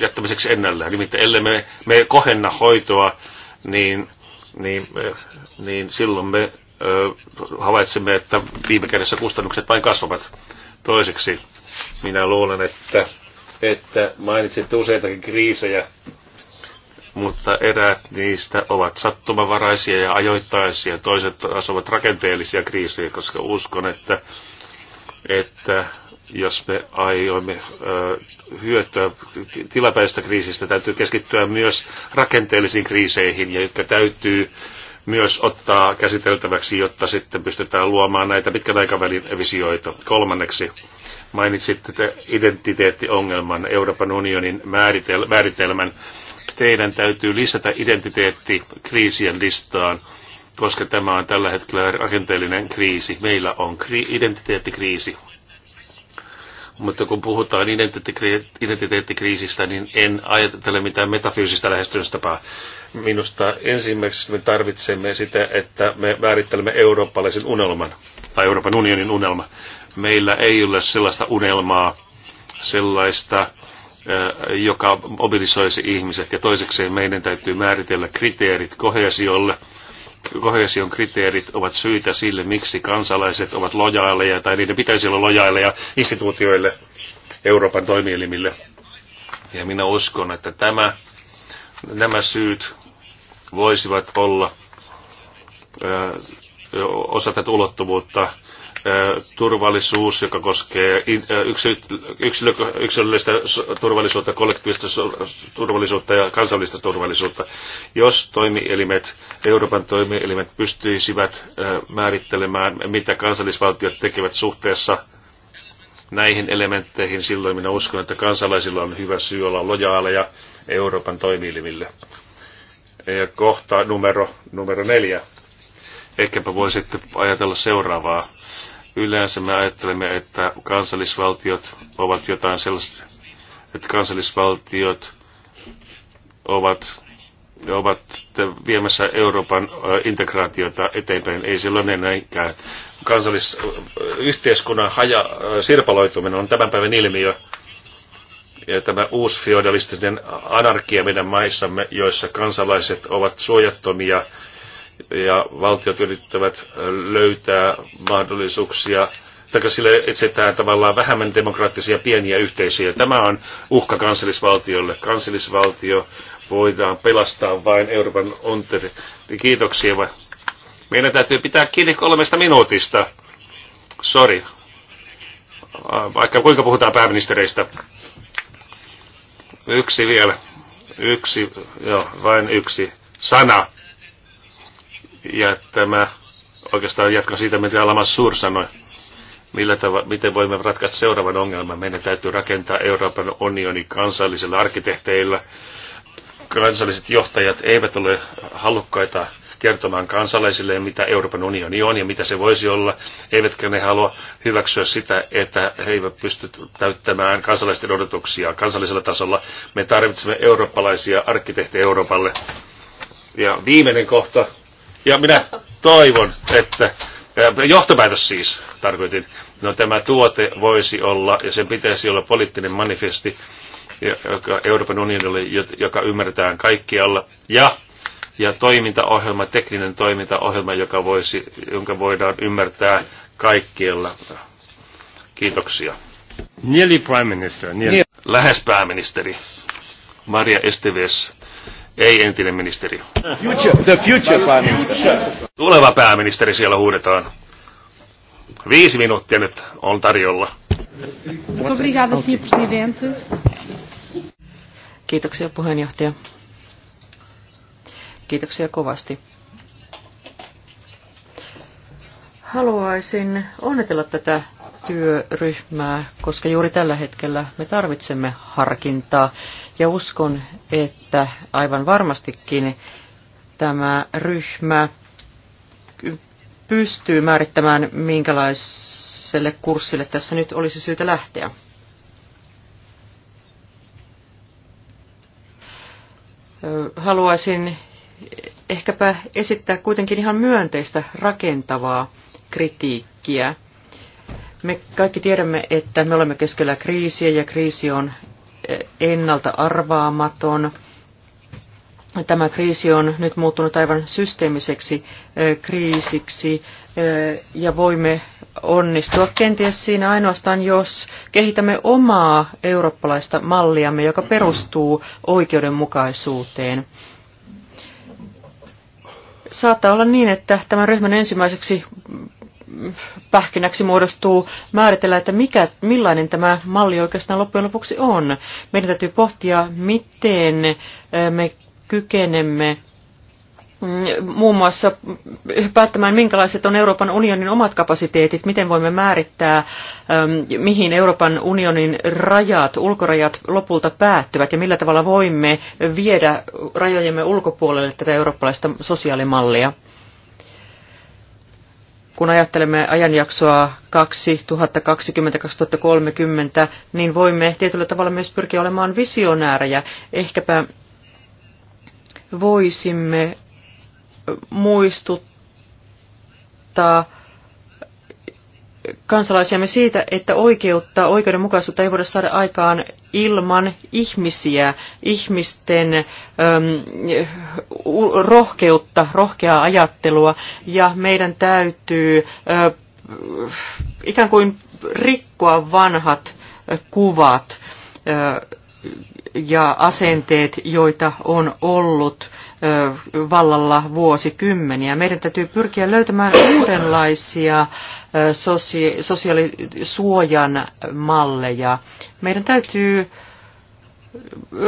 S1: jättämiseksi ennällään. Nimittäin ellei me, me kohenna hoitoa, niin, niin, niin silloin me havaitsemme, että viime kädessä kustannukset vain kasvavat. Toiseksi minä luulen, että, että mainitsitte useitakin kriisejä, mutta eräät niistä ovat sattumavaraisia ja ajoittaisia. Toiset asuvat rakenteellisia kriisejä, koska uskon, että, että jos me aiomme hyötyä tilapäisestä kriisistä, täytyy keskittyä myös rakenteellisiin kriiseihin, ja jotka täytyy myös ottaa käsiteltäväksi, jotta sitten pystytään luomaan näitä pitkän aikavälin visioita. Kolmanneksi mainitsitte te identiteettiongelman, Euroopan unionin määritel- määritelmän. Teidän täytyy lisätä identiteetti kriisien listaan, koska tämä on tällä hetkellä rakenteellinen kriisi. Meillä on kri- identiteettikriisi. Mutta kun puhutaan identiteettikriisistä, niin en ajattele mitään metafyysistä lähestymistapaa Minusta ensimmäiseksi me tarvitsemme sitä, että me määrittelemme eurooppalaisen unelman, tai Euroopan unionin unelma. Meillä ei ole sellaista unelmaa, sellaista, eh, joka mobilisoisi ihmiset. Ja toisekseen meidän täytyy määritellä kriteerit kohesiolle, kohesion kriteerit ovat syitä sille, miksi kansalaiset ovat lojaaleja tai niiden pitäisi olla lojaaleja instituutioille, Euroopan toimielimille. Ja minä uskon, että tämä, nämä syyt voisivat olla osa tätä ulottuvuutta, turvallisuus, joka koskee yksilöllistä turvallisuutta, kollektiivista turvallisuutta ja kansallista turvallisuutta. Jos toimielimet, Euroopan toimielimet pystyisivät määrittelemään, mitä kansallisvaltiot tekevät suhteessa näihin elementteihin, silloin minä uskon, että kansalaisilla on hyvä syy olla lojaaleja Euroopan toimielimille kohta numero, numero neljä. Ehkäpä voisitte ajatella seuraavaa. Yleensä me ajattelemme, että kansallisvaltiot ovat jotain sellaista, että kansallisvaltiot ovat, ovat viemässä Euroopan äh, integraatiota eteenpäin. Ei silloin enääkään. Kansallis, yhteiskunnan haja, äh, sirpaloituminen on tämän päivän ilmiö tämä uusfeodalistinen anarkia meidän maissamme, joissa kansalaiset ovat suojattomia ja valtiot yrittävät löytää mahdollisuuksia, tai sille etsitään tavallaan vähemmän demokraattisia pieniä yhteisöjä. Tämä on uhka kansallisvaltiolle. Kansallisvaltio voidaan pelastaa vain Euroopan onteri. Kiitoksia. Meidän täytyy pitää kiinni kolmesta minuutista. Sorry, Vaikka kuinka puhutaan pääministereistä. Yksi vielä. Yksi, joo, vain yksi sana. Ja tämä, oikeastaan jatkan siitä, mitä Alamas Suur sanoi. Millä tava, miten voimme ratkaista seuraavan ongelman? Meidän täytyy rakentaa Euroopan unioni kansallisilla arkkitehteillä. Kansalliset johtajat eivät ole halukkaita kertomaan kansalaisille, mitä Euroopan unioni on ja mitä se voisi olla, eivätkä ne halua hyväksyä sitä, että he eivät pysty täyttämään kansalaisten odotuksia kansallisella tasolla. Me tarvitsemme eurooppalaisia arkkitehtejä Euroopalle. Ja viimeinen kohta, ja minä toivon, että äh, johtopäätös siis, tarkoitin, no tämä tuote voisi olla, ja sen pitäisi olla poliittinen manifesti, joka Euroopan unionille, joka ymmärretään kaikkialla, ja ja toimintaohjelma, tekninen toimintaohjelma, joka voisi, jonka voidaan ymmärtää kaikkialla. Kiitoksia. Nearly Prime Minister. Nearly. Lähes pääministeri. Maria Esteves. Ei entinen ministeri. Future, the future prime minister. Tuleva pääministeri siellä huudetaan. Viisi minuuttia nyt on tarjolla.
S2: Kiitoksia puheenjohtaja. Kiitoksia kovasti. Haluaisin onnitella tätä työryhmää, koska juuri tällä hetkellä me tarvitsemme harkintaa ja uskon, että aivan varmastikin tämä ryhmä pystyy määrittämään, minkälaiselle kurssille tässä nyt olisi syytä lähteä. Haluaisin ehkäpä esittää kuitenkin ihan myönteistä rakentavaa kritiikkiä. Me kaikki tiedämme, että me olemme keskellä kriisiä ja kriisi on eh, ennalta arvaamaton. Tämä kriisi on nyt muuttunut aivan systeemiseksi eh, kriisiksi eh, ja voimme onnistua kenties siinä ainoastaan, jos kehitämme omaa eurooppalaista malliamme, joka perustuu oikeudenmukaisuuteen saattaa olla niin, että tämän ryhmän ensimmäiseksi pähkinäksi muodostuu määritellä, että mikä, millainen tämä malli oikeastaan loppujen lopuksi on. Meidän täytyy pohtia, miten me kykenemme Mm, muun muassa päättämään, minkälaiset on Euroopan unionin omat kapasiteetit, miten voimme määrittää, mihin Euroopan unionin rajat, ulkorajat lopulta päättyvät ja millä tavalla voimme viedä rajojemme ulkopuolelle tätä eurooppalaista sosiaalimallia. Kun ajattelemme ajanjaksoa 2020-2030, niin voimme tietyllä tavalla myös pyrkiä olemaan visionäärejä. Ehkäpä voisimme muistuttaa kansalaisiamme siitä, että oikeutta, oikeudenmukaisuutta ei voida saada aikaan ilman ihmisiä, ihmisten äm, rohkeutta, rohkeaa ajattelua ja meidän täytyy ä, ikään kuin rikkoa vanhat kuvat ä, ja asenteet, joita on ollut vallalla vuosikymmeniä. Meidän täytyy pyrkiä löytämään uudenlaisia sosia- sosiaalisuojan malleja. Meidän täytyy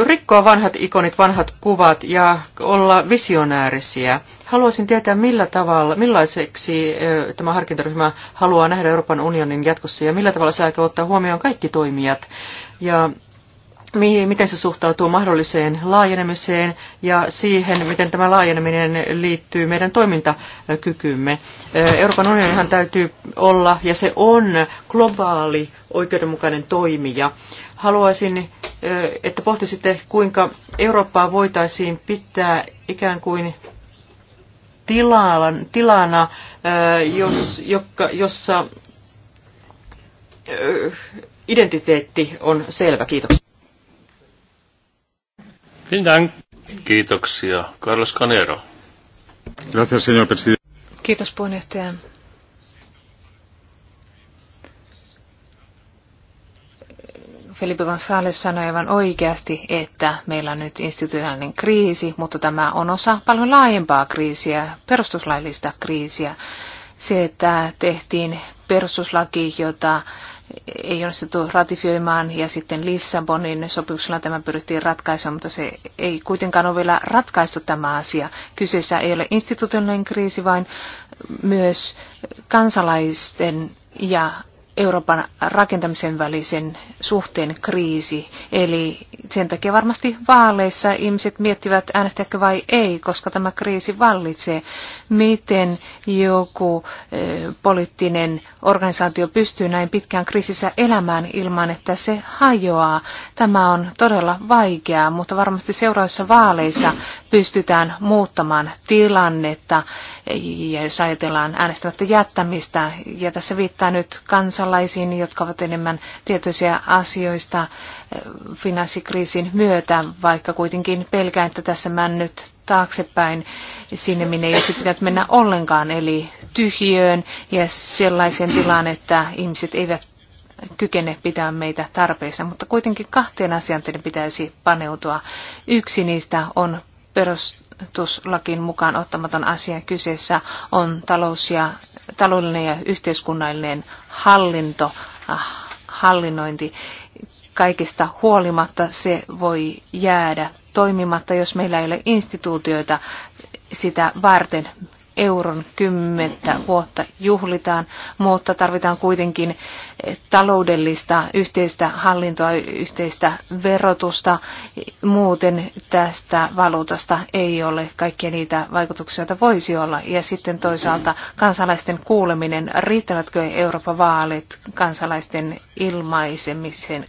S2: rikkoa vanhat ikonit, vanhat kuvat ja olla visionäärisiä. Haluaisin tietää, millä tavalla, millaiseksi tämä harkintaryhmä haluaa nähdä Euroopan unionin jatkossa ja millä tavalla se aikoo ottaa huomioon kaikki toimijat. Ja miten se suhtautuu mahdolliseen laajenemiseen ja siihen, miten tämä laajeneminen liittyy meidän toimintakykymme. Euroopan unionihan täytyy olla, ja se on globaali oikeudenmukainen toimija. Haluaisin, että pohtisitte, kuinka Eurooppaa voitaisiin pitää ikään kuin tilana, tilana jos, jossa identiteetti on selvä. Kiitoksia.
S1: Kiitoksia. Carlos Canero. Gracias, señor presidente.
S4: Kiitos puheenjohtaja. Felipe González sanoi aivan oikeasti, että meillä on nyt institutionaalinen kriisi, mutta tämä on osa paljon laajempaa kriisiä, perustuslaillista kriisiä. Se, että tehtiin perustuslaki, jota ei onnistuttu ratifioimaan ja sitten Lissabonin sopimuksella tämä pyrittiin ratkaisemaan, mutta se ei kuitenkaan ole vielä ratkaistu tämä asia. Kyseessä ei ole institutionaalinen kriisi, vaan myös kansalaisten ja Euroopan rakentamisen välisen suhteen kriisi. Eli sen takia varmasti vaaleissa ihmiset miettivät äänestäkö vai ei, koska tämä kriisi vallitsee. Miten joku eh, poliittinen organisaatio pystyy näin pitkään kriisissä elämään ilman, että se hajoaa. Tämä on todella vaikeaa, mutta varmasti seuraavissa vaaleissa pystytään muuttamaan tilannetta. Ja jos ajatellaan äänestämättä jättämistä, ja tässä viittaa nyt kansalaisiin, jotka ovat enemmän tietoisia asioista, finanssikriisin myötä, vaikka kuitenkin pelkään, että tässä mä nyt taaksepäin sinne, minne ei olisi pitänyt mennä ollenkaan, eli tyhjöön ja sellaisen tilaan, että ihmiset eivät kykene pitää meitä tarpeissa, mutta kuitenkin kahteen asiaan teidän pitäisi paneutua. Yksi niistä on perustuslakin mukaan ottamaton asia kyseessä on talous ja, taloudellinen ja yhteiskunnallinen hallinto, ah, hallinnointi kaikista huolimatta se voi jäädä toimimatta, jos meillä ei ole instituutioita sitä varten. Euron kymmentä vuotta juhlitaan, mutta tarvitaan kuitenkin taloudellista yhteistä hallintoa, yhteistä verotusta. Muuten tästä valuutasta ei ole kaikkia niitä vaikutuksia, joita voisi olla. Ja sitten toisaalta kansalaisten kuuleminen, riittävätkö Euroopan vaalit kansalaisten ilmaisemisen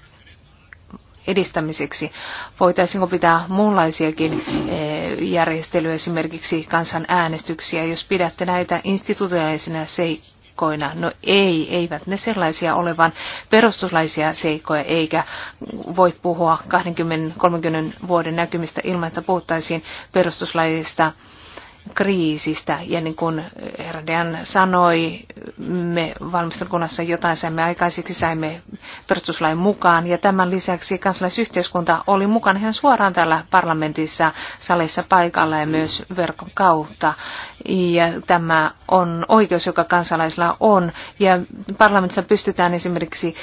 S4: edistämiseksi? Voitaisiinko pitää muunlaisiakin eh, järjestelyjä, esimerkiksi kansanäänestyksiä, jos pidätte näitä instituutioisina seikkoina. No ei, eivät ne sellaisia ole, vaan perustuslaisia seikkoja, eikä voi puhua 20-30 vuoden näkymistä ilman, että puhuttaisiin perustuslaisista kriisistä. Ja niin kuin Herdean sanoi, me valmistelukunnassa jotain saimme aikaiseksi, saimme perustuslain mukaan. Ja tämän lisäksi kansalaisyhteiskunta oli mukana ihan suoraan täällä parlamentissa salissa paikalla ja myös verkon kautta ja tämä on oikeus, joka kansalaisilla on. Ja parlamentissa pystytään esimerkiksi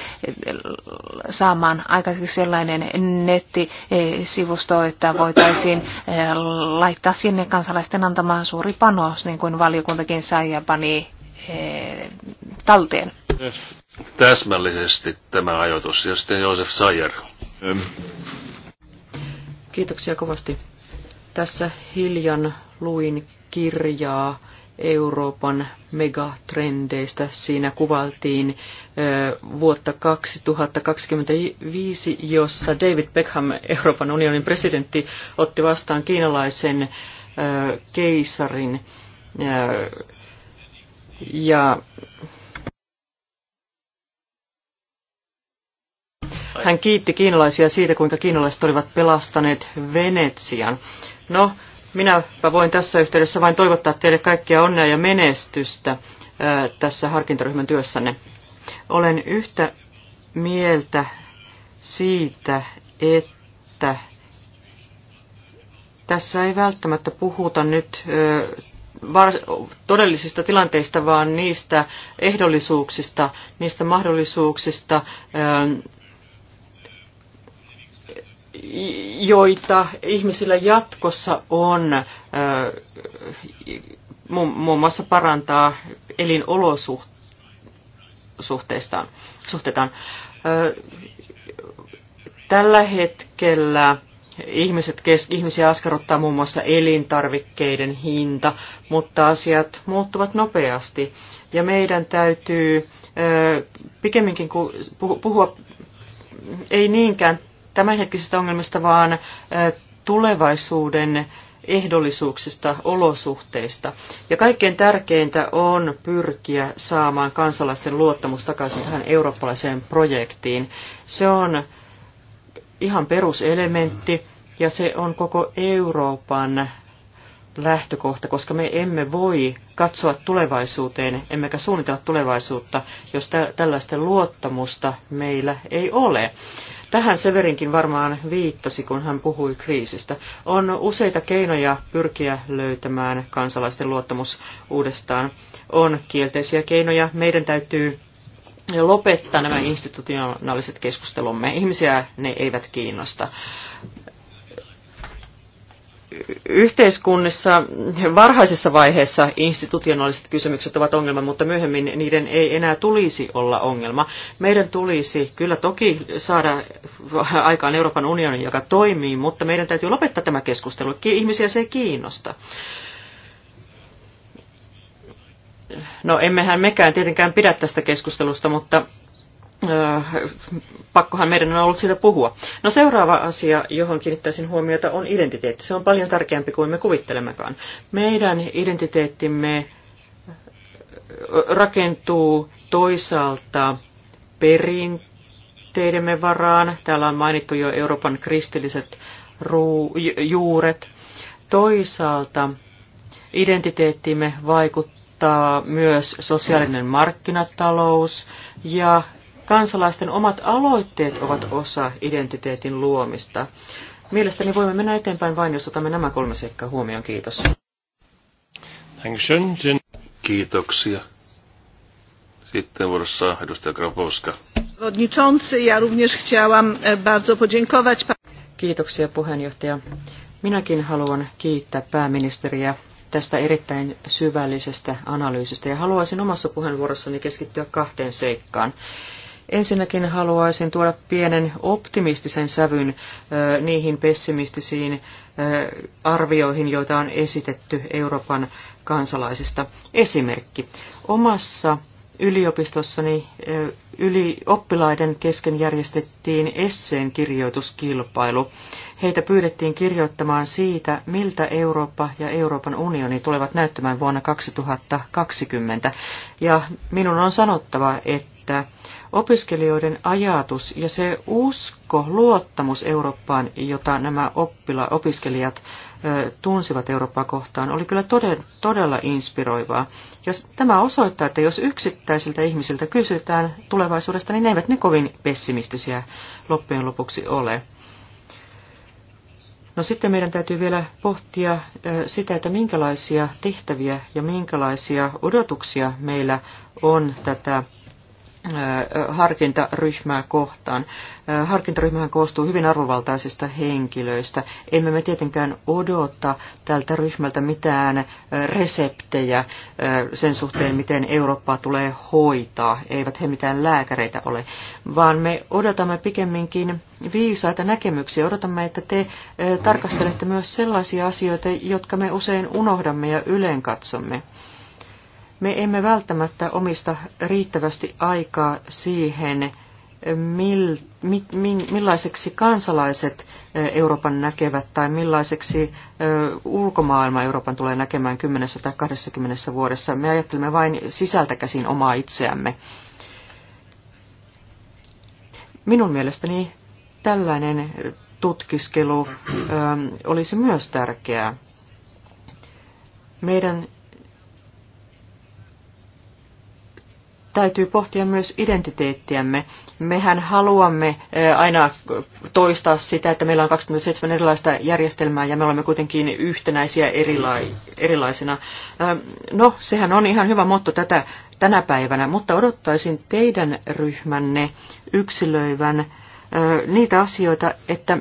S4: saamaan aikaiseksi sellainen nettisivusto, että voitaisiin eh, laittaa sinne kansalaisten antamaan suuri panos, niin kuin valiokuntakin sai ja pani eh, talteen.
S1: Täsmällisesti tämä ajoitus. Ja sitten Josef Sayer.
S4: Kiitoksia kovasti.
S2: Tässä hiljan luin kirjaa Euroopan megatrendeistä. Siinä kuvaltiin vuotta 2025, jossa David Beckham, Euroopan unionin presidentti, otti vastaan kiinalaisen keisarin. Ja hän kiitti kiinalaisia siitä, kuinka kiinalaiset olivat pelastaneet Venetsian. No, Minäpä voin tässä yhteydessä vain toivottaa teille kaikkia onnea ja menestystä tässä harkintaryhmän työssänne. Olen yhtä mieltä siitä, että tässä ei välttämättä puhuta nyt todellisista tilanteista, vaan niistä ehdollisuuksista, niistä mahdollisuuksista joita ihmisillä jatkossa on, muun muassa parantaa elinolosuhteistaan. Suhteitaan. Tällä hetkellä ihmiset, ihmisiä askarruttaa muun muassa elintarvikkeiden hinta, mutta asiat muuttuvat nopeasti. Ja meidän täytyy pikemminkin puhua ei niinkään tämänhetkisistä ongelmista, vaan tulevaisuuden ehdollisuuksista, olosuhteista. Ja kaikkein tärkeintä on pyrkiä saamaan kansalaisten luottamus takaisin tähän eurooppalaiseen projektiin. Se on ihan peruselementti ja se on koko Euroopan lähtökohta, koska me emme voi katsoa tulevaisuuteen, emmekä suunnitella tulevaisuutta, jos tä- tällaista luottamusta meillä ei ole. Tähän Severinkin varmaan viittasi, kun hän puhui kriisistä. On useita keinoja pyrkiä löytämään kansalaisten luottamus uudestaan. On kielteisiä keinoja. Meidän täytyy lopettaa nämä institutionaaliset keskustelumme. Ihmisiä ne eivät kiinnosta yhteiskunnissa varhaisessa vaiheessa institutionaaliset kysymykset ovat ongelma, mutta myöhemmin niiden ei enää tulisi olla ongelma. Meidän tulisi kyllä toki saada aikaan Euroopan unionin, joka toimii, mutta meidän täytyy lopettaa tämä keskustelu. Ihmisiä se ei kiinnosta. No emmehän mekään tietenkään pidä tästä keskustelusta, mutta Äh, pakkohan meidän on ollut siitä puhua. No seuraava asia, johon kiinnittäisin huomiota, on identiteetti. Se on paljon tärkeämpi kuin me kuvittelemmekaan. Meidän identiteettimme äh, rakentuu toisaalta perinteidemme varaan. Täällä on mainittu jo Euroopan kristilliset juuret. Toisaalta identiteettimme vaikuttaa myös sosiaalinen markkinatalous ja kansalaisten omat aloitteet ovat osa identiteetin luomista. Mielestäni voimme mennä eteenpäin vain, jos otamme nämä kolme seikkaa huomioon. Kiitos.
S1: Kiitoksia. Sitten vuorossa edustaja Grabowska.
S2: ja e, Kiitoksia puheenjohtaja. Minäkin haluan kiittää pääministeriä tästä erittäin syvällisestä analyysistä ja haluaisin omassa puheenvuorossani keskittyä kahteen seikkaan. Ensinnäkin haluaisin tuoda pienen optimistisen sävyn niihin pessimistisiin arvioihin, joita on esitetty Euroopan kansalaisista. Esimerkki. Omassa yliopistossani yli oppilaiden kesken järjestettiin esseen kirjoituskilpailu. Heitä pyydettiin kirjoittamaan siitä, miltä Eurooppa ja Euroopan unioni tulevat näyttämään vuonna 2020. Ja minun on sanottava, että että opiskelijoiden ajatus ja se usko, luottamus Eurooppaan, jota nämä oppila, opiskelijat ö, tunsivat Eurooppaa kohtaan, oli kyllä todella, todella inspiroivaa. Ja tämä osoittaa, että jos yksittäisiltä ihmisiltä kysytään tulevaisuudesta, niin ne eivät ne kovin pessimistisiä loppujen lopuksi ole. No sitten meidän täytyy vielä pohtia sitä, että minkälaisia tehtäviä ja minkälaisia odotuksia meillä on tätä harkintaryhmää kohtaan. Harkintaryhmähän koostuu hyvin arvovaltaisista henkilöistä. Emme me tietenkään odota tältä ryhmältä mitään reseptejä sen suhteen, miten Eurooppaa tulee hoitaa. Eivät he mitään lääkäreitä ole, vaan me odotamme pikemminkin viisaita näkemyksiä. Odotamme, että te tarkastelette myös sellaisia asioita, jotka me usein unohdamme ja yleen katsomme me emme välttämättä omista riittävästi aikaa siihen, mil, mi, mi, millaiseksi kansalaiset Euroopan näkevät tai millaiseksi ulkomaailma Euroopan tulee näkemään 10 tai 20 vuodessa. Me ajattelemme vain sisältä käsin omaa itseämme. Minun mielestäni tällainen tutkiskelu ö, olisi myös tärkeää. Meidän täytyy pohtia myös identiteettiämme. Mehän haluamme aina toistaa sitä, että meillä on 27 erilaista järjestelmää ja me olemme kuitenkin yhtenäisiä erila- erilaisina. No, sehän on ihan hyvä motto tätä tänä päivänä, mutta odottaisin teidän ryhmänne yksilöivän niitä asioita, että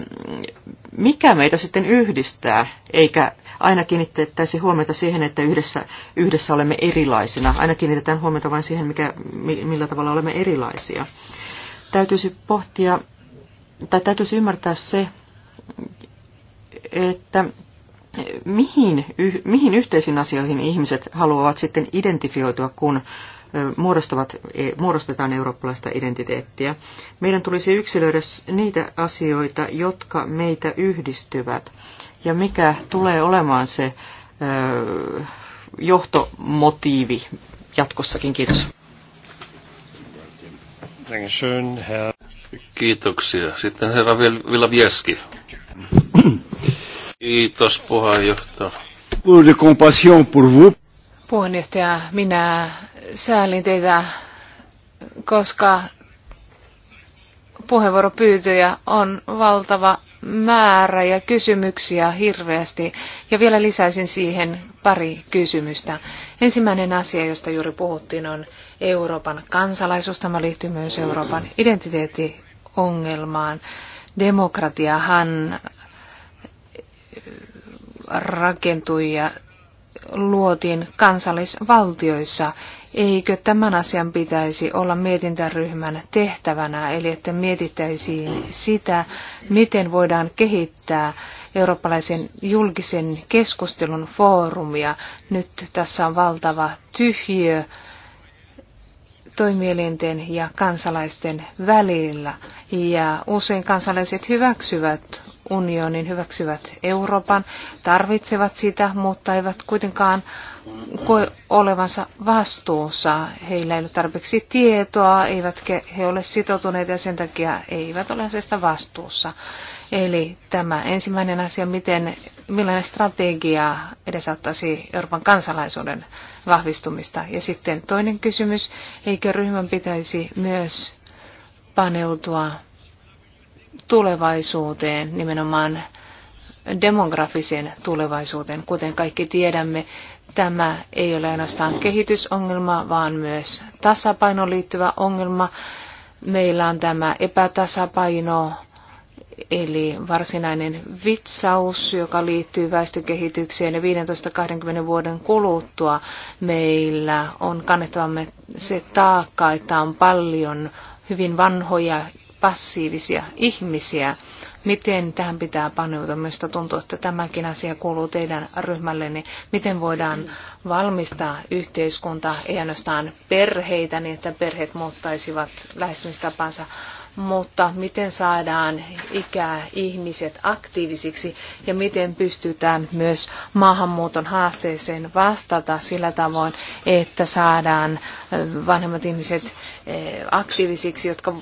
S2: mikä meitä sitten yhdistää, eikä aina kiinnitettäisiin huomiota siihen, että yhdessä, yhdessä olemme erilaisina. Aina kiinnitetään huomiota vain siihen, mikä, millä tavalla olemme erilaisia. Täytyisi pohtia, tai täytyisi ymmärtää se, että mihin, mihin yhteisiin asioihin ihmiset haluavat sitten identifioitua, kun muodostavat, e, muodostetaan eurooppalaista identiteettiä. Meidän tulisi yksilöidä niitä asioita, jotka meitä yhdistyvät, ja mikä tulee olemaan se johtomotiivi jatkossakin. Kiitos.
S1: Kiitoksia. Sitten herra Vieski. Kiitos puheenjohtaja.
S4: Puheenjohtaja, minä säälin teitä, koska puheenvuoropyyntöjä on valtava määrä ja kysymyksiä hirveästi. Ja vielä lisäisin siihen pari kysymystä. Ensimmäinen asia, josta juuri puhuttiin, on Euroopan kansalaisuus. Tämä liittyy myös Euroopan identiteettiongelmaan. Demokratiahan rakentui ja luotiin kansallisvaltioissa Eikö tämän asian pitäisi olla mietintäryhmän tehtävänä, eli että mietittäisiin sitä, miten voidaan kehittää eurooppalaisen julkisen keskustelun foorumia. Nyt tässä on valtava tyhjö toimielinten ja kansalaisten välillä. Ja usein kansalaiset hyväksyvät unionin, hyväksyvät Euroopan, tarvitsevat sitä, mutta eivät kuitenkaan koe olevansa vastuussa. Heillä ei ole tarpeeksi tietoa, eivätkä he ole sitoutuneet ja sen takia eivät ole asiasta vastuussa. Eli tämä ensimmäinen asia, miten, millainen strategia edesauttaisi Euroopan kansalaisuuden vahvistumista. Ja sitten toinen kysymys, eikö ryhmän pitäisi myös paneutua tulevaisuuteen, nimenomaan demografiseen tulevaisuuteen. Kuten kaikki tiedämme, tämä ei ole ainoastaan kehitysongelma, vaan myös tasapainoon liittyvä ongelma. Meillä on tämä epätasapaino Eli varsinainen vitsaus, joka liittyy väestökehitykseen ja 15-20 vuoden kuluttua meillä on kannettavamme se taakka, että on paljon hyvin vanhoja passiivisia ihmisiä. Miten tähän pitää paneutua? Minusta tuntuu, että tämäkin asia kuuluu teidän ryhmälleni. Miten voidaan valmistaa yhteiskunta, ei ainoastaan perheitä, niin että perheet muuttaisivat lähestymistapansa, mutta miten saadaan ikäihmiset ihmiset aktiivisiksi ja miten pystytään myös maahanmuuton haasteeseen vastata sillä tavoin, että saadaan vanhemmat ihmiset aktiivisiksi, jotka,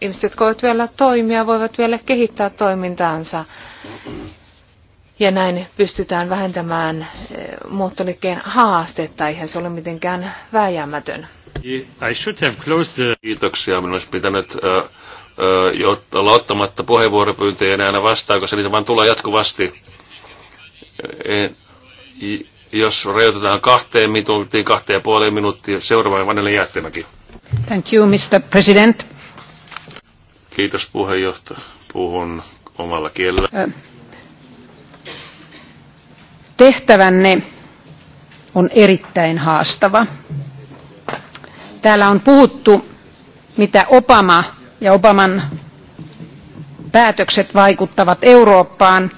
S4: ihmiset, jotka voivat vielä toimia, voivat vielä kehittää toimintaansa. Ja näin pystytään vähentämään muuttoliikkeen haastetta, eihän se ole mitenkään vääjäämätön.
S1: Kiitoksia, minun olisi pitänyt uh, uh, olla ottamatta puheenvuoropyyntöjä enää vastaan, koska niitä vaan tulee jatkuvasti. En, jos rajoitetaan kahteen minuuttiin, kahteen ja puoleen minuuttiin, seuraavaan Vanelle Jäättämäki.
S3: Thank you, Mr. President.
S1: Kiitos puheenjohtaja. Puhun omalla kielellä.
S3: Tehtävänne on erittäin haastava Täällä on puhuttu, mitä Obama ja Obaman päätökset vaikuttavat Eurooppaan,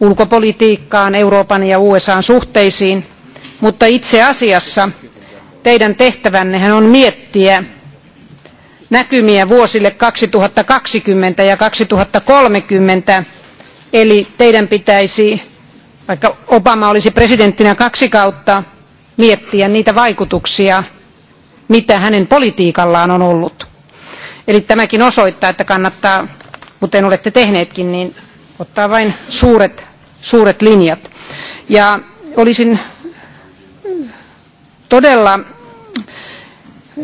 S3: ulkopolitiikkaan, Euroopan ja USAn suhteisiin, mutta itse asiassa teidän tehtävännehän on miettiä näkymiä vuosille 2020 ja 2030, eli teidän pitäisi, vaikka Obama olisi presidenttinä kaksi kautta, miettiä niitä vaikutuksia mitä hänen politiikallaan on ollut. Eli tämäkin osoittaa, että kannattaa, kuten olette tehneetkin, niin ottaa vain suuret, suuret linjat. Ja olisin todella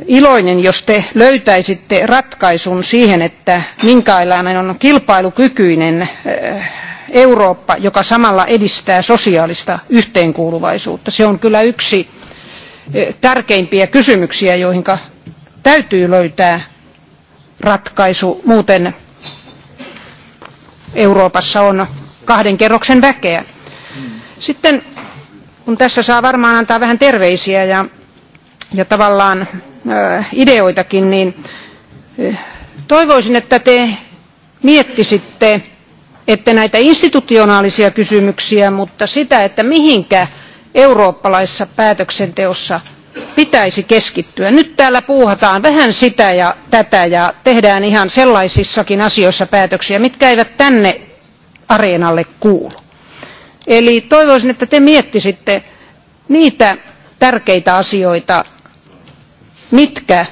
S3: iloinen, jos te löytäisitte ratkaisun siihen, että minkälainen on kilpailukykyinen eh, Eurooppa, joka samalla edistää sosiaalista yhteenkuuluvaisuutta. Se on kyllä yksi tärkeimpiä kysymyksiä, joihin täytyy löytää ratkaisu. Muuten Euroopassa on kahden kerroksen väkeä. Sitten kun tässä saa varmaan antaa vähän terveisiä ja, ja tavallaan ö, ideoitakin, niin toivoisin, että te miettisitte, että näitä institutionaalisia kysymyksiä, mutta sitä, että mihinkä eurooppalaisessa päätöksenteossa pitäisi keskittyä. Nyt täällä puuhataan vähän sitä ja tätä ja tehdään ihan sellaisissakin asioissa päätöksiä, mitkä eivät tänne areenalle kuulu. Eli toivoisin, että te miettisitte niitä tärkeitä asioita, mitkä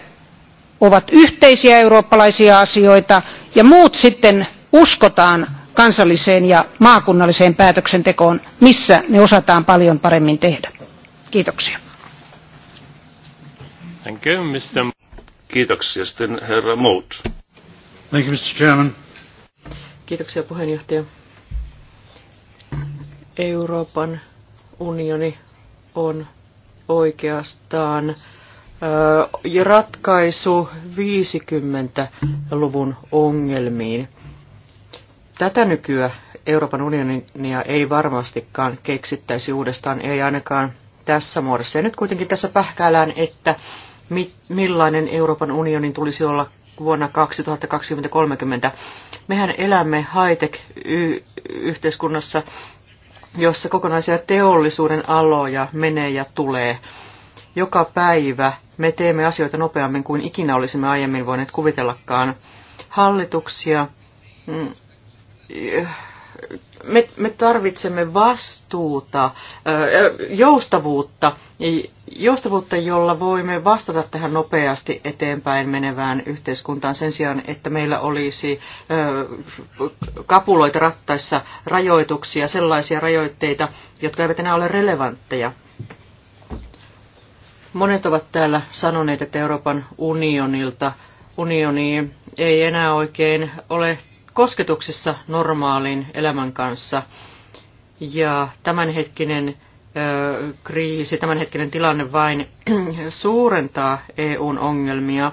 S3: ovat yhteisiä eurooppalaisia asioita ja muut sitten uskotaan kansalliseen ja maakunnalliseen päätöksentekoon, missä ne osataan paljon paremmin tehdä. Kiitoksia.
S1: Thank you, Mr. Kiitoksia sitten herra Mout.
S3: Thank you, Mr. Chairman.
S2: Kiitoksia puheenjohtaja. Euroopan unioni on oikeastaan ratkaisu 50-luvun ongelmiin tätä nykyä Euroopan unionia ei varmastikaan keksittäisi uudestaan, ei ainakaan tässä muodossa. Ja nyt kuitenkin tässä pähkäällään, että mi- millainen Euroopan unionin tulisi olla vuonna 2020-2030. Mehän elämme high-tech-yhteiskunnassa, jossa kokonaisia teollisuuden aloja menee ja tulee. Joka päivä me teemme asioita nopeammin kuin ikinä olisimme aiemmin voineet kuvitellakaan. Hallituksia mm, me, me tarvitsemme vastuuta, joustavuutta, joustavuutta, jolla voimme vastata tähän nopeasti eteenpäin menevään yhteiskuntaan sen sijaan, että meillä olisi kapuloita rattaissa, rajoituksia, sellaisia rajoitteita, jotka eivät enää ole relevantteja. Monet ovat täällä sanoneet, että Euroopan unionilta unioni ei enää oikein ole kosketuksissa normaalin elämän kanssa. Ja tämänhetkinen kriisi, tämänhetkinen tilanne vain suurentaa EUn ongelmia.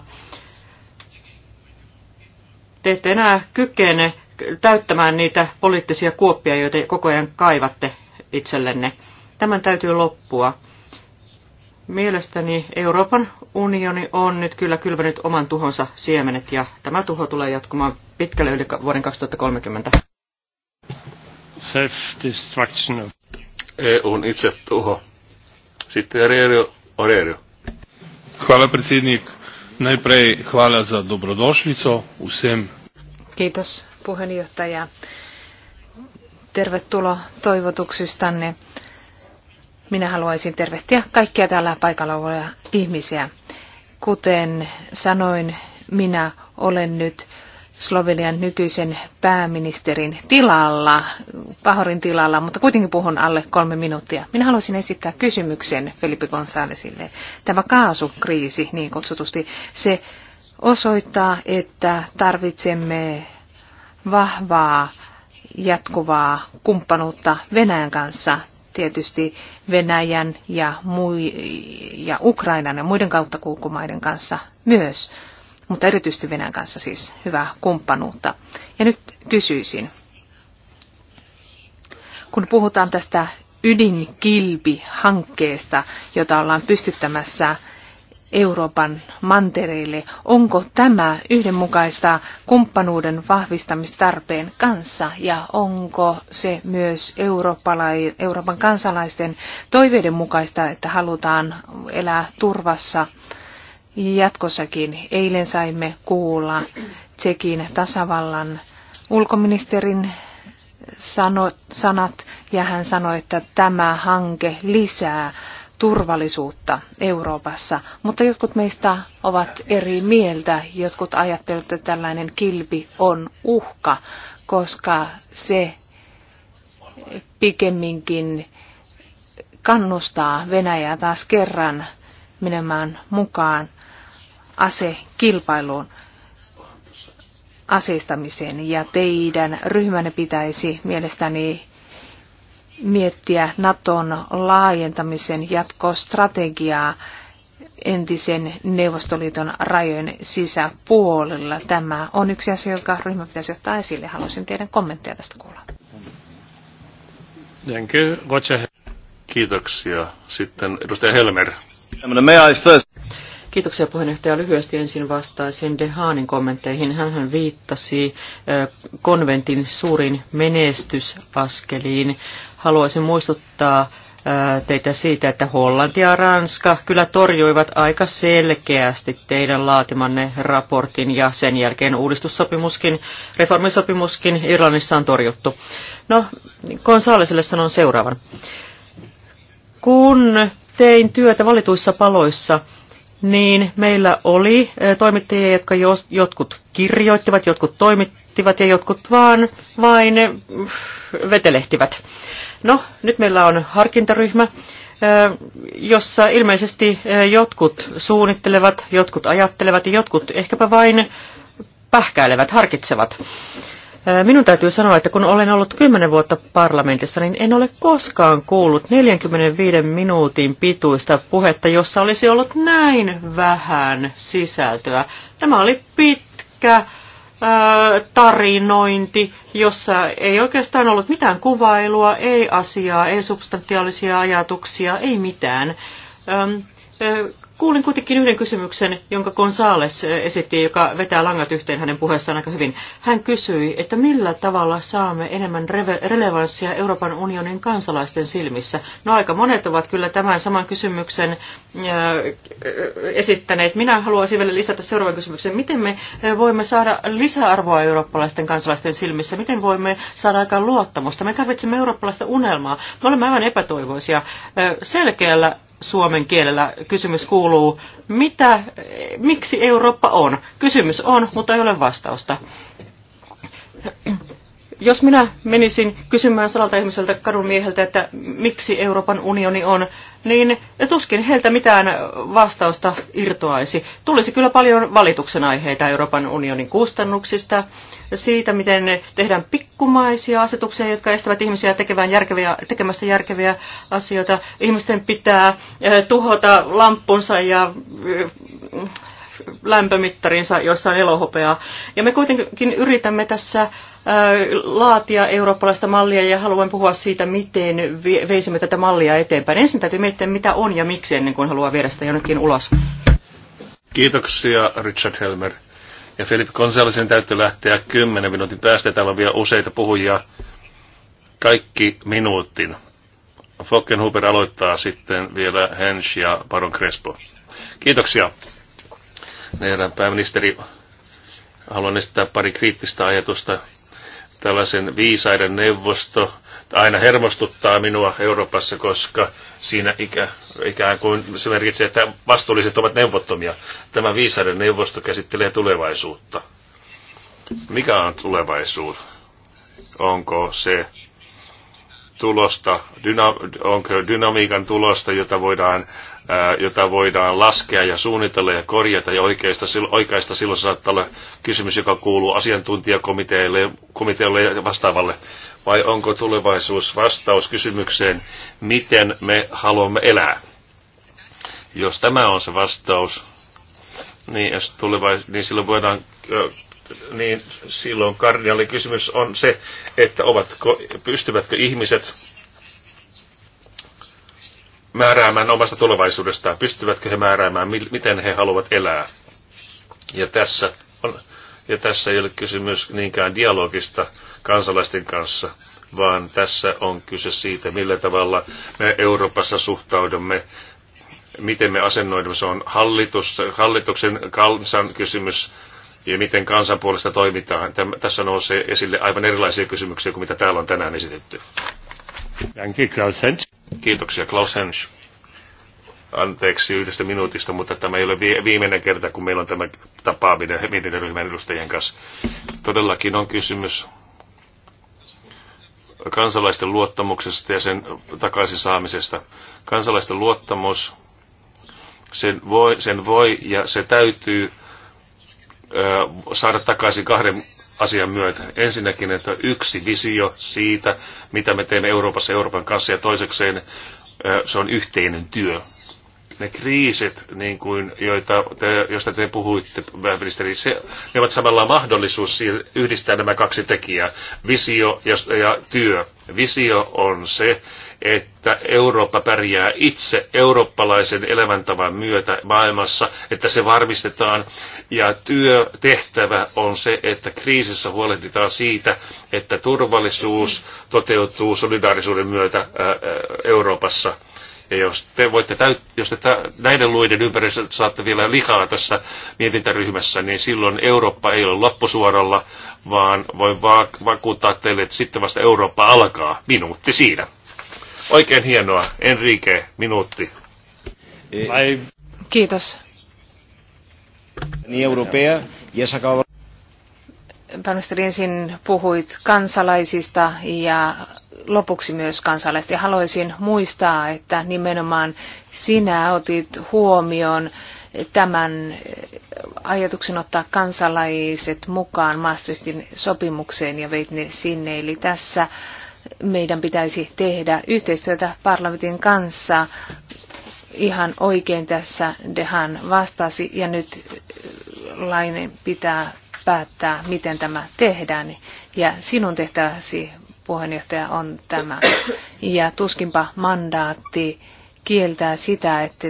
S2: Te ette enää kykene täyttämään niitä poliittisia kuoppia, joita koko ajan kaivatte itsellenne. Tämän täytyy loppua. Mielestäni Euroopan unioni on nyt kyllä kylvänyt oman tuhonsa siemenet ja tämä tuho tulee jatkumaan pitkälle yli vuoden 2030.
S1: Self-destruction. EUn itse tuho. Sitten Arerio. Arerio. Hvala predsjednik. Najprej hvala za dobrodošlico usem.
S4: Kiitos puheenjohtaja. Tervetuloa toivotuksistanne. Minä haluaisin tervehtiä kaikkia täällä paikalla olevia ihmisiä. Kuten sanoin, minä olen nyt Slovenian nykyisen pääministerin tilalla, Pahorin tilalla, mutta kuitenkin puhun alle kolme minuuttia. Minä haluaisin esittää kysymyksen Felipe Gonzálezille. Tämä kaasukriisi, niin kutsutusti, se osoittaa, että tarvitsemme vahvaa, jatkuvaa kumppanuutta Venäjän kanssa. Tietysti Venäjän ja, mui, ja Ukrainan ja muiden kautta kulkumaiden kanssa myös mutta erityisesti Venäjän kanssa siis hyvää kumppanuutta. Ja nyt kysyisin, kun puhutaan tästä ydinkilpi jota ollaan pystyttämässä Euroopan mantereille. Onko tämä yhdenmukaista kumppanuuden vahvistamistarpeen kanssa ja onko se myös Euroopan kansalaisten toiveiden mukaista, että halutaan elää turvassa jatkossakin. Eilen saimme kuulla Tsekin tasavallan ulkoministerin sanat ja hän sanoi, että tämä hanke lisää turvallisuutta Euroopassa, mutta jotkut meistä ovat eri mieltä. Jotkut ajattelevat, että tällainen kilpi on uhka, koska se pikemminkin kannustaa Venäjää taas kerran menemään mukaan asekilpailuun aseistamiseen ja teidän ryhmänne pitäisi mielestäni miettiä Naton laajentamisen jatkostrategiaa entisen Neuvostoliiton rajojen sisäpuolella. Tämä on yksi asia, joka ryhmä pitäisi ottaa esille. Haluaisin teidän kommentteja tästä kuulla.
S1: Kiitoksia. Sitten edustaja Helmer. first?
S2: Kiitoksia puheenjohtaja. Lyhyesti ensin vastaisin Dehaanin kommentteihin. Hän viittasi konventin suurin menestysaskeliin. Haluaisin muistuttaa teitä siitä, että Hollanti ja Ranska kyllä torjuivat aika selkeästi teidän laatimanne raportin ja sen jälkeen uudistussopimuskin, reformisopimuskin Irlannissa on torjuttu. No, Konsaaliselle sanon seuraavan. Kun tein työtä valituissa paloissa, niin meillä oli toimittajia, jotka jos, jotkut kirjoittivat, jotkut toimittivat ja jotkut vaan vain vetelehtivät. No, nyt meillä on harkintaryhmä, jossa ilmeisesti jotkut suunnittelevat, jotkut ajattelevat ja jotkut ehkäpä vain pähkäilevät, harkitsevat. Minun täytyy sanoa, että kun olen ollut kymmenen vuotta parlamentissa, niin en ole koskaan kuullut 45 minuutin pituista puhetta, jossa olisi ollut näin vähän sisältöä. Tämä oli pitkä tarinointi, jossa ei oikeastaan ollut mitään kuvailua, ei asiaa, ei substantiaalisia ajatuksia, ei mitään. Kuulin kuitenkin yhden kysymyksen, jonka Gonzales esitti, joka vetää langat yhteen hänen puheessaan aika hyvin. Hän kysyi, että millä tavalla saamme enemmän relevanssia Euroopan unionin kansalaisten silmissä. No aika monet ovat kyllä tämän saman kysymyksen esittäneet. Minä haluaisin vielä lisätä seuraavan kysymyksen. Miten me voimme saada lisäarvoa eurooppalaisten kansalaisten silmissä? Miten voimme saada aikaan luottamusta? Me tarvitsemme eurooppalaista unelmaa. Me olemme aivan epätoivoisia. Selkeällä suomen kielellä. Kysymys kuuluu, mitä, miksi Eurooppa on? Kysymys on, mutta ei ole vastausta. Jos minä menisin kysymään salalta ihmiseltä kadun mieheltä, että miksi Euroopan unioni on, niin tuskin heiltä mitään vastausta irtoaisi. Tulisi kyllä paljon valituksen aiheita Euroopan unionin kustannuksista, siitä, miten tehdään pikkumaisia asetuksia, jotka estävät ihmisiä tekevään järkeviä, tekemästä järkeviä asioita. Ihmisten pitää eh, tuhota lampunsa ja eh, lämpömittarinsa, jossa on elohopeaa. Ja me kuitenkin yritämme tässä eh, laatia eurooppalaista mallia ja haluan puhua siitä, miten veisimme tätä mallia eteenpäin. Ensin täytyy miettiä, mitä on ja miksi ennen kuin haluaa viedä sitä jonnekin ulos.
S1: Kiitoksia Richard Helmer. Ja Filip Gonzalesin täytyy lähteä 10 minuutin päästä. Täällä on vielä useita puhujia. Kaikki minuutin. Fockenhuber aloittaa sitten vielä Hensch ja Baron Crespo. Kiitoksia. Meidän pääministeri, haluan esittää pari kriittistä ajatusta tällaisen viisaiden neuvosto aina hermostuttaa minua Euroopassa, koska siinä ikä, ikään kuin se merkitsee, että vastuulliset ovat neuvottomia. Tämä viisaiden neuvosto käsittelee tulevaisuutta. Mikä on tulevaisuus? Onko se tulosta, dyna, onko dynamiikan tulosta, jota voidaan jota voidaan laskea ja suunnitella ja korjata ja oikeista, oikeista silloin saattaa olla kysymys, joka kuuluu asiantuntijakomiteille komitealle ja vastaavalle. Vai onko tulevaisuus vastaus kysymykseen, miten me haluamme elää? Jos tämä on se vastaus, niin, jos tulevais, niin silloin voidaan niin silloin kardinaalikysymys kysymys on se, että ovatko, pystyvätkö ihmiset määräämään omasta tulevaisuudestaan, pystyvätkö he määräämään, miten he haluavat elää. Ja tässä, on, ja tässä ei ole kysymys niinkään dialogista kansalaisten kanssa, vaan tässä on kyse siitä, millä tavalla me Euroopassa suhtaudumme, miten me asennoidumme. Se on hallitus, hallituksen kansan kysymys ja miten kansan puolesta toimitaan. Tässä nousee esille aivan erilaisia kysymyksiä kuin mitä täällä on tänään esitetty. Klaus Hensch. Kiitoksia, Klaus Hensch. Anteeksi yhdestä minuutista, mutta tämä ei ole viimeinen kerta, kun meillä on tämä tapaaminen mietintäryhmän edustajien kanssa. Todellakin on kysymys kansalaisten luottamuksesta ja sen takaisin saamisesta. Kansalaisten luottamus, sen voi, sen voi ja se täytyy saada takaisin kahden asian myötä. Ensinnäkin, että yksi visio siitä, mitä me teemme Euroopassa Euroopan kanssa, ja toisekseen se on yhteinen työ ne kriisit, niin kuin, joita te, joista te puhuitte, pääministeri, se, ne ovat samalla mahdollisuus yhdistää nämä kaksi tekijää, visio ja, ja työ. Visio on se, että Eurooppa pärjää itse eurooppalaisen elämäntavan myötä maailmassa, että se varmistetaan. Ja työtehtävä on se, että kriisissä huolehditaan siitä, että turvallisuus toteutuu solidaarisuuden myötä Euroopassa ja jos te voitte täyt- jos te ta- näiden luiden ympärillä saatte vielä lihaa tässä mietintäryhmässä, niin silloin Eurooppa ei ole loppusuoralla, vaan voin va- vakuuttaa teille, että sitten vasta Eurooppa alkaa. Minuutti siinä. Oikein hienoa. Enrique, minuutti. Vai...
S4: Kiitos.
S3: Niin Europea, ja
S4: Pääministeri ensin puhuit kansalaisista ja lopuksi myös kansalaiset. Ja haluaisin muistaa, että nimenomaan sinä otit huomioon tämän eh, ajatuksen ottaa kansalaiset mukaan Maastrichtin sopimukseen ja veit ne sinne. Eli tässä meidän pitäisi tehdä yhteistyötä parlamentin kanssa. Ihan oikein tässä Dehan vastasi ja nyt eh, lainen pitää päättää, miten tämä tehdään. Ja sinun tehtäväsi puheenjohtaja on tämä. Ja tuskinpa mandaatti kieltää sitä, että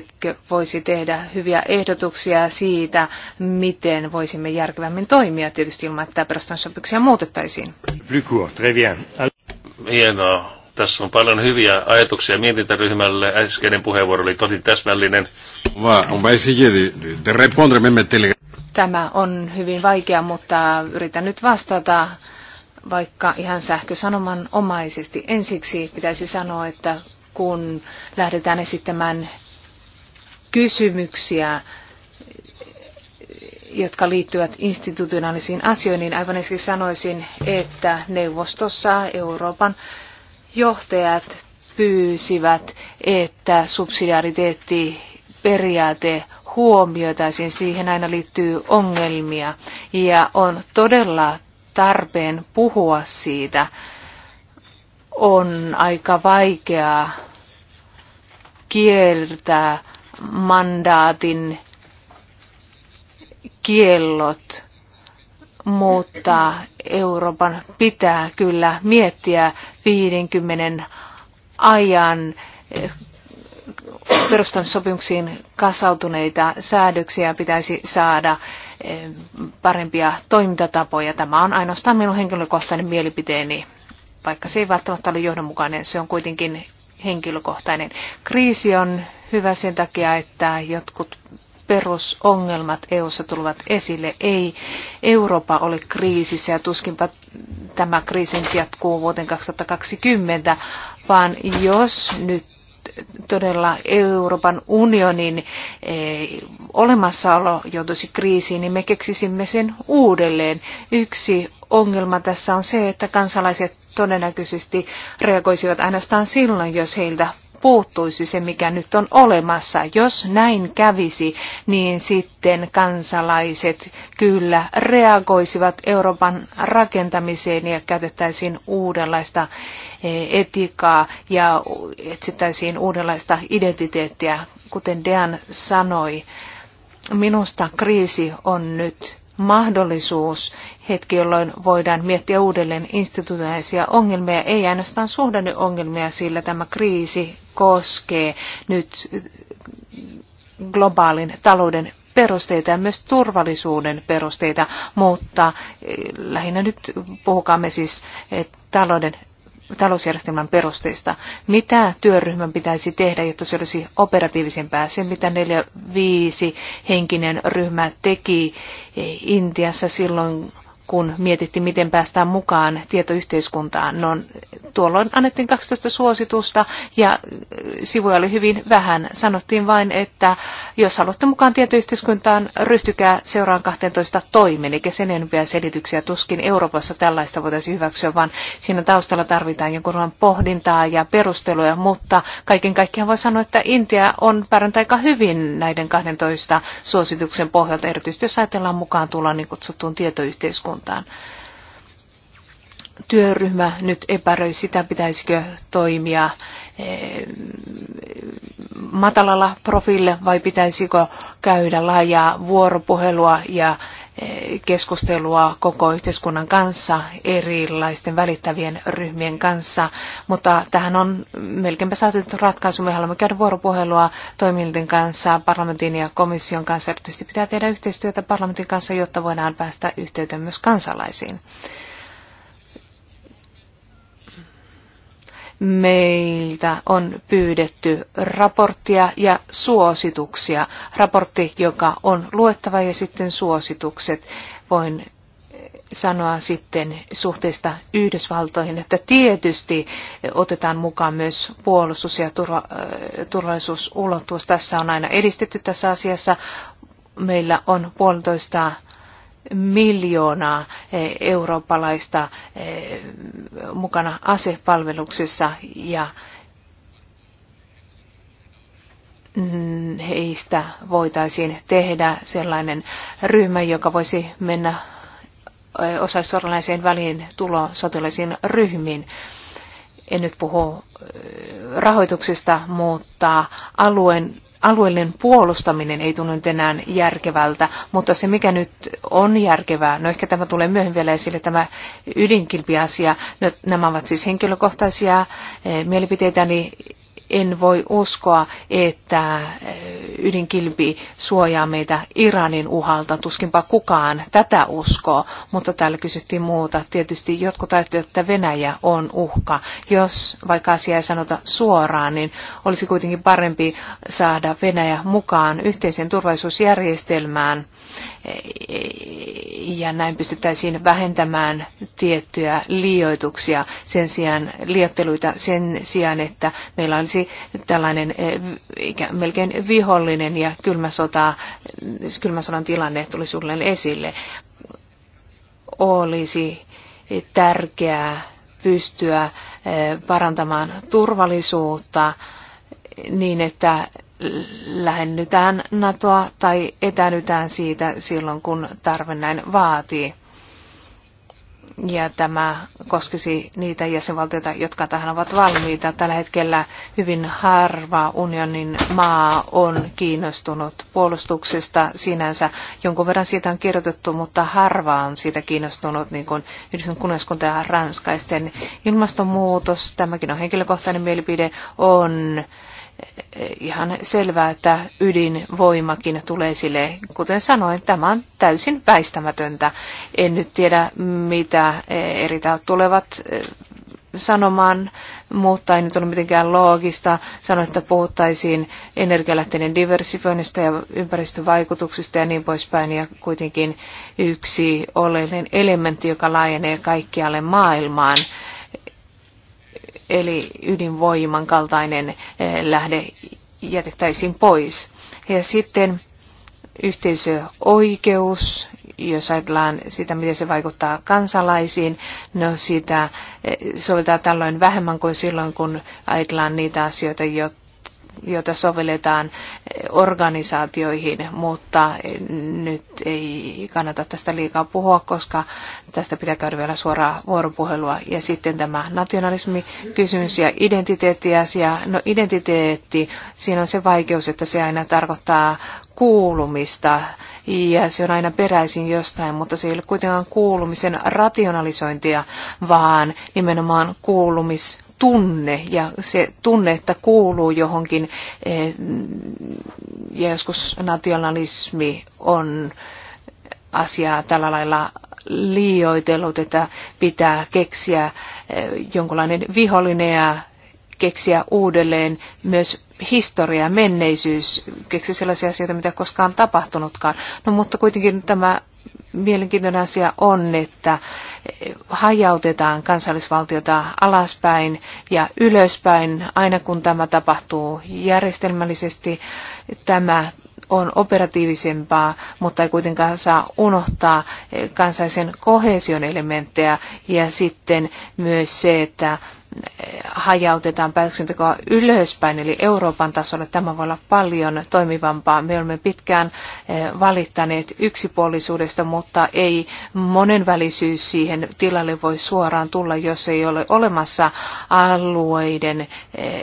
S4: voisi tehdä hyviä ehdotuksia siitä, miten voisimme järkevämmin toimia, tietysti ilman, että perustansopimuksia muutettaisiin.
S1: Hienoa. Tässä on paljon hyviä ajatuksia mietintäryhmälle. Äskeinen puheenvuoro oli tosi täsmällinen. Niin, niin
S4: tämä on hyvin vaikea, mutta yritän nyt vastata vaikka ihan sähkösanoman omaisesti. Ensiksi pitäisi sanoa, että kun lähdetään esittämään kysymyksiä, jotka liittyvät institutionaalisiin asioihin, niin aivan ensin sanoisin, että neuvostossa Euroopan johtajat pyysivät, että subsidiariteettiperiaate huomioitaisiin. Siihen aina liittyy ongelmia ja on todella tarpeen puhua siitä. On aika vaikeaa kieltää mandaatin kiellot, mutta Euroopan pitää kyllä miettiä 50 ajan eh, perustamissopimuksiin kasautuneita säädöksiä pitäisi saada parempia toimintatapoja. Tämä on ainoastaan minun henkilökohtainen mielipiteeni, vaikka se ei välttämättä ole johdonmukainen, se on kuitenkin henkilökohtainen. Kriisi on hyvä sen takia, että jotkut perusongelmat EU-ssa tulevat esille. Ei Eurooppa ole kriisissä ja tuskinpa tämä kriisi jatkuu vuoteen 2020, vaan jos nyt todella Euroopan unionin eh, olemassaolo joutuisi kriisiin, niin me keksisimme sen uudelleen. Yksi ongelma tässä on se, että kansalaiset todennäköisesti reagoisivat ainoastaan silloin, jos heiltä puuttuisi se, mikä nyt on olemassa. Jos näin kävisi, niin sitten kansalaiset kyllä reagoisivat Euroopan rakentamiseen ja käytettäisiin uudenlaista e, etiikkaa ja etsittäisiin uudenlaista identiteettiä, kuten Dean sanoi. Minusta kriisi on nyt mahdollisuus, hetki, jolloin voidaan miettiä uudelleen instituutioisia ongelmia, ei ainoastaan suhdanneongelmia, sillä tämä kriisi koskee nyt globaalin talouden perusteita ja myös turvallisuuden perusteita, mutta eh, lähinnä nyt puhukaamme siis eh, talouden talousjärjestelmän perusteista. Mitä työryhmän pitäisi tehdä, jotta se olisi operatiivisempää? Se, mitä 4-5 henkinen ryhmä teki Intiassa silloin, kun mietittiin, miten päästään mukaan tietoyhteiskuntaan. No, tuolloin annettiin 12 suositusta ja sivuja oli hyvin vähän. Sanottiin vain, että jos haluatte mukaan tietoyhteiskuntaan, ryhtykää seuraan 12 toimeen, eikä sen enempiä selityksiä tuskin Euroopassa tällaista voitaisiin hyväksyä, vaan siinä taustalla tarvitaan jonkunlainen pohdintaa ja perusteluja, mutta kaiken kaikkiaan voi sanoa, että Intia on pärjännyt aika hyvin näiden 12 suosituksen pohjalta, erityisesti jos ajatellaan mukaan tulla niin kutsuttuun tietoyhteiskuntaan suuntaan työryhmä nyt epäröi sitä, pitäisikö toimia eh, matalalla profiille vai pitäisikö käydä laajaa vuoropuhelua ja eh, keskustelua koko yhteiskunnan kanssa, erilaisten välittävien ryhmien kanssa, mutta tähän on melkeinpä saatu ratkaisu. Me haluamme käydä vuoropuhelua toimijoiden kanssa, parlamentin ja komission kanssa. Erityisesti pitää tehdä yhteistyötä parlamentin kanssa, jotta voidaan päästä yhteyteen myös kansalaisiin. meiltä on pyydetty raporttia ja suosituksia. Raportti, joka on luettava ja sitten suositukset. Voin eh, sanoa sitten suhteesta Yhdysvaltoihin, että tietysti otetaan mukaan myös puolustus- ja turva, eh, turvallisuusulottuvuus. Tässä on aina edistetty tässä asiassa. Meillä on puolitoista miljoonaa eh, eurooppalaista eh, mukana asepalveluksessa ja mm, heistä voitaisiin tehdä sellainen ryhmä, joka voisi mennä eh, osaistuoranaiseen väliin tulo sotilaisiin ryhmiin. En nyt puhu rahoituksesta, mutta alueen alueellinen puolustaminen ei tunnu nyt enää järkevältä, mutta se mikä nyt on järkevää, no ehkä tämä tulee myöhemmin vielä esille, tämä ydinkilpiasia, no, nämä ovat siis henkilökohtaisia eh, mielipiteitäni, niin en voi uskoa, että äh, ydinkilpi suojaa meitä Iranin uhalta. Tuskinpa kukaan tätä uskoo, mutta täällä kysyttiin muuta. Tietysti jotkut ajattelevat, että Venäjä on uhka. Jos vaikka asia ei sanota suoraan, niin olisi kuitenkin parempi saada Venäjä mukaan yhteiseen turvallisuusjärjestelmään ja näin pystyttäisiin vähentämään tiettyjä liioituksia sen sijaan, liotteluita sen sijaan, että meillä olisi tällainen eh, melkein vihollinen ja kylmä kylmä kylmäsodan tilanne tuli sulle esille. Olisi tärkeää pystyä eh, parantamaan turvallisuutta niin, että lähennytään NATOa tai etänytään siitä silloin, kun tarve näin vaatii. Ja tämä koskisi niitä jäsenvaltioita, jotka tähän ovat valmiita. Tällä hetkellä hyvin harva unionin maa on kiinnostunut puolustuksesta sinänsä. Jonkun verran siitä on kirjoitettu, mutta harva on siitä kiinnostunut, niin kuin Yhdistön ja ranskaisten ilmastonmuutos. Tämäkin on henkilökohtainen mielipide, on ihan selvää, että ydinvoimakin tulee sille. Kuten sanoin, tämä on täysin väistämätöntä. En nyt tiedä, mitä e, eri tulevat e, sanomaan, mutta ei nyt ole mitenkään loogista sanoa, että puhuttaisiin energialähteiden diversifioinnista ja ympäristövaikutuksista ja niin poispäin. Ja kuitenkin yksi oleellinen elementti, joka laajenee kaikkialle maailmaan, eli ydinvoiman kaltainen eh, lähde jätettäisiin pois. Ja sitten yhteisöoikeus, jos ajatellaan sitä, miten se vaikuttaa kansalaisiin, no sitä eh, sovitaan tällöin vähemmän kuin silloin, kun ajatellaan niitä asioita, jotka joita sovelletaan organisaatioihin, mutta nyt ei kannata tästä liikaa puhua, koska tästä pitää käydä vielä suoraa vuoropuhelua. Ja sitten tämä nationalismikysymys ja identiteettiasia. No identiteetti, siinä on se vaikeus, että se aina tarkoittaa kuulumista ja se on aina peräisin jostain, mutta se ei ole kuitenkaan kuulumisen rationalisointia, vaan nimenomaan kuulumis, tunne ja se tunne, että kuuluu johonkin eh, ja joskus nationalismi on asiaa tällä lailla liioitellut, että pitää keksiä eh, jonkinlainen vihollinen ja keksiä uudelleen myös historia, menneisyys, keksiä sellaisia asioita, mitä koskaan tapahtunutkaan. No mutta kuitenkin tämä mielenkiintoinen asia on, että eh, hajautetaan kansallisvaltiota alaspäin ja ylöspäin aina kun tämä tapahtuu järjestelmällisesti. Tämä on operatiivisempaa, mutta ei kuitenkaan saa unohtaa eh, kansallisen kohesion elementtejä ja sitten myös se, että hajautetaan päätöksentekoa ylöspäin, eli Euroopan tasolle tämä voi olla paljon toimivampaa. Me olemme pitkään eh, valittaneet yksipuolisuudesta, mutta ei monenvälisyys siihen tilalle voi suoraan tulla, jos ei ole olemassa alueiden, eh,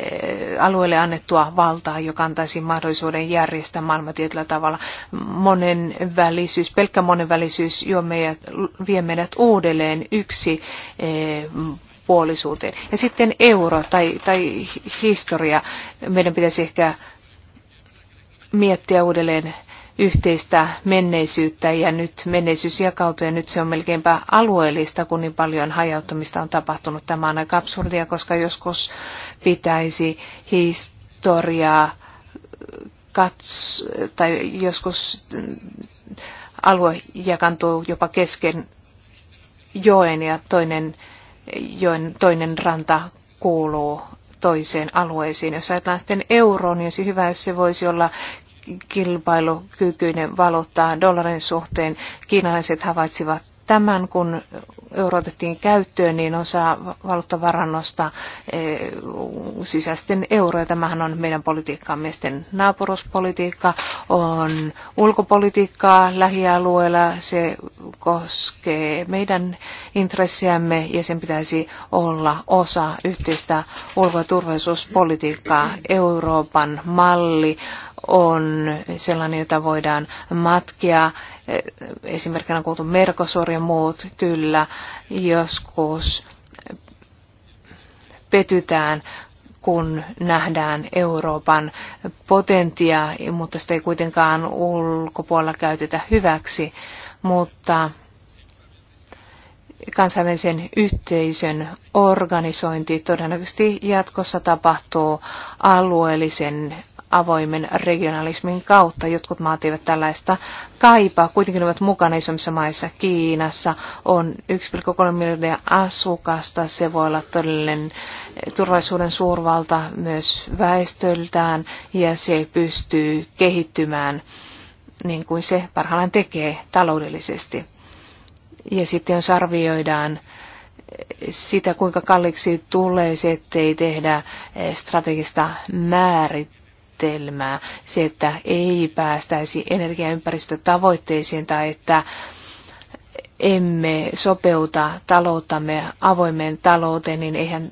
S4: alueelle annettua valtaa, joka antaisi mahdollisuuden järjestää maailma tietyllä tavalla. Monenvälisyys, pelkkä monenvälisyys jo meidät, vie meidät uudelleen yksi eh, monipuolisuuteen. Ja sitten euro tai, tai historia. Meidän pitäisi ehkä miettiä uudelleen yhteistä menneisyyttä ja nyt menneisyys jakautuu ja nyt se on melkeinpä alueellista, kun niin paljon hajauttamista on tapahtunut. Tämä on aika absurdia, koska joskus pitäisi historiaa kats tai joskus alue jakantuu jopa kesken joen ja toinen join toinen ranta kuuluu toiseen alueeseen. Jos ajatellaan sitten euroon, niin olisi hyvä, jos se voisi olla kilpailukykyinen valuuttaa dollarin suhteen. Kiinalaiset havaitsivat tämän, kun euro otettiin käyttöön, niin osa valuuttavarannosta e, sisäisten euroja. Tämähän on meidän politiikkaa, miesten naapuruspolitiikka, on ulkopolitiikkaa lähialueella, se koskee meidän intressiämme ja sen pitäisi olla osa yhteistä ulko- ja turvallisuuspolitiikkaa. Euroopan malli on sellainen, jota voidaan matkia Esimerkkinä on kuultu Mercosur ja muut, kyllä, joskus petytään, kun nähdään Euroopan potentia, mutta sitä ei kuitenkaan ulkopuolella käytetä hyväksi. Mutta kansainvälisen yhteisön organisointi todennäköisesti jatkossa tapahtuu alueellisen avoimen regionalismin kautta. Jotkut maat eivät tällaista kaipaa, kuitenkin ovat mukana isommissa maissa. Kiinassa on 1,3 miljardia asukasta, se voi olla todellinen eh, turvallisuuden suurvalta myös väestöltään ja se pystyy kehittymään niin kuin se parhaillaan tekee taloudellisesti. Ja sitten jos arvioidaan eh, sitä, kuinka kalliiksi tulee se, ettei tehdä eh, strategista määrittelyä, järjestelmää. Se, että ei päästäisi energiaympäristötavoitteisiin tai että emme sopeuta talouttamme avoimeen talouteen, niin eihän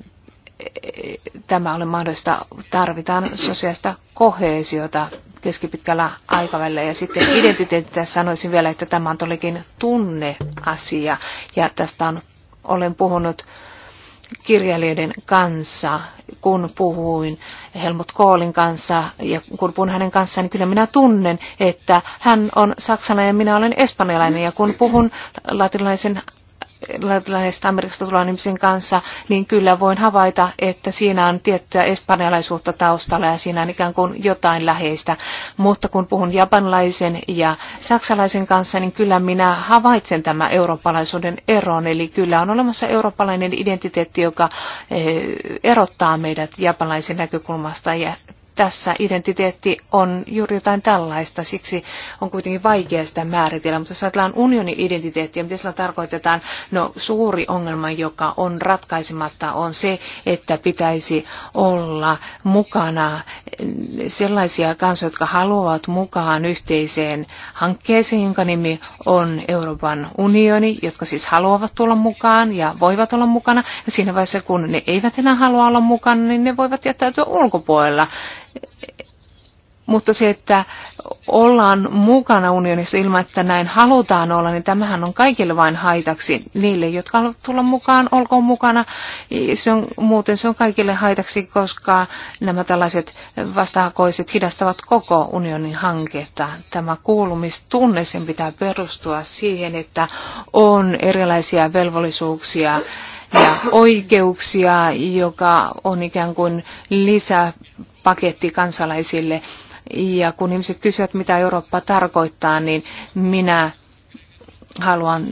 S4: e, tämä ole mahdollista. Tarvitaan sosiaalista kohesiota keskipitkällä aikavälillä. Ja sitten identiteettiä sanoisin vielä, että tämä on tunne tunneasia. Ja tästä on, olen puhunut kirjailijoiden kanssa, kun puhuin Helmut Koolin kanssa ja kun puhun hänen kanssaan, niin kyllä minä tunnen, että hän on saksalainen ja minä olen espanjalainen. Ja kun puhun latinalaisen latinalaisesta Amerikasta tulevan ihmisen kanssa, niin kyllä voin havaita, että siinä on tiettyä espanjalaisuutta taustalla ja siinä on ikään kuin jotain läheistä. Mutta kun puhun japanlaisen ja saksalaisen kanssa, niin kyllä minä havaitsen tämä eurooppalaisuuden eron. Eli kyllä on olemassa eurooppalainen identiteetti, joka eh, erottaa meidät japanlaisen näkökulmasta ja tässä identiteetti on juuri jotain tällaista, siksi on kuitenkin vaikea sitä määritellä. Mutta jos ajatellaan unionin identiteettiä, mitä sillä tarkoitetaan? No suuri ongelma, joka on ratkaisematta, on se, että pitäisi olla mukana sellaisia kansoja, jotka haluavat mukaan yhteiseen hankkeeseen, jonka nimi on Euroopan unioni, jotka siis haluavat tulla mukaan ja voivat olla mukana. Ja siinä vaiheessa, kun ne eivät enää halua olla mukana, niin ne voivat jättäytyä ulkopuolella mutta se, että ollaan mukana unionissa ilman, että näin halutaan olla, niin tämähän on kaikille vain haitaksi. Niille, jotka haluavat tulla mukaan, olkoon mukana. Se on, muuten se on kaikille haitaksi, koska nämä tällaiset vastahakoiset hidastavat koko unionin hanketta. Tämä kuulumistunne, sen pitää perustua siihen, että on erilaisia velvollisuuksia ja oikeuksia, joka on ikään kuin lisäpaketti kansalaisille ja kun ihmiset kysyvät, mitä Eurooppa tarkoittaa, niin minä haluan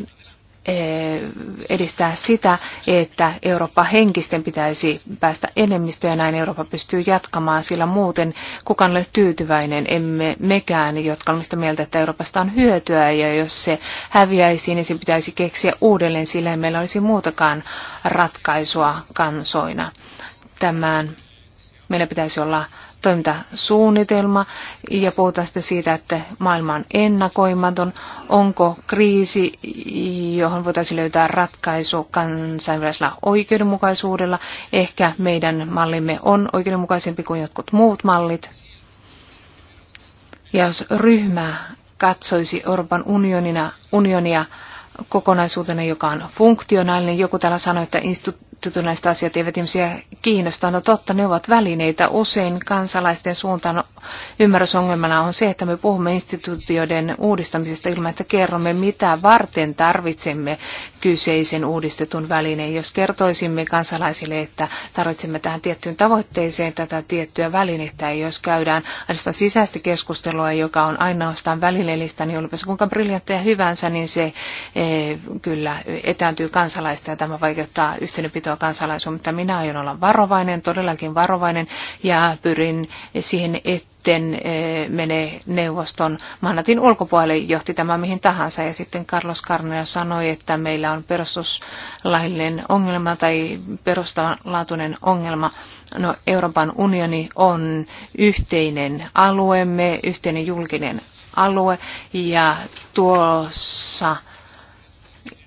S4: eh, edistää sitä, että Eurooppa henkisten pitäisi päästä enemmistöön ja näin Eurooppa pystyy jatkamaan, sillä muuten kukaan ole tyytyväinen, emme mekään, jotka olemme sitä mieltä, että Euroopasta on hyötyä ja jos se häviäisi, niin se pitäisi keksiä uudelleen, sillä ei meillä olisi muutakaan ratkaisua kansoina. Tämän meillä pitäisi olla toimintasuunnitelma ja puhutaan sitten siitä, että maailma on ennakoimaton. Onko kriisi, johon voitaisiin löytää ratkaisu kansainvälisellä oikeudenmukaisuudella? Ehkä meidän mallimme on oikeudenmukaisempi kuin jotkut muut mallit. Ja jos ryhmä katsoisi Euroopan unionina, unionia kokonaisuutena, joka on funktionaalinen. Joku täällä sanoi, että institu- näistä asiat eivät ihmisiä kiinnosta. No totta, ne ovat välineitä. Usein kansalaisten suuntaan ymmärrysongelmana on se, että me puhumme instituutioiden uudistamisesta ilman, että kerromme, mitä varten tarvitsemme kyseisen uudistetun välineen. Jos kertoisimme kansalaisille, että tarvitsemme tähän tiettyyn tavoitteeseen tätä tiettyä välinettä, ja jos käydään ainoastaan sisäistä keskustelua, joka on ainoastaan välineellistä, niin olipa se kuinka briljantteja hyvänsä, niin se e, kyllä etääntyy kansalaista ja tämä vaikuttaa yhteydenpitoa siirtyä kansalaisuun, mutta minä aion olla varovainen, todellakin varovainen ja pyrin siihen, etten eh, mene neuvoston mannatin ulkopuolelle, johti tämä mihin tahansa. Ja sitten Carlos Carneo sanoi, että meillä on perustuslaillinen ongelma tai perustavanlaatuinen ongelma. No, Euroopan unioni on yhteinen alueemme, yhteinen julkinen alue ja tuossa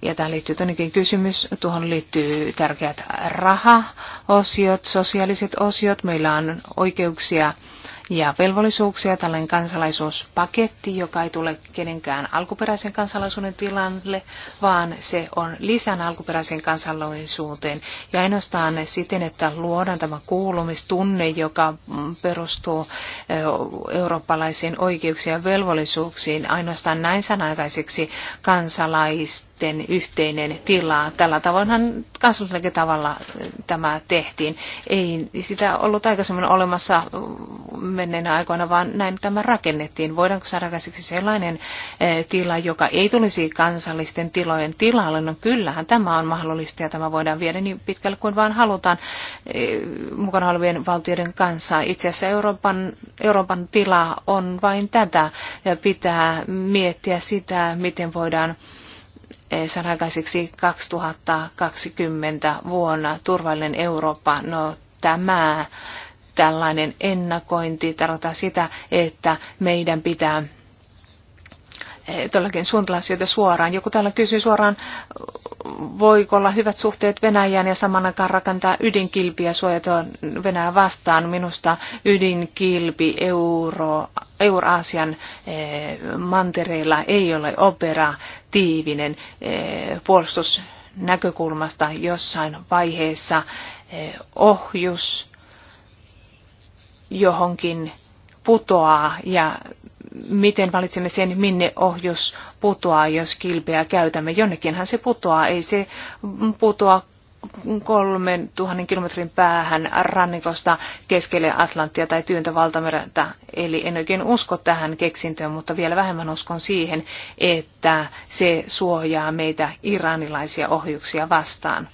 S4: ja tähän liittyy toinenkin kysymys. Tuohon liittyy tärkeät rahaosiot, sosiaaliset osiot. Meillä on oikeuksia ja velvollisuuksia, tällainen kansalaisuuspaketti, joka ei tule kenenkään alkuperäisen kansalaisuuden tilalle, vaan se on lisän alkuperäisen kansalaisuuteen. Ja ainoastaan siten, että luodaan tämä kuulumistunne, joka perustuu eurooppalaisiin oikeuksiin ja velvollisuuksiin, ainoastaan näin sanaikaiseksi kansalaista sitten yhteinen tila. Tällä tavoinhan kansallisellakin tavalla äh, tämä tehtiin. Ei sitä ollut aikaisemmin olemassa äh, menneenä aikoina, vaan näin tämä rakennettiin. Voidaanko saada käsiksi sellainen äh, tila, joka ei tulisi kansallisten tilojen tilalle? No kyllähän tämä on mahdollista ja tämä voidaan viedä niin pitkälle kuin vaan halutaan mukana olevien valtioiden kanssa. Itse asiassa Euroopan, Euroopan tila on vain tätä ja pitää miettiä sitä, miten voidaan saada 2020 vuonna turvallinen Eurooppa. No tämä tällainen ennakointi tarkoittaa sitä, että meidän pitää Eh, todellakin suunnitella asioita suoraan. Joku täällä kysyy suoraan, voiko olla hyvät suhteet Venäjään ja saman aikaan rakentaa ydinkilpiä suojata Venäjää vastaan. Minusta ydinkilpi euro, Euroasian eh, mantereilla ei ole operatiivinen eh, puolustusnäkökulmasta jossain vaiheessa ohjus johonkin putoaa ja miten valitsemme sen, minne ohjus putoaa, jos kilpeä käytämme. Jonnekinhan se putoaa, ei se putoa kolmen tuhannen kilometrin päähän rannikosta keskelle Atlantia tai tyyntä valtamerta. Eli en oikein usko tähän keksintöön, mutta vielä vähemmän uskon siihen, että se suojaa meitä iranilaisia ohjuksia vastaan.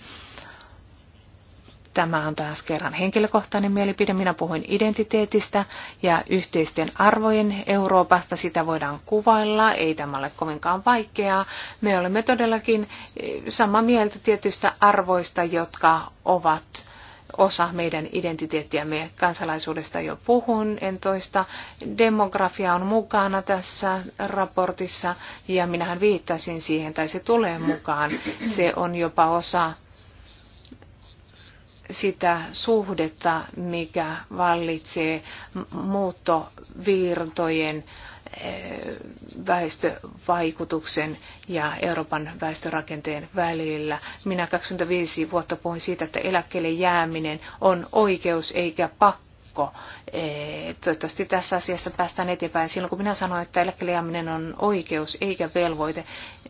S4: Tämä on taas kerran henkilökohtainen mielipide. Minä puhuin identiteetistä ja yhteisten arvojen Euroopasta. Sitä voidaan kuvailla. Ei tämä ole kovinkaan vaikeaa. Me olemme todellakin eh, samaa mieltä tietyistä arvoista, jotka ovat osa meidän identiteettiä, Me Kansalaisuudesta jo puhun, en toista. Demografia on mukana tässä raportissa ja minähän viittasin siihen, tai se tulee mukaan. Se on jopa osa sitä suhdetta, mikä vallitsee muuttovirtojen eh, väestövaikutuksen ja Euroopan väestörakenteen välillä. Minä 25 vuotta puhuin siitä, että eläkkeelle jääminen on oikeus eikä pakko. Eh, toivottavasti tässä asiassa päästään eteenpäin. Silloin kun minä sanoin, että eläkkeelle jääminen on oikeus eikä velvoite,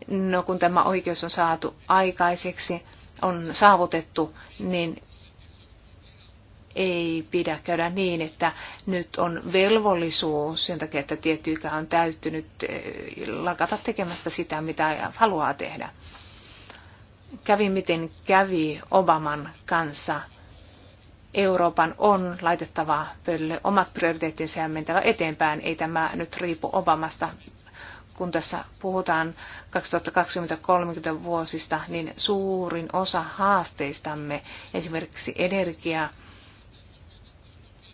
S4: no kun tämä oikeus on saatu aikaiseksi, on saavutettu, niin ei pidä käydä niin, että nyt on velvollisuus sen takia, että tietty ikä on täyttynyt eh, lakata tekemästä sitä, mitä haluaa tehdä. Kävi miten kävi Obaman kanssa. Euroopan on laitettava pöydälle omat prioriteettinsa ja mentävä eteenpäin. Ei tämä nyt riipu Obamasta kun tässä puhutaan 2020-30 vuosista, niin suurin osa haasteistamme, esimerkiksi energia,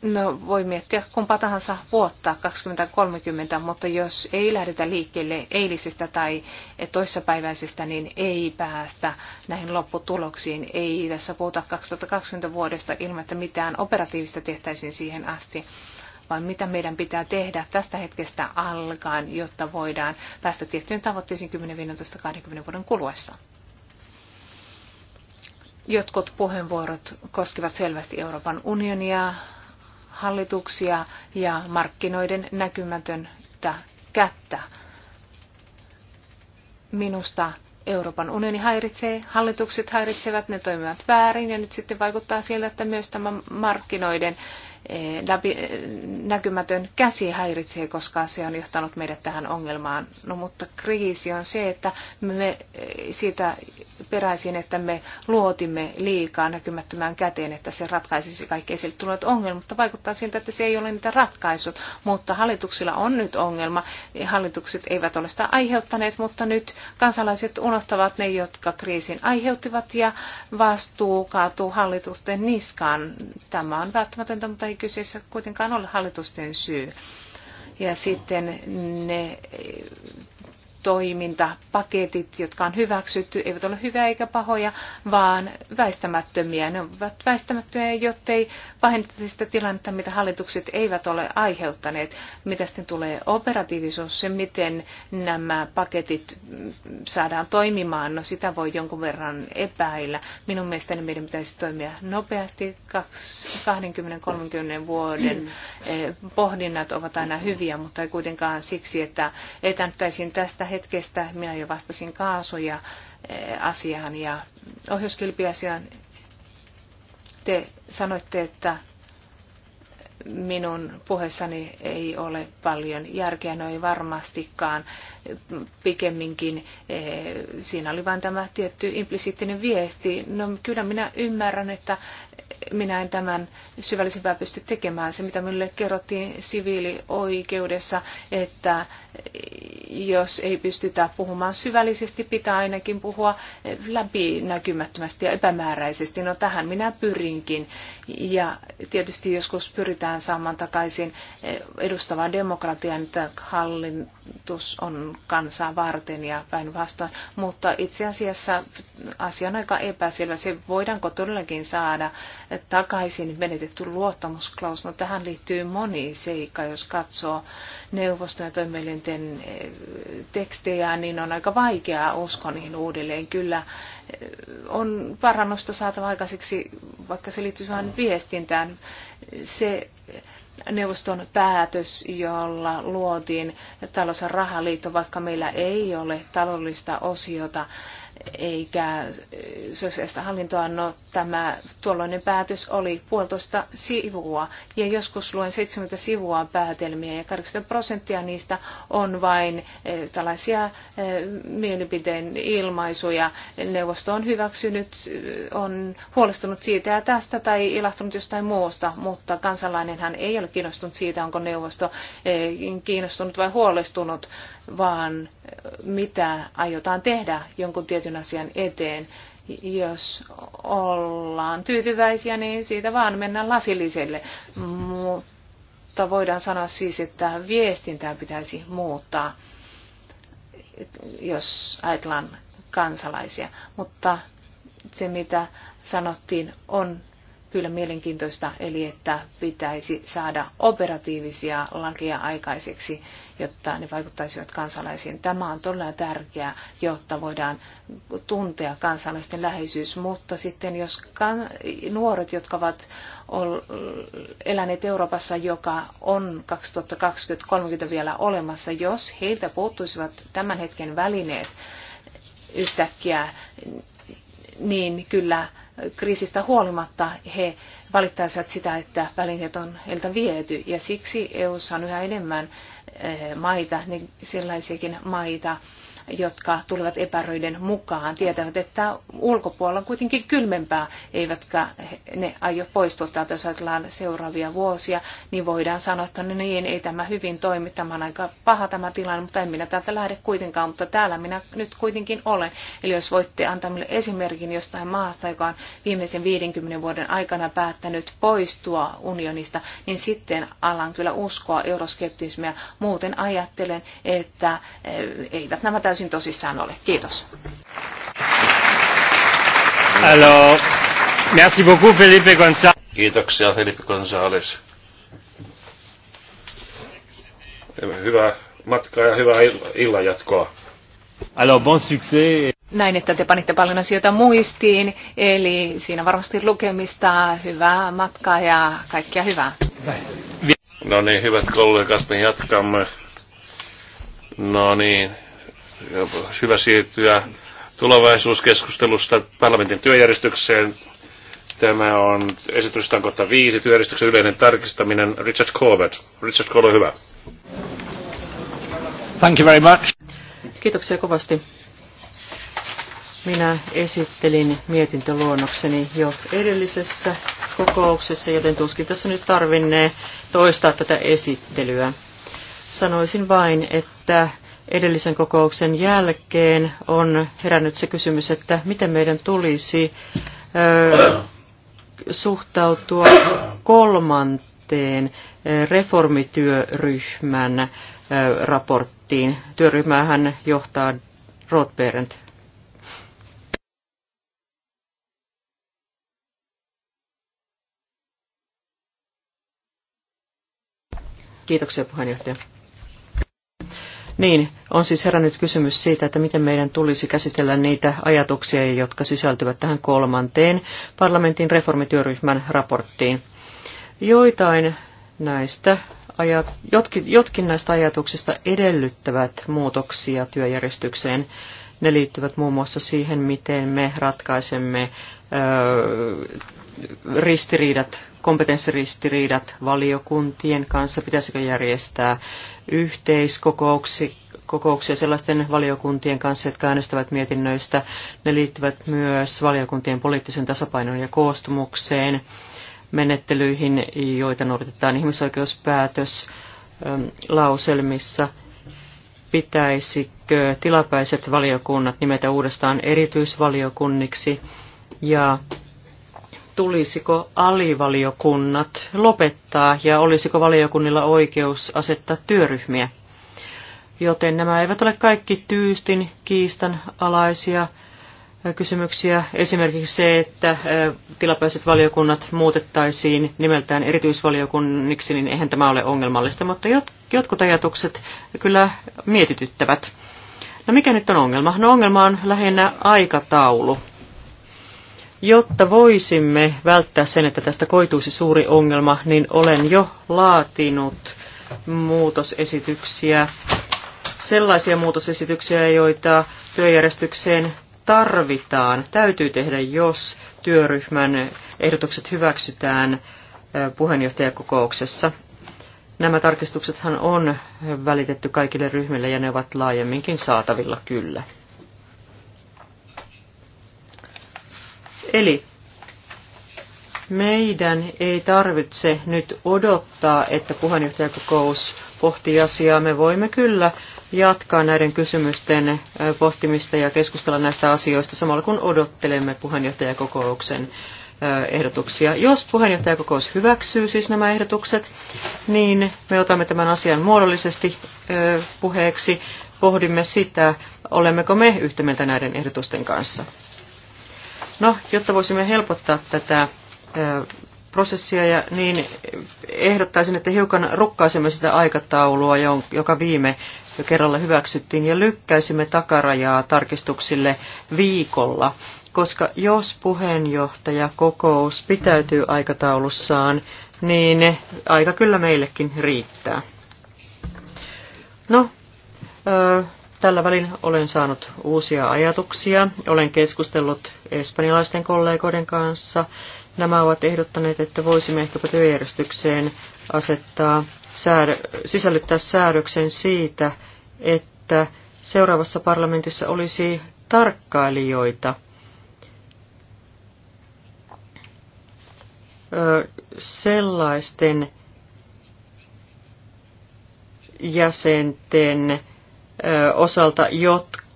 S4: No voi miettiä kumpa tahansa vuotta 2030, mutta jos ei lähdetä liikkeelle eilisistä tai toissapäiväisistä, niin ei päästä näihin lopputuloksiin. Ei tässä puhuta 2020 vuodesta ilman, että mitään operatiivista tehtäisiin siihen asti vaan mitä meidän pitää tehdä tästä hetkestä alkaen, jotta voidaan päästä tiettyyn tavoitteisiin 10, 15, 20 vuoden kuluessa. Jotkut puheenvuorot koskivat selvästi Euroopan unionia, hallituksia ja markkinoiden näkymätöntä kättä. Minusta Euroopan unioni häiritsee, hallitukset häiritsevät, ne toimivat väärin ja nyt sitten vaikuttaa siltä, että myös tämä markkinoiden Eh, läpi, eh, näkymätön käsi häiritsee, koska se on johtanut meidät tähän ongelmaan. No mutta kriisi on se, että me eh, siitä peräisin, että me luotimme liikaa näkymättömään käteen, että se ratkaisisi kaikki esille tulevat ongelmat, mutta vaikuttaa siltä, että se ei ole niitä ratkaisut. Mutta hallituksilla on nyt ongelma. Hallitukset eivät ole sitä aiheuttaneet, mutta nyt kansalaiset unohtavat ne, jotka kriisin aiheuttivat ja vastuu kaatuu hallitusten niskaan. Tämä on välttämätöntä, mutta ei kyseessä kuitenkaan ole hallitusten syy. Ja sitten ne toimintapaketit, jotka on hyväksytty, eivät ole hyviä eikä pahoja, vaan väistämättömiä. Ne ovat väistämättömiä, jottei pahenneta sitä tilannetta, mitä hallitukset eivät ole aiheuttaneet. Mitä sitten tulee operatiivisuus, se miten nämä paketit saadaan toimimaan, no sitä voi jonkun verran epäillä. Minun mielestäni meidän pitäisi toimia nopeasti. 20-30 vuoden eh, pohdinnat ovat aina hyviä, mutta ei kuitenkaan siksi, että etänyttäisiin tästä hetkestä. Minä jo vastasin kaasuja eh, asiaan ja ohjauskilpiasiaan. Te sanoitte, että minun puheessani ei ole paljon järkeä, no ei varmastikaan. Pikemminkin eh, siinä oli vain tämä tietty implisiittinen viesti. No kyllä minä ymmärrän, että minä en tämän syvällisempää pysty tekemään. Se, mitä minulle kerrottiin siviilioikeudessa, että jos ei pystytä puhumaan syvällisesti, pitää ainakin puhua läpinäkymättömästi ja epämääräisesti. No tähän minä pyrinkin. Ja tietysti joskus pyritään pyritään saamaan takaisin edustavan demokratian, että hallin, tarkoitus on kansaa varten ja päinvastoin, mutta itse asiassa asia on aika epäselvä. Se voidaanko todellakin saada takaisin menetetty luottamusklaus. No, tähän liittyy moni seikka, jos katsoo neuvoston ja toimielinten eh, tekstejä, niin on aika vaikeaa uskoa niihin uudelleen. Kyllä eh, on parannusta saatava aikaiseksi, vaikka se liittyy vain viestintään. Se neuvoston päätös, jolla luotiin talous- ja rahaliitto, vaikka meillä ei ole taloudellista osiota eikä eh, sosiaalista hallintoa. No, tämä tuolloinen päätös oli puolitoista sivua ja joskus luen 70 sivua päätelmiä ja 80 prosenttia niistä on vain eh, tällaisia eh, mielipiteen ilmaisuja. Neuvosto on hyväksynyt, on huolestunut siitä ja tästä tai ilahtunut jostain muusta, mutta kansalainenhan ei ole kiinnostunut siitä, onko neuvosto kiinnostunut vai huolestunut, vaan mitä aiotaan tehdä jonkun tietyn yhden asian eteen. Jos ollaan tyytyväisiä, niin siitä vaan mennään lasilliselle. Mutta voidaan sanoa siis, että viestintää pitäisi muuttaa, jos ajatellaan kansalaisia. Mutta se, mitä sanottiin, on kyllä mielenkiintoista, eli että pitäisi saada operatiivisia lakeja aikaiseksi jotta ne vaikuttaisivat kansalaisiin. Tämä on todella tärkeää, jotta voidaan tuntea kansalaisten läheisyys, mutta sitten jos kan- nuoret, jotka ovat eläneet Euroopassa, joka on 2020-30 vielä olemassa, jos heiltä puuttuisivat tämän hetken välineet yhtäkkiä, niin kyllä kriisistä huolimatta he valittaisivat sitä, että välineet on heiltä viety. Ja siksi EU:ssa on yhä enemmän eh, maita, niin sellaisiakin maita, jotka tulevat epäröiden mukaan, tietävät, että ulkopuolella on kuitenkin kylmempää, eivätkä ne aio poistua täältä, jos ajatellaan seuraavia vuosia, niin voidaan sanoa, että no niin, ei tämä hyvin toimi, tämä on aika paha tämä tilanne, mutta en minä täältä lähde kuitenkaan, mutta täällä minä nyt kuitenkin olen. Eli jos voitte antaa minulle esimerkin jostain maasta, joka on viimeisen 50 vuoden aikana päättänyt poistua unionista, niin sitten alan kyllä uskoa euroskeptismia. Muuten ajattelen, että eh, eivät nämä täysin tosissaan ole. Kiitos.
S1: Alors, merci beaucoup Felipe González. Kiitoksia Felipe González. Hyvää matkaa ja hyvää illan jatkoa. Alors, bon succès.
S4: Näin, että te panitte paljon asioita muistiin, eli siinä varmasti lukemista, hyvää matkaa ja kaikkia hyvää.
S1: No niin, hyvät kollegat, me jatkamme. No niin, hyvä siirtyä tulevaisuuskeskustelusta parlamentin työjärjestykseen. Tämä on esityslistan kohta viisi, työjärjestyksen yleinen tarkistaminen. Richard Corbett. Richard Corbett, ole hyvä.
S3: Thank you
S2: very much. Kiitoksia kovasti. Minä esittelin mietintöluonnokseni jo edellisessä kokouksessa, joten tuskin tässä nyt tarvinnee toistaa tätä esittelyä. Sanoisin vain, että edellisen kokouksen jälkeen on herännyt se kysymys, että miten meidän tulisi ö, suhtautua kolmanteen reformityöryhmän ö, raporttiin. Työryhmähän johtaa Rothberent. Kiitoksia puheenjohtaja. Niin, on siis herännyt kysymys siitä, että miten meidän tulisi käsitellä niitä ajatuksia, jotka sisältyvät tähän kolmanteen parlamentin reformityöryhmän raporttiin. Joitain näistä ajat, jotkin, jotkin näistä ajatuksista edellyttävät muutoksia työjärjestykseen. Ne liittyvät muun muassa siihen, miten me ratkaisemme ö, ristiriidat kompetenssiristiriidat valiokuntien kanssa, pitäisikö järjestää yhteiskokouksia sellaisten valiokuntien kanssa, jotka äänestävät mietinnöistä. Ne liittyvät myös valiokuntien poliittisen tasapainon ja koostumukseen, menettelyihin, joita noudatetaan ihmisoikeuspäätös ähm, lauselmissa. Pitäisikö tilapäiset valiokunnat nimetä uudestaan erityisvaliokunniksi ja tulisiko alivaliokunnat lopettaa ja olisiko valiokunnilla oikeus asettaa työryhmiä. Joten nämä eivät ole kaikki tyystin kiistan alaisia äh, kysymyksiä. Esimerkiksi se, että äh, tilapäiset valiokunnat muutettaisiin nimeltään erityisvaliokunniksi, niin eihän tämä ole ongelmallista, mutta jotkut ajatukset kyllä mietityttävät. No mikä nyt on ongelma? No ongelma on lähinnä aikataulu. Jotta voisimme välttää sen, että tästä koituisi suuri ongelma, niin olen jo laatinut muutosesityksiä, sellaisia muutosesityksiä, joita työjärjestykseen tarvitaan, täytyy tehdä, jos työryhmän ehdotukset hyväksytään puheenjohtajakokouksessa. Nämä tarkistuksethan on välitetty kaikille ryhmille ja ne ovat laajemminkin saatavilla kyllä. Eli meidän ei tarvitse nyt odottaa, että puheenjohtajakokous pohtii asiaa. Me voimme kyllä jatkaa näiden kysymysten pohtimista ja keskustella näistä asioista samalla kun odottelemme puheenjohtajakokouksen ehdotuksia. Jos puheenjohtajakokous hyväksyy siis nämä ehdotukset, niin me otamme tämän asian muodollisesti puheeksi. Pohdimme sitä, olemmeko me yhtä mieltä näiden ehdotusten kanssa. No, jotta voisimme helpottaa tätä prosessia, ja niin ehdottaisin, että hiukan rukkaisimme sitä aikataulua, joka viime kerralla hyväksyttiin, ja lykkäisimme takarajaa tarkistuksille viikolla, koska jos puheenjohtaja kokous pitäytyy aikataulussaan, niin aika kyllä meillekin riittää. No, Tällä välin olen saanut uusia ajatuksia. Olen keskustellut espanjalaisten kollegoiden kanssa. Nämä ovat ehdottaneet, että voisimme ehkäpä työjärjestykseen asettaa, säädö, sisällyttää säädöksen siitä, että seuraavassa parlamentissa olisi tarkkailijoita. sellaisten jäsenten osalta,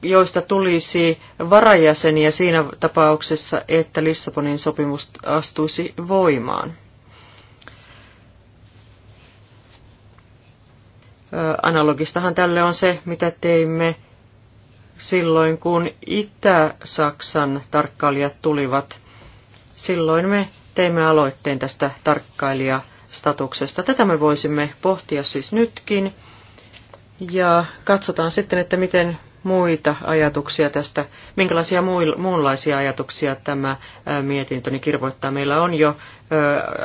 S2: joista tulisi varajäseniä siinä tapauksessa, että Lissabonin sopimus astuisi voimaan. Analogistahan tälle on se, mitä teimme silloin, kun Itä-Saksan tarkkailijat tulivat. Silloin me teimme aloitteen tästä tarkkailijastatuksesta. Tätä me voisimme pohtia siis nytkin. Ja katsotaan sitten, että miten muita ajatuksia tästä, minkälaisia muunlaisia ajatuksia tämä mietintöni niin kirvoittaa. Meillä on jo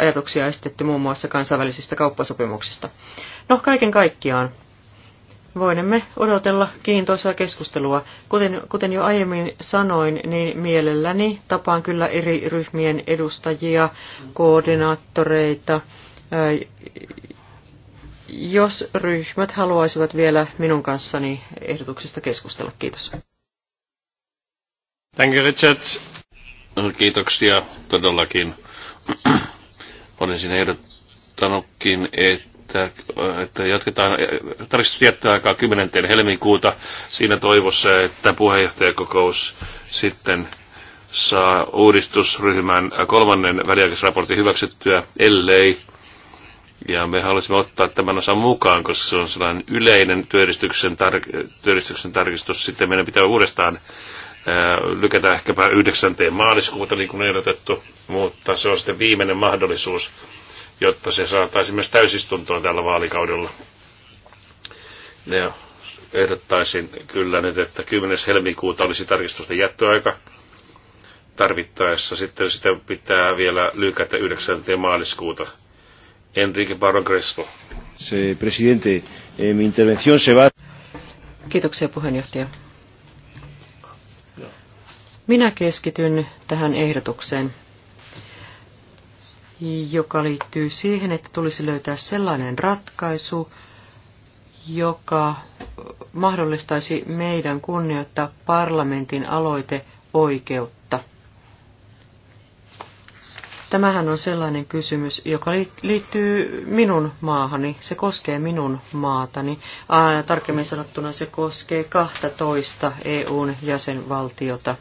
S2: ajatuksia esitetty muun muassa kansainvälisistä kauppasopimuksista. No, kaiken kaikkiaan voinemme odotella kiintoisaa keskustelua. Kuten, kuten jo aiemmin sanoin, niin mielelläni tapaan kyllä eri ryhmien edustajia, koordinaattoreita, jos ryhmät haluaisivat vielä minun kanssani ehdotuksista keskustella. Kiitos.
S1: Thank you, Richard. Kiitoksia todellakin. Olen siinä ehdottanutkin, että, että jatketaan tarkistus tiettyä aikaa 10. helmikuuta siinä toivossa, että puheenjohtajakokous sitten saa uudistusryhmän kolmannen väliaikaisraportin hyväksyttyä, ellei ja me halusimme ottaa tämän osan mukaan, koska se on sellainen yleinen työllistyksen, tar- työllistyksen tarkistus. Sitten meidän pitää uudestaan ää, lykätä ehkäpä 9. maaliskuuta, niin kuin ehdotettu, mutta se on sitten viimeinen mahdollisuus, jotta se saataisiin myös täysistuntoon tällä vaalikaudella. Ja ehdottaisin kyllä nyt, että 10. helmikuuta olisi tarkistusten jättöaika. Tarvittaessa sitten sitä pitää vielä lykätä 9. maaliskuuta Enrique Barro Crespo. Se, presidente, eh, mi intervención se va...
S2: Kiitoksia puheenjohtaja. Minä keskityn tähän ehdotukseen, joka liittyy siihen, että tulisi löytää sellainen ratkaisu, joka mahdollistaisi meidän kunnioittaa parlamentin aloiteoikeutta. Tämähän on sellainen kysymys, joka liittyy minun maahani. Se koskee minun maatani. tarkemmin sanottuna se koskee 12 EUn jäsenvaltiota.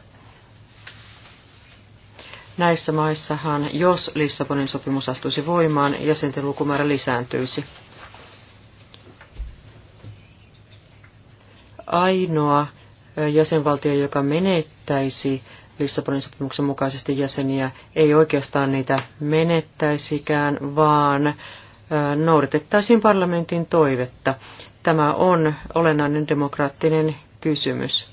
S2: Näissä maissahan, jos Lissabonin sopimus astuisi voimaan, jäsenten lukumäärä lisääntyisi. Ainoa jäsenvaltio, joka menettäisi Lissabonin sopimuksen mukaisesti jäseniä ei oikeastaan niitä menettäisikään, vaan noudatettaisiin parlamentin toivetta. Tämä on olennainen demokraattinen kysymys.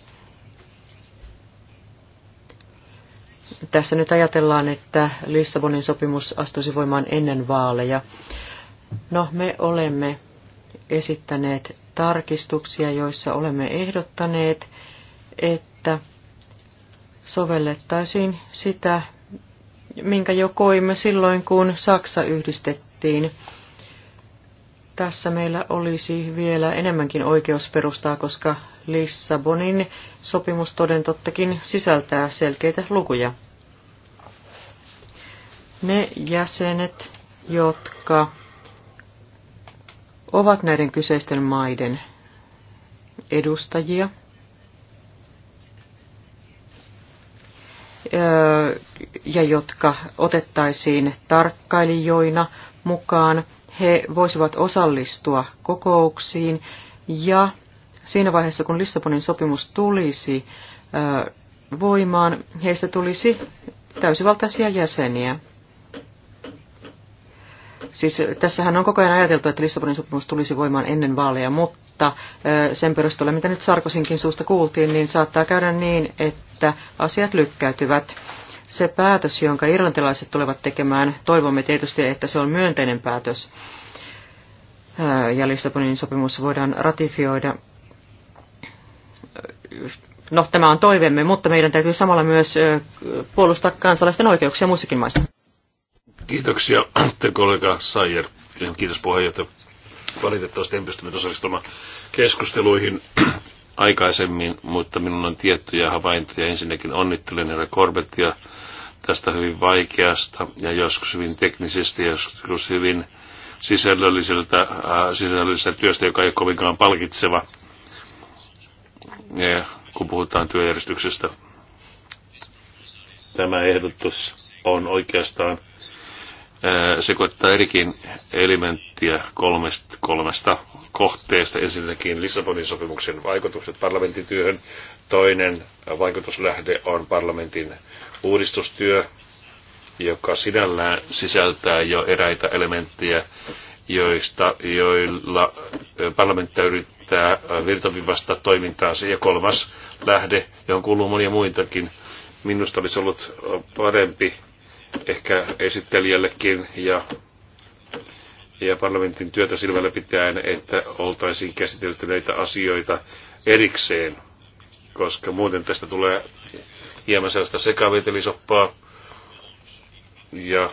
S2: Tässä nyt ajatellaan, että Lissabonin sopimus astuisi voimaan ennen vaaleja. No, me olemme esittäneet tarkistuksia, joissa olemme ehdottaneet, että sovellettaisiin sitä, minkä jo koimme silloin, kun Saksa yhdistettiin. Tässä meillä olisi vielä enemmänkin oikeusperustaa, koska Lissabonin sopimus todentottakin sisältää selkeitä lukuja. Ne jäsenet, jotka ovat näiden kyseisten maiden edustajia, ja jotka otettaisiin tarkkailijoina mukaan. He voisivat osallistua kokouksiin ja siinä vaiheessa, kun Lissabonin sopimus tulisi voimaan, heistä tulisi täysivaltaisia jäseniä. Siis tässähän on koko ajan ajateltu, että Lissabonin sopimus tulisi voimaan ennen vaaleja, mutta mutta sen perusteella, mitä nyt Sarkosinkin suusta kuultiin, niin saattaa käydä niin, että asiat lykkäytyvät. Se päätös, jonka irlantilaiset tulevat tekemään, toivomme tietysti, että se on myönteinen päätös ja Lissabonin sopimus voidaan ratifioida. No, tämä on toivemme, mutta meidän täytyy samalla myös puolustaa kansalaisten oikeuksia muissakin maissa.
S1: Kiitoksia, te kollega Sayer. Kiitos puheenjohtaja. Valitettavasti en pystynyt osallistumaan keskusteluihin aikaisemmin, mutta minulla on tiettyjä havaintoja. Ensinnäkin onnittelen herra Korbettia tästä hyvin vaikeasta ja joskus hyvin teknisestä ja joskus hyvin sisällölliseltä, äh, sisällölliseltä työstä, joka ei ole kovinkaan palkitseva, ja, kun puhutaan työjärjestyksestä. Tämä ehdotus on oikeastaan sekoittaa erikin elementtiä kolmesta, kolmesta kohteesta. Ensinnäkin Lissabonin sopimuksen vaikutukset parlamentin työhön. Toinen vaikutuslähde on parlamentin uudistustyö, joka sinällään sisältää jo eräitä elementtejä, joista, joilla parlamentti yrittää virtavivasta toimintaansa. Ja kolmas lähde, johon kuuluu monia muitakin, minusta olisi ollut parempi ehkä esittelijällekin ja, ja parlamentin työtä silmällä pitäen, että oltaisiin käsitelty näitä asioita erikseen, koska muuten tästä tulee hieman sellaista sekavetelisoppaa ja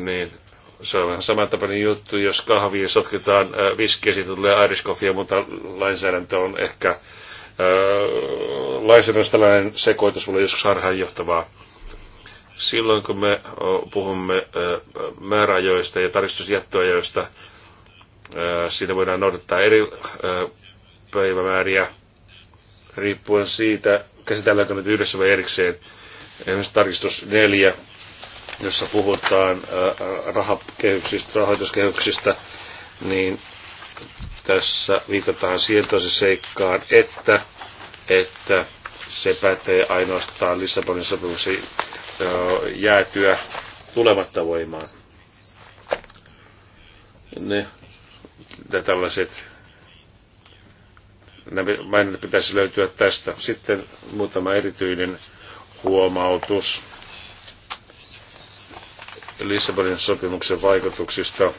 S1: niin, se on vähän samantapainen juttu, jos kahviin sotketaan äh, viskiä, siitä tulee airiskofia, mutta lainsäädäntö on ehkä äh, lainsäädännössä tällainen sekoitus mulle joskus harhaanjohtavaa. Silloin kun me puhumme määräajoista ja tarkistusjättöajoista, siinä voidaan noudattaa eri päivämääriä riippuen siitä, käsitelläänkö nyt yhdessä vai erikseen. Esimerkiksi tarkistus neljä, jossa puhutaan rahakehyksistä, rahoituskehyksistä, niin tässä viitataan siihen seikkaan, että, että se pätee ainoastaan Lissabonin sopimuksen jäätyä tulematta voimaan. Ne, ne tällaiset maininnat pitäisi löytyä tästä. Sitten muutama erityinen huomautus Lissabonin sopimuksen vaikutuksista.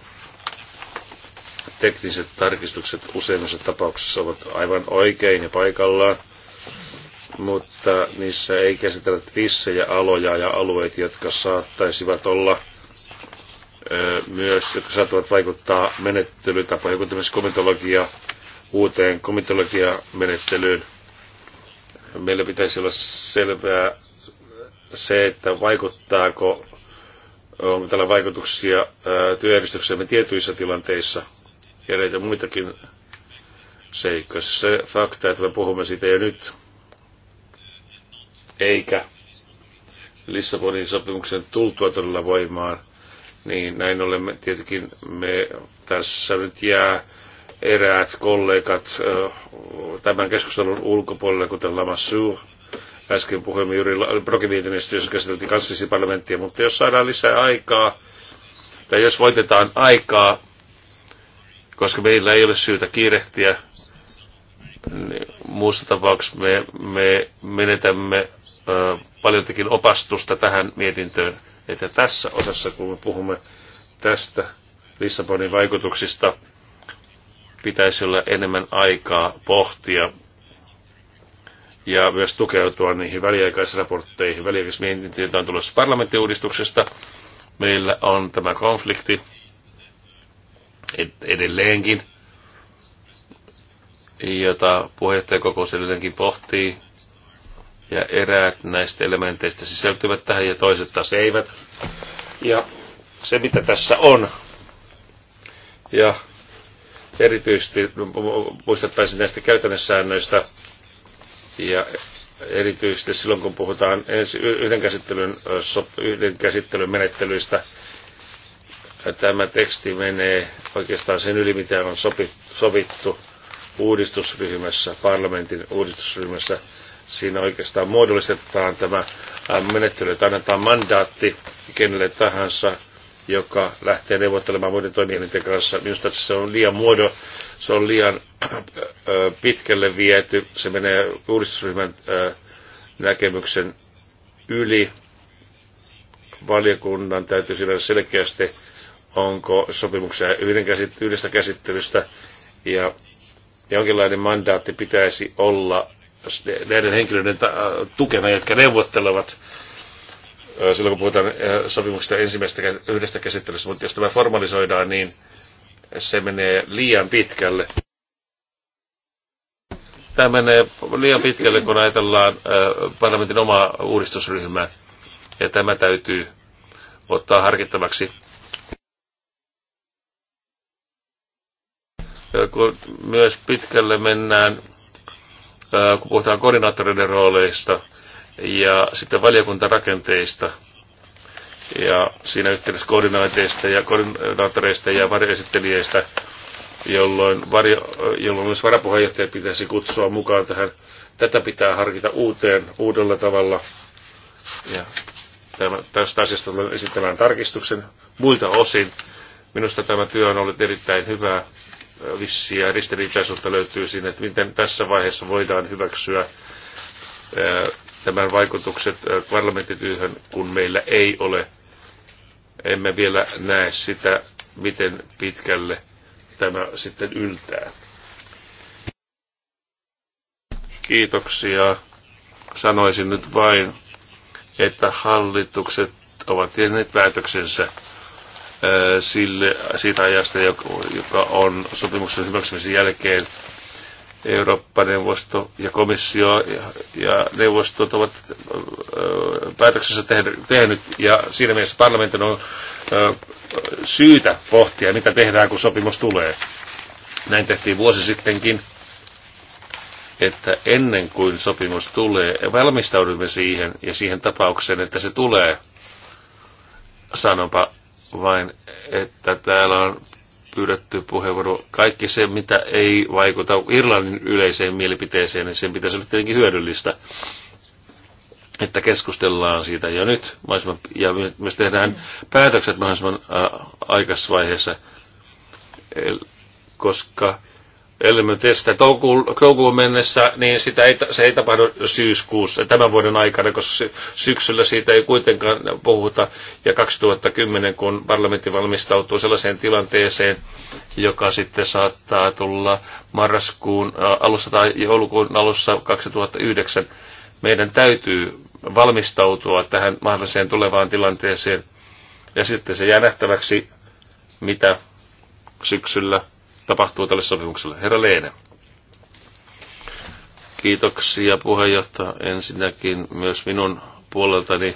S1: Tekniset tarkistukset useimmissa tapauksissa ovat aivan oikein ja paikallaan mutta niissä ei käsitellä vissejä aloja ja alueita, jotka saattaisivat olla ö, myös, jotka saattavat vaikuttaa menettelytapoihin, joku myös komitologia, uuteen komitologiamenettelyyn. Meillä pitäisi olla selvää se, että vaikuttaako, onko tällä vaikutuksia työjärjestyksemme tietyissä tilanteissa ja näitä muitakin seikkoja. Se fakta, että me puhumme siitä jo nyt, eikä Lissabonin sopimuksen tultua todella voimaan, niin näin olemme tietenkin me tässä nyt jää eräät kollegat tämän keskustelun ulkopuolelle, kuten Lamassu, äsken puhuimme juuri Brokimietinnöstä, jossa käsiteltiin kansallisia parlamenttia, mutta jos saadaan lisää aikaa, tai jos voitetaan aikaa, koska meillä ei ole syytä kiirehtiä, niin, muussa tapauksessa me, me menetämme ö, paljoltakin opastusta tähän mietintöön, että tässä osassa, kun me puhumme tästä Lissabonin vaikutuksista, pitäisi olla enemmän aikaa pohtia ja myös tukeutua niihin väliaikaisraportteihin, väliaikaismietintöihin, joita on tulossa parlamenttiuudistuksesta. Meillä on tämä konflikti edelleenkin jota puheenjohtajakokous edelleenkin pohtii, ja eräät näistä elementeistä sisältyvät tähän ja toiset taas eivät. Ja se mitä tässä on, ja erityisesti muistettaisiin näistä käytännössäännöistä, ja erityisesti silloin kun puhutaan ensi, yhden, käsittelyn, yhden käsittelyn menettelyistä, tämä teksti menee oikeastaan sen yli, mitä on sopittu uudistusryhmässä, parlamentin uudistusryhmässä. Siinä oikeastaan muodollistetaan tämä menettely, että annetaan mandaatti kenelle tahansa, joka lähtee neuvottelemaan muiden toimielinten kanssa. Minusta se on liian muodo, se on liian pitkälle viety, se menee uudistusryhmän näkemyksen yli. Valiokunnan täytyy sillä selkeästi, onko sopimuksia yhdestä käsittelystä ja jonkinlainen mandaatti pitäisi olla näiden henkilöiden tukena, jotka neuvottelevat silloin, kun puhutaan sopimuksesta ensimmäistä yhdestä käsittelystä, mutta jos tämä formalisoidaan, niin se menee liian pitkälle. Tämä menee liian pitkälle, kun ajatellaan parlamentin omaa uudistusryhmää, ja tämä täytyy ottaa harkittavaksi kun myös pitkälle mennään, kun puhutaan koordinaattoreiden rooleista ja sitten valiokuntarakenteista ja siinä yhteydessä koordinaateista ja koordinaattoreista ja varjoesittelijöistä, jolloin, varjo, jolloin myös varapuheenjohtaja pitäisi kutsua mukaan tähän. Tätä pitää harkita uuteen, uudella tavalla. Ja tämä, tästä asiasta tulen esittämään tarkistuksen muilta osin. Minusta tämä työ on ollut erittäin hyvää vissiä ristiriitaisuutta löytyy siinä, että miten tässä vaiheessa voidaan hyväksyä tämän vaikutukset parlamenttityöhön, kun meillä ei ole, emme vielä näe sitä, miten pitkälle tämä sitten yltää. Kiitoksia. Sanoisin nyt vain, että hallitukset ovat tienneet päätöksensä sille, siitä ajasta, joka on sopimuksen hyväksymisen jälkeen Eurooppa-neuvosto ja komissio ja neuvostot ovat päätöksessä tehnyt, ja siinä mielessä parlamentin on syytä pohtia, mitä tehdään, kun sopimus tulee. Näin tehtiin vuosi sittenkin, että ennen kuin sopimus tulee, valmistaudumme siihen ja siihen tapaukseen, että se tulee. Sanonpa vain, että täällä on pyydetty puheenvuoro. Kaikki se, mitä ei vaikuta Irlannin yleiseen mielipiteeseen, niin sen pitäisi olla tietenkin hyödyllistä, että keskustellaan siitä jo nyt ja myös tehdään päätökset mahdollisimman aikaisessa vaiheessa, koska elementistä toukokuun, toukokuun mennessä, niin sitä ei, se ei tapahdu syyskuussa tämän vuoden aikana, koska syksyllä siitä ei kuitenkaan puhuta. Ja 2010, kun parlamentti valmistautuu sellaiseen tilanteeseen, joka sitten saattaa tulla marraskuun alussa tai joulukuun alussa 2009, meidän täytyy valmistautua tähän mahdolliseen tulevaan tilanteeseen. Ja sitten se jää nähtäväksi, mitä syksyllä tapahtuu tälle sopimukselle. Herra Leene. Kiitoksia puheenjohtaja. Ensinnäkin myös minun puoleltani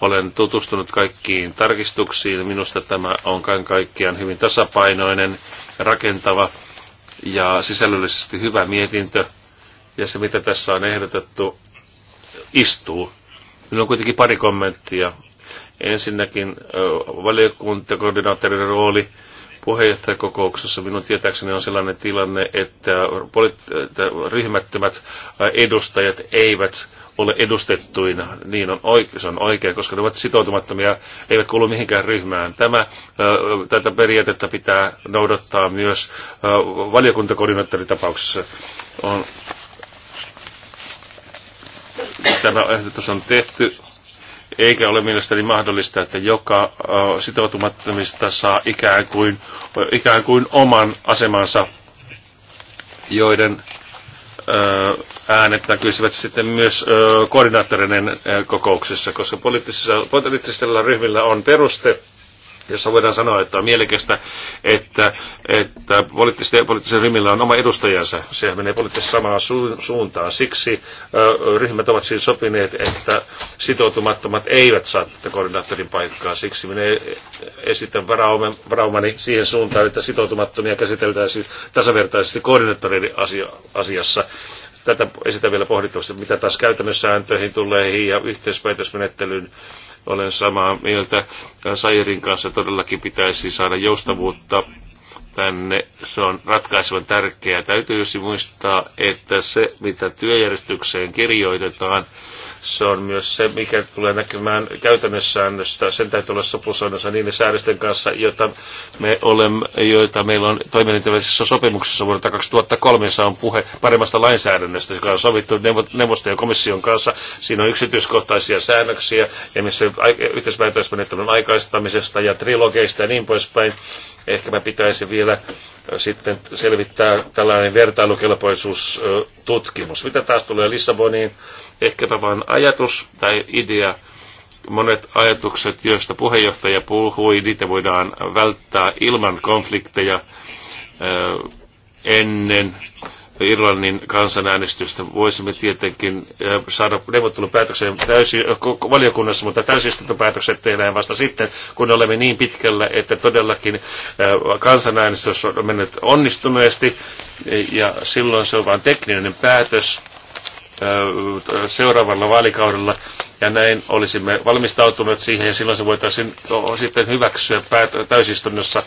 S1: olen tutustunut kaikkiin tarkistuksiin. Minusta tämä on kaiken kaikkiaan hyvin tasapainoinen, rakentava ja sisällöllisesti hyvä mietintö. Ja se, mitä tässä on ehdotettu, istuu. Minulla on kuitenkin pari kommenttia. Ensinnäkin valiokuntakoordinaattorin rooli puheenjohtajakokouksessa minun tietääkseni on sellainen tilanne, että, ryhmättömät edustajat eivät ole edustettuina, niin on oikein, se on oikein, koska ne ovat sitoutumattomia, eivät kuulu mihinkään ryhmään. Tämä, tätä periaatetta pitää noudattaa myös valiokuntakoordinaattoritapauksessa. On, tämä ehdotus on tehty eikä ole mielestäni mahdollista, että joka sitoutumattomista saa ikään kuin, ikään kuin oman asemansa, joiden äänet näkyisivät sitten myös koordinaattorinen kokouksessa, koska poliittisilla ryhmillä on peruste jossa voidaan sanoa, että on mielekästä, että, että poliittisen ryhmillä on oma edustajansa. Sehän menee poliittisesti samaan su, suuntaan. Siksi ö, ryhmät ovat siis sopineet, että sitoutumattomat eivät saa tätä koordinaattorin paikkaa. Siksi minä esitän varaumani siihen suuntaan, että sitoutumattomia käsiteltäisiin tasavertaisesti koordinaattorin asia, asiassa tätä esitän vielä pohdittavasti, mitä taas sääntöihin tulee ja yhteispäätösmenettelyyn olen samaa mieltä. Sairin kanssa todellakin pitäisi saada joustavuutta tänne. Se on ratkaisevan tärkeää. täytyy muistaa, että se, mitä työjärjestykseen kirjoitetaan, se on myös se, mikä tulee näkymään säännöstä. Sen täytyy olla sopusoinnossa niiden säädösten kanssa, joita, me olemme, joita meillä on toimielintävälisessä sopimuksessa vuodelta 2003 on puhe paremmasta lainsäädännöstä, joka on sovittu neuvoston ja komission kanssa. Siinä on yksityiskohtaisia säännöksiä ja missä yhteispäätösmenettelyn aikaistamisesta ja trilogeista ja niin poispäin. Ehkä mä pitäisi vielä äh, sitten selvittää tällainen vertailukelpoisuustutkimus. Äh, Mitä taas tulee Lissaboniin, ehkäpä vain ajatus tai idea. Monet ajatukset, joista puheenjohtaja puhui, niitä voidaan välttää ilman konflikteja ennen Irlannin kansanäänestystä. Voisimme tietenkin saada neuvottelupäätöksen täysi, valiokunnassa, mutta täysistuntopäätökset tehdään vasta sitten, kun olemme niin pitkällä, että todellakin kansanäänestys on mennyt onnistuneesti ja silloin se on vain tekninen päätös seuraavalla vaalikaudella, ja näin olisimme valmistautuneet siihen, ja silloin se voitaisiin sitten hyväksyä täysistunnossa,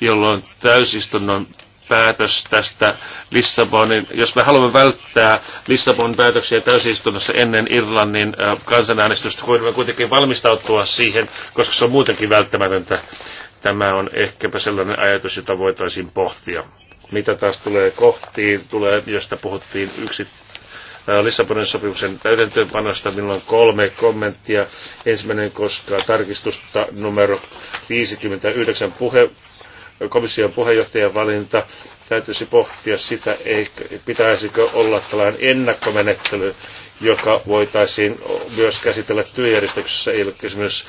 S1: jolloin täysistunnon päätös tästä Lissabonin, jos me haluamme välttää Lissabonin päätöksiä täysistunnossa ennen Irlannin kansanäänestystä, voimme kuitenkin valmistautua siihen, koska se on muutenkin välttämätöntä. Tämä on ehkäpä sellainen ajatus, jota voitaisiin pohtia. Mitä taas tulee kohtiin, tulee, josta puhuttiin yksittäin Äh, Lissabonin sopimuksen täytäntöönpanosta. Minulla on kolme kommenttia. Ensimmäinen koskee tarkistusta numero 59 puhe, komission puheenjohtajan valinta täytyisi pohtia sitä, pitäisikö olla tällainen ennakkomenettely, joka voitaisiin myös käsitellä työjärjestyksessä. Ei ole kysymys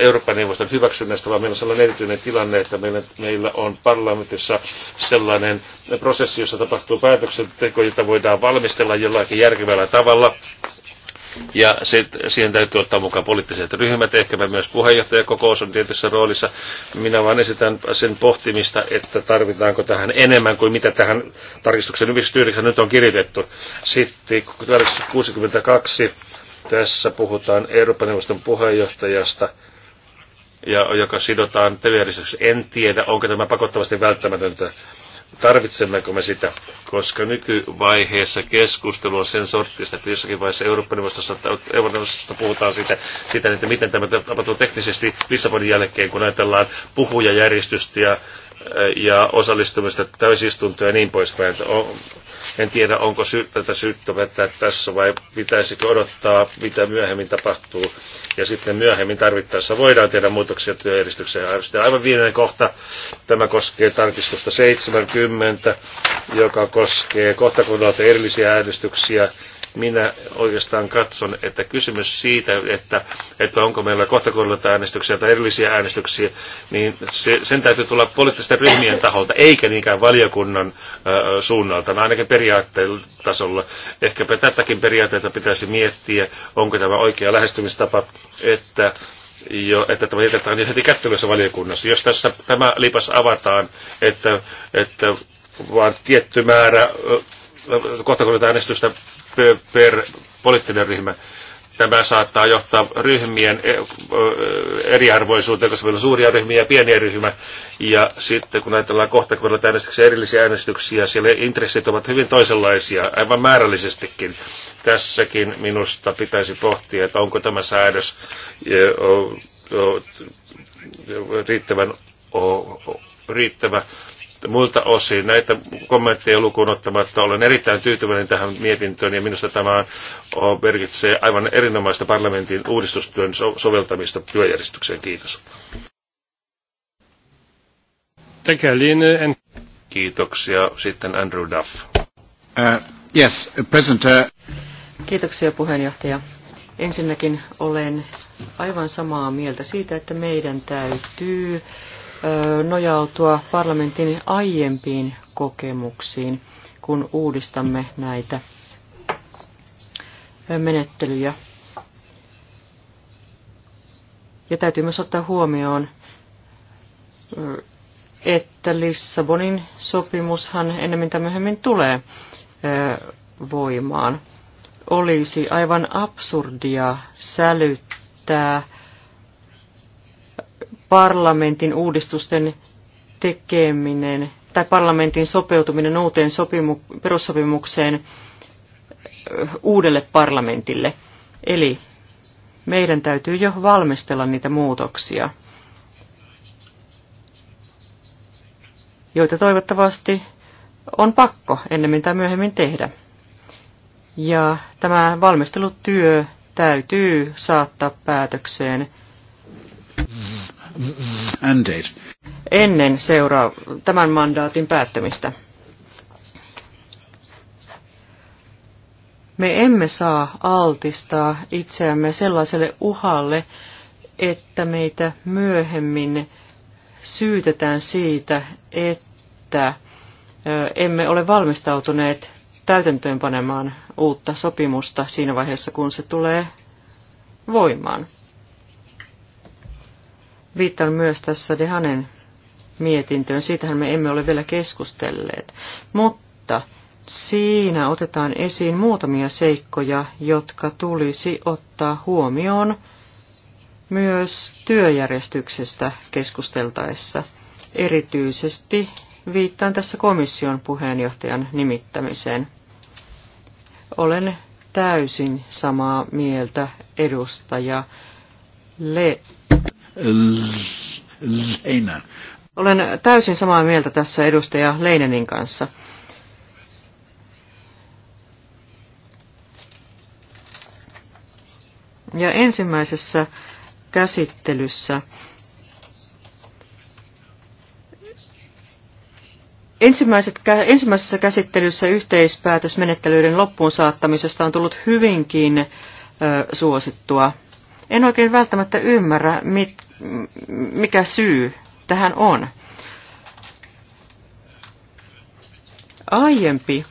S1: Euroopan neuvoston hyväksynnästä, vaan meillä on sellainen erityinen tilanne, että meillä, meillä on parlamentissa sellainen prosessi, jossa tapahtuu päätöksenteko, jota voidaan valmistella jollakin järkevällä tavalla ja se, siihen täytyy ottaa mukaan poliittiset ryhmät, ehkäpä myös puheenjohtajakokous on tietyssä roolissa. Minä vaan esitän sen pohtimista, että tarvitaanko tähän enemmän kuin mitä tähän tarkistuksen 99 nyt on kirjoitettu. Sitten tarkistus 62, tässä puhutaan Euroopan neuvoston puheenjohtajasta, ja joka sidotaan työjärjestykseksi. En tiedä, onko tämä pakottavasti välttämätöntä tarvitsemmeko me sitä, koska nykyvaiheessa keskustelua sen sorttista, että jossakin vaiheessa Euroopan neuvostosta puhutaan siitä, siitä, että miten tämä tapahtuu teknisesti Lissabonin jälkeen, kun ajatellaan puhujajärjestystä ja, ja osallistumista täysistuntoja ja niin poispäin. En tiedä, onko tätä syyttömättä tässä vai pitäisikö odottaa, mitä myöhemmin tapahtuu. Ja sitten myöhemmin tarvittaessa voidaan tehdä muutoksia työjärjestykseen. Aivan viimeinen kohta, tämä koskee tarkistusta 70, joka koskee kohtakunnalta erillisiä äänestyksiä minä oikeastaan katson, että kysymys siitä, että, että onko meillä kohtakohdalta äänestyksiä tai erillisiä äänestyksiä, niin se, sen täytyy tulla poliittisten ryhmien taholta, eikä niinkään valiokunnan äh, suunnalta, no ainakin periaatteen tasolla. Ehkäpä tätäkin periaatteita pitäisi miettiä, onko tämä oikea lähestymistapa, että jo, että tämä jätetään jo heti kättelyssä valiokunnassa. Jos tässä tämä lipas avataan, että, että vaan tietty määrä kohtakohdalta äänestystä per, per poliittinen ryhmä. Tämä saattaa johtaa ryhmien e, eriarvoisuuteen, koska meillä on suuria ryhmiä ja pieniä ryhmiä. Ja sitten kun ajatellaan kohta, kun on erillisiä äänestyksiä, siellä intressit ovat hyvin toisenlaisia, aivan määrällisestikin. Tässäkin minusta pitäisi pohtia, että onko tämä säädös e, riittävän riittävä muilta osin näitä kommentteja lukuun ottamatta olen erittäin tyytyväinen tähän mietintöön ja minusta tämä merkitsee aivan erinomaista parlamentin uudistustyön soveltamista työjärjestykseen. Kiitos. Kiitoksia. Sitten Andrew Duff. Uh,
S3: yes, present, uh...
S2: Kiitoksia puheenjohtaja. Ensinnäkin olen aivan samaa mieltä siitä, että meidän täytyy uh, nojautua parlamentin aiempiin kokemuksiin, kun uudistamme näitä menettelyjä. Ja täytyy myös ottaa huomioon, että Lissabonin sopimushan ennemmin tai myöhemmin tulee voimaan. Olisi aivan absurdia sälyttää parlamentin uudistusten tekeminen tai parlamentin sopeutuminen uuteen sopimu, perussopimukseen uudelle parlamentille. Eli meidän täytyy jo valmistella niitä muutoksia, joita toivottavasti on pakko ennemmin tai myöhemmin tehdä. Ja tämä valmistelutyö täytyy saattaa päätökseen – ennen seuraa, tämän mandaatin päättämistä. Me emme saa altistaa itseämme sellaiselle uhalle, että meitä myöhemmin syytetään siitä, että emme ole valmistautuneet täytäntöönpanemaan uutta sopimusta siinä vaiheessa, kun se tulee voimaan. Viittaan myös tässä Dehanen mietintöön. Siitähän me emme ole vielä keskustelleet. Mutta siinä otetaan esiin muutamia seikkoja, jotka tulisi ottaa huomioon myös työjärjestyksestä keskusteltaessa. Erityisesti viittaan tässä komission puheenjohtajan nimittämiseen. Olen täysin samaa mieltä edustaja Le Leina. Olen täysin samaa mieltä tässä edustaja Leinenin kanssa. Ja ensimmäisessä käsittelyssä ensimmäisessä käsittelyssä yhteispäätösmenettelyiden loppuun saattamisesta on tullut hyvinkin ö, suosittua. En oikein välttämättä ymmärrä, mit, mikä syy tähän on. Aiempi,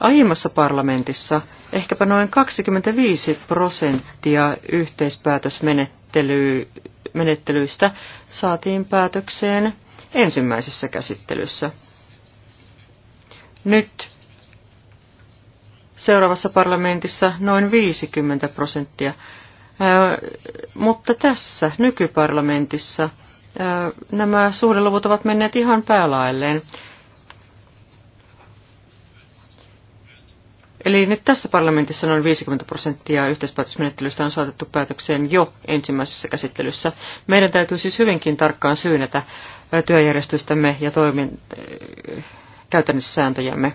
S2: aiemmassa parlamentissa ehkäpä noin 25 prosenttia yhteispäätösmenettelyistä saatiin päätökseen ensimmäisessä käsittelyssä. Nyt seuraavassa parlamentissa noin 50 prosenttia mutta tässä nykyparlamentissa nämä suhdeluvut ovat menneet ihan päälaelleen. Eli nyt tässä parlamentissa noin 50 prosenttia yhteispäätösmenettelystä on saatettu päätökseen jo ensimmäisessä käsittelyssä. Meidän täytyy siis hyvinkin tarkkaan syynätä työjärjestystämme ja toimin, käytännössä sääntöjämme.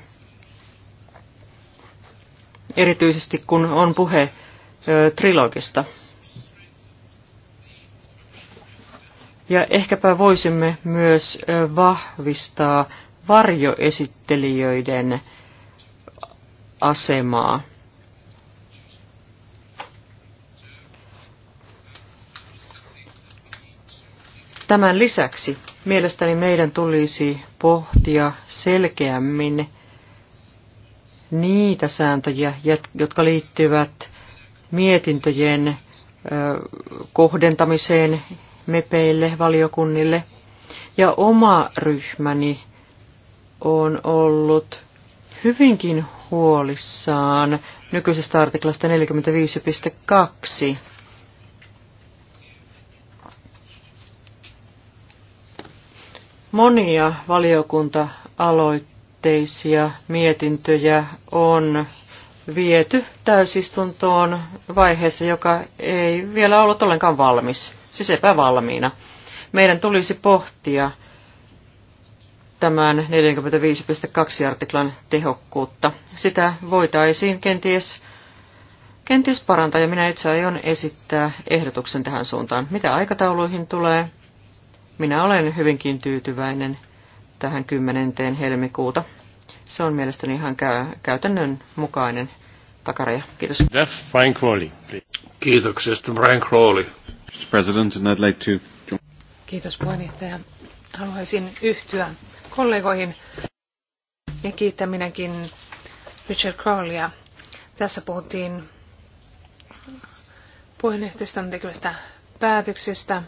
S2: Erityisesti kun on puhe trilogista. Ja ehkäpä voisimme myös vahvistaa varjoesittelijöiden asemaa. Tämän lisäksi mielestäni meidän tulisi pohtia selkeämmin niitä sääntöjä, jotka liittyvät mietintöjen kohdentamiseen mepeille, valiokunnille. Ja oma ryhmäni on ollut hyvinkin huolissaan nykyisestä artiklasta 45.2. Monia valiokunta-aloitteisia mietintöjä on viety täysistuntoon vaiheessa, joka ei vielä ollut ollenkaan valmis, siis epävalmiina. Meidän tulisi pohtia tämän 45.2 artiklan tehokkuutta. Sitä voitaisiin kenties, kenties parantaa, ja minä itse aion esittää ehdotuksen tähän suuntaan. Mitä aikatauluihin tulee? Minä olen hyvinkin tyytyväinen tähän 10. helmikuuta se on mielestäni ihan kä- käytännön mukainen takaraja.
S1: Kiitos. Jeff Brian Crowley. Kiitoksia. Brian Crowley. Mr. President, and I'd like to...
S4: Kiitos puheenjohtaja. Haluaisin yhtyä kollegoihin ja kiittää minäkin Richard Crowleya. Tässä puhuttiin puheenjohtajan tekevästä päätöksestä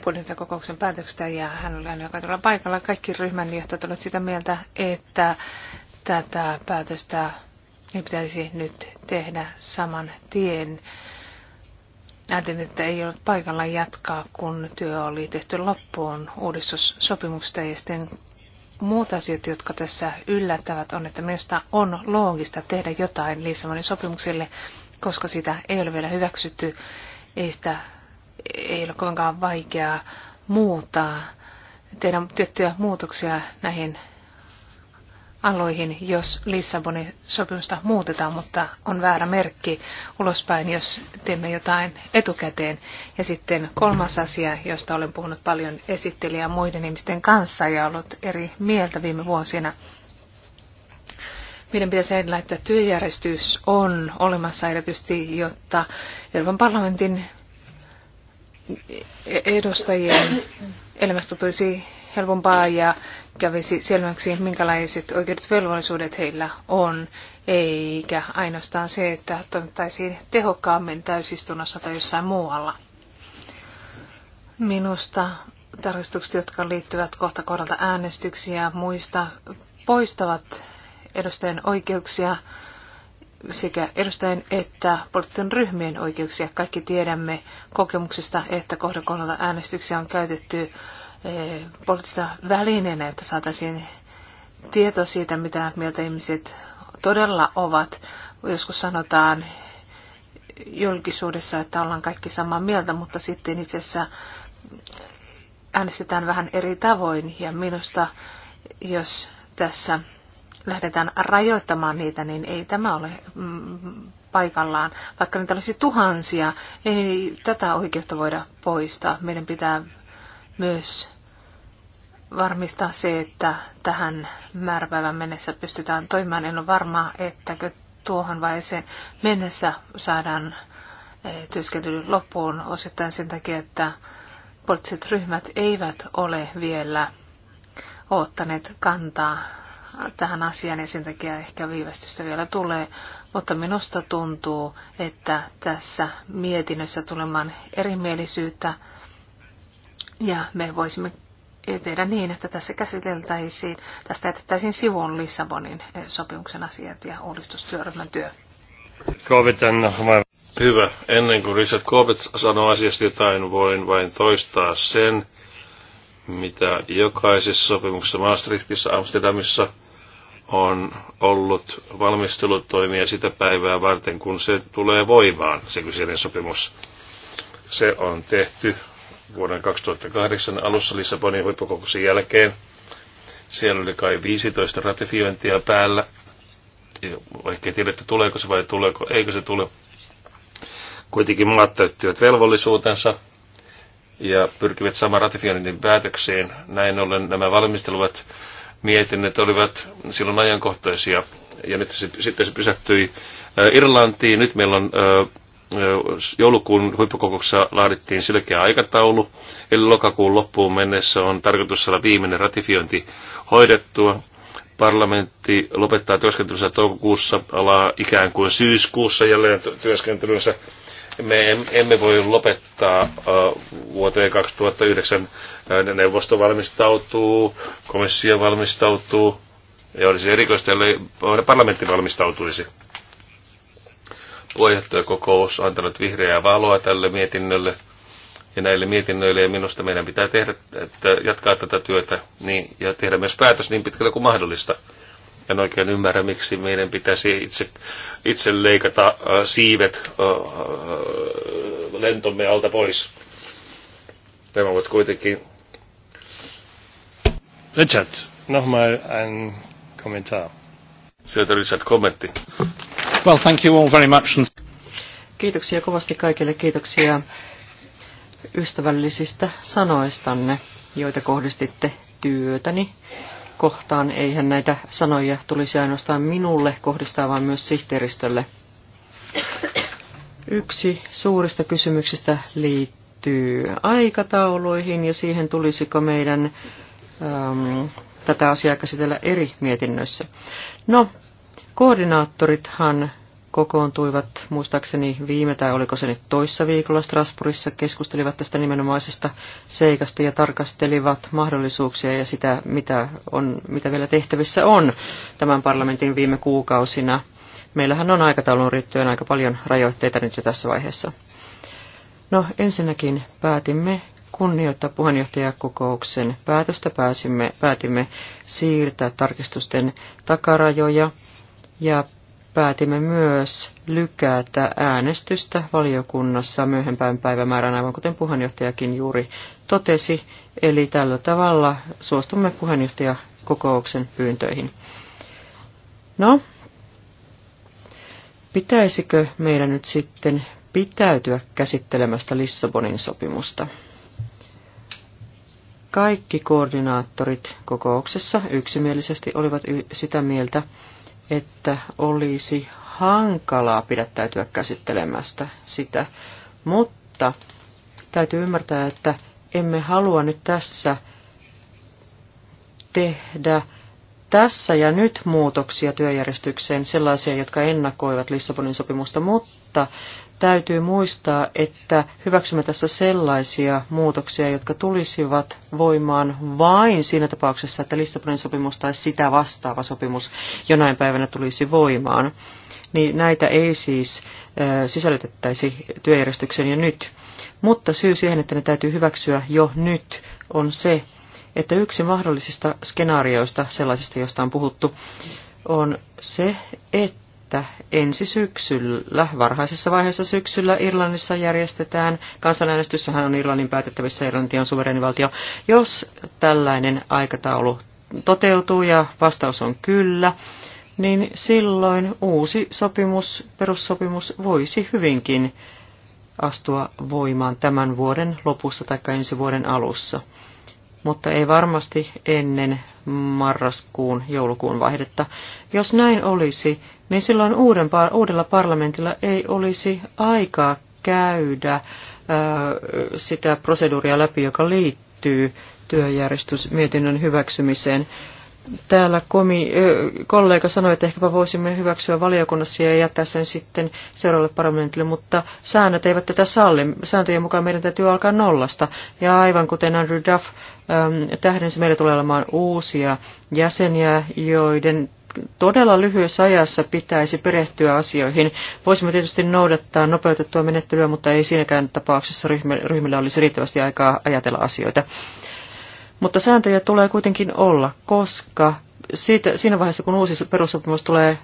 S4: budjettikokouksen päätöksestä ja hän oli aina joka tavalla paikalla. Kaikki ryhmän johtajat olivat sitä mieltä, että tätä päätöstä ei pitäisi nyt tehdä saman tien. Ajattelin, että ei ollut paikalla jatkaa, kun työ oli tehty loppuun uudistussopimuksesta ja sitten muut asiat, jotka tässä yllättävät, on, että minusta on loogista tehdä jotain Lissabonin sopimukselle, koska sitä ei ole vielä hyväksytty, ei sitä ei ole kovinkaan vaikeaa muuttaa, tehdä tiettyjä muutoksia näihin aloihin, jos Lissabonin sopimusta muutetaan, mutta on väärä merkki ulospäin, jos teemme jotain etukäteen. Ja sitten kolmas asia, josta olen puhunut paljon esittelijä muiden ihmisten kanssa ja ollut eri mieltä viime vuosina. Meidän pitäisi edellä, että työjärjestys on olemassa erityisesti, jotta Euroopan parlamentin edustajien elämästä tulisi helpompaa ja kävisi selväksi, minkälaiset oikeudet velvollisuudet heillä on, eikä ainoastaan se, että toimittaisiin tehokkaammin täysistunnossa tai jossain muualla. Minusta tarkistukset, jotka liittyvät kohta kohdalta äänestyksiä ja muista, poistavat edustajien oikeuksia sekä edustajien että poliittisten ryhmien oikeuksia. Kaikki tiedämme kokemuksesta, että kohdakohdalla äänestyksiä on käytetty eh, poliittista välineenä, että saataisiin tieto siitä, mitä mieltä ihmiset todella ovat. Joskus sanotaan julkisuudessa, että ollaan kaikki samaa mieltä, mutta sitten itse asiassa äänestetään vähän eri tavoin. Ja minusta, jos tässä lähdetään rajoittamaan niitä, niin ei tämä ole mm, paikallaan. Vaikka niitä olisi tuhansia, ei tätä oikeutta voida poistaa. Meidän pitää myös varmistaa se, että tähän määräpäivän mennessä pystytään toimimaan. En ole varma, ettäkö tuohon vaiheeseen mennessä saadaan eh, työskentely loppuun osittain sen takia, että poliittiset ryhmät eivät ole vielä ottaneet kantaa tähän asiaan ja sen takia ehkä viivästystä vielä tulee, mutta minusta tuntuu, että tässä mietinnössä tulemaan erimielisyyttä ja me voisimme tehdä niin, että tässä käsiteltäisiin, tästä jätettäisiin sivun Lissabonin eh, sopimuksen asiat ja uudistustyöryhmän työ.
S1: No, Hyvä. Ennen kuin Richard Corbett sanoo asiasta jotain, voin vain toistaa sen, mitä jokaisessa sopimuksessa Maastrichtissa, Amsterdamissa on ollut valmistelutoimia sitä päivää varten, kun se tulee voimaan, se kyseinen sopimus. Se on tehty vuoden 2008 alussa Lissabonin huippukokouksen jälkeen. Siellä oli kai 15 ratifiointia päällä. Vaikka ei tiedä, että tuleeko se vai tuleeko, eikö se tule. Kuitenkin maat täyttivät velvollisuutensa ja pyrkivät saman ratifioinnin päätökseen. Näin ollen nämä valmisteluvat mietinnöt olivat silloin ajankohtaisia ja nyt se, sitten se pysähtyi Irlantiin. Nyt meillä on joulukuun huippukokouksessa laadittiin selkeä aikataulu, eli lokakuun loppuun mennessä on tarkoitus saada viimeinen ratifiointi hoidettua. Parlamentti lopettaa työskentelynsä toukokuussa, alaa ikään kuin syyskuussa jälleen työskentelynsä me emme voi lopettaa vuoteen 2009. Neuvosto valmistautuu, komissio valmistautuu, ja olisi erikoista, jollei parlamentti valmistautuisi. Puheenjohtajakokous on antanut vihreää valoa tälle mietinnölle ja näille mietinnöille, ja minusta meidän pitää tehdä, että jatkaa tätä työtä niin, ja tehdä myös päätös niin pitkälle kuin mahdollista. En oikein ymmärrä, miksi meidän pitäisi itse, itse leikata äh, siivet äh, äh lentomme alta pois. Tämä voit kuitenkin... Richard, nochmal ein Kommentar. Sieltä Richard kommentti. Well, thank you all very much.
S2: Kiitoksia kovasti kaikille. Kiitoksia ystävällisistä sanoistanne, joita kohdistitte työtäni kohtaan. Eihän näitä sanoja tulisi ainoastaan minulle kohdistaa, vaan myös sihteeristölle. Yksi suurista kysymyksistä liittyy aikatauluihin ja siihen tulisiko meidän äm, tätä asiaa käsitellä eri mietinnöissä. No, koordinaattorithan kokoontuivat muistaakseni viime tai oliko se nyt toissa viikolla Strasbourgissa, keskustelivat tästä nimenomaisesta seikasta ja tarkastelivat mahdollisuuksia ja sitä, mitä, on, mitä vielä tehtävissä on tämän parlamentin viime kuukausina. Meillähän on aikataulun riittyen aika paljon rajoitteita nyt jo tässä vaiheessa. No ensinnäkin päätimme kunnioittaa puheenjohtajakokouksen päätöstä. Pääsimme, päätimme siirtää tarkistusten takarajoja ja päätimme myös lykätä äänestystä valiokunnassa myöhempään päivämäärän, aivan kuten puheenjohtajakin juuri totesi. Eli tällä tavalla suostumme puheenjohtajakokouksen pyyntöihin. No, pitäisikö meidän nyt sitten pitäytyä käsittelemästä Lissabonin sopimusta? Kaikki koordinaattorit kokouksessa yksimielisesti olivat sitä mieltä, että olisi hankalaa pidättäytyä käsittelemästä sitä, mutta täytyy ymmärtää, että emme halua nyt tässä tehdä tässä ja nyt muutoksia työjärjestykseen, sellaisia, jotka ennakoivat Lissabonin sopimusta, mutta täytyy muistaa, että hyväksymme tässä sellaisia muutoksia, jotka tulisivat voimaan vain siinä tapauksessa, että Lissabonin sopimus tai sitä vastaava sopimus jonain päivänä tulisi voimaan. Niin näitä ei siis sisällytettäisi työjärjestykseen jo nyt. Mutta syy siihen, että ne täytyy hyväksyä jo nyt, on se, että yksi mahdollisista skenaarioista, sellaisista josta on puhuttu, on se, että että ensi syksyllä, varhaisessa vaiheessa syksyllä Irlannissa järjestetään, kansanäänestyssähän on Irlannin päätettävissä, Irlanti on suvereni valtio, jos tällainen aikataulu toteutuu ja vastaus on kyllä, niin silloin uusi sopimus, perussopimus voisi hyvinkin astua voimaan tämän vuoden lopussa tai ensi vuoden alussa mutta ei varmasti ennen marraskuun, joulukuun vaihdetta. Jos näin olisi, niin silloin uuden, uudella parlamentilla ei olisi aikaa käydä äh, sitä proseduuria läpi, joka liittyy työjärjestysmietinnön hyväksymiseen. Täällä komi, äh, kollega sanoi, että ehkäpä voisimme hyväksyä valiokunnassa ja jättää sen sitten seuraavalle parlamentille, mutta säännöt eivät tätä salli. Sääntöjen mukaan meidän täytyy alkaa nollasta. Ja aivan kuten Andrew Duff Ähm, tähden se meillä tulee olemaan uusia jäseniä, joiden todella lyhyessä ajassa pitäisi perehtyä asioihin. Voisimme tietysti noudattaa nopeutettua menettelyä, mutta ei siinäkään tapauksessa ryhmillä olisi riittävästi aikaa ajatella asioita. Mutta sääntöjä tulee kuitenkin olla, koska siitä, siinä vaiheessa, kun uusi perussopimus tulee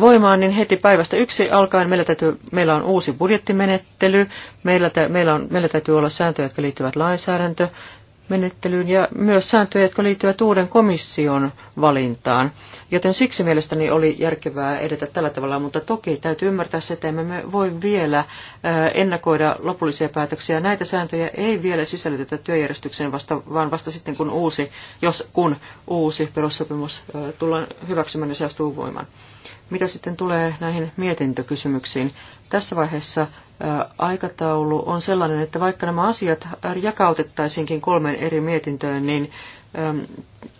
S2: voimaan, niin heti päivästä yksi alkaen meillä, täytyy, meillä on uusi budjettimenettely, meillä, meillä, on, meillä täytyy olla sääntöjä, jotka liittyvät lainsäädäntö, menettelyyn ja myös sääntöjä, jotka liittyvät uuden komission valintaan. Joten siksi mielestäni oli järkevää edetä tällä tavalla, mutta toki täytyy ymmärtää se, että emme me voi vielä äh, ennakoida lopullisia päätöksiä. Näitä sääntöjä ei vielä sisällytetä työjärjestykseen, vasta, vaan vasta sitten, kun uusi, jos kun uusi perussopimus äh, tullaan hyväksymään ja se astuu voimaan. Mitä sitten tulee näihin mietintökysymyksiin? Tässä vaiheessa aikataulu on sellainen, että vaikka nämä asiat jakautettaisiinkin kolmeen eri mietintöön, niin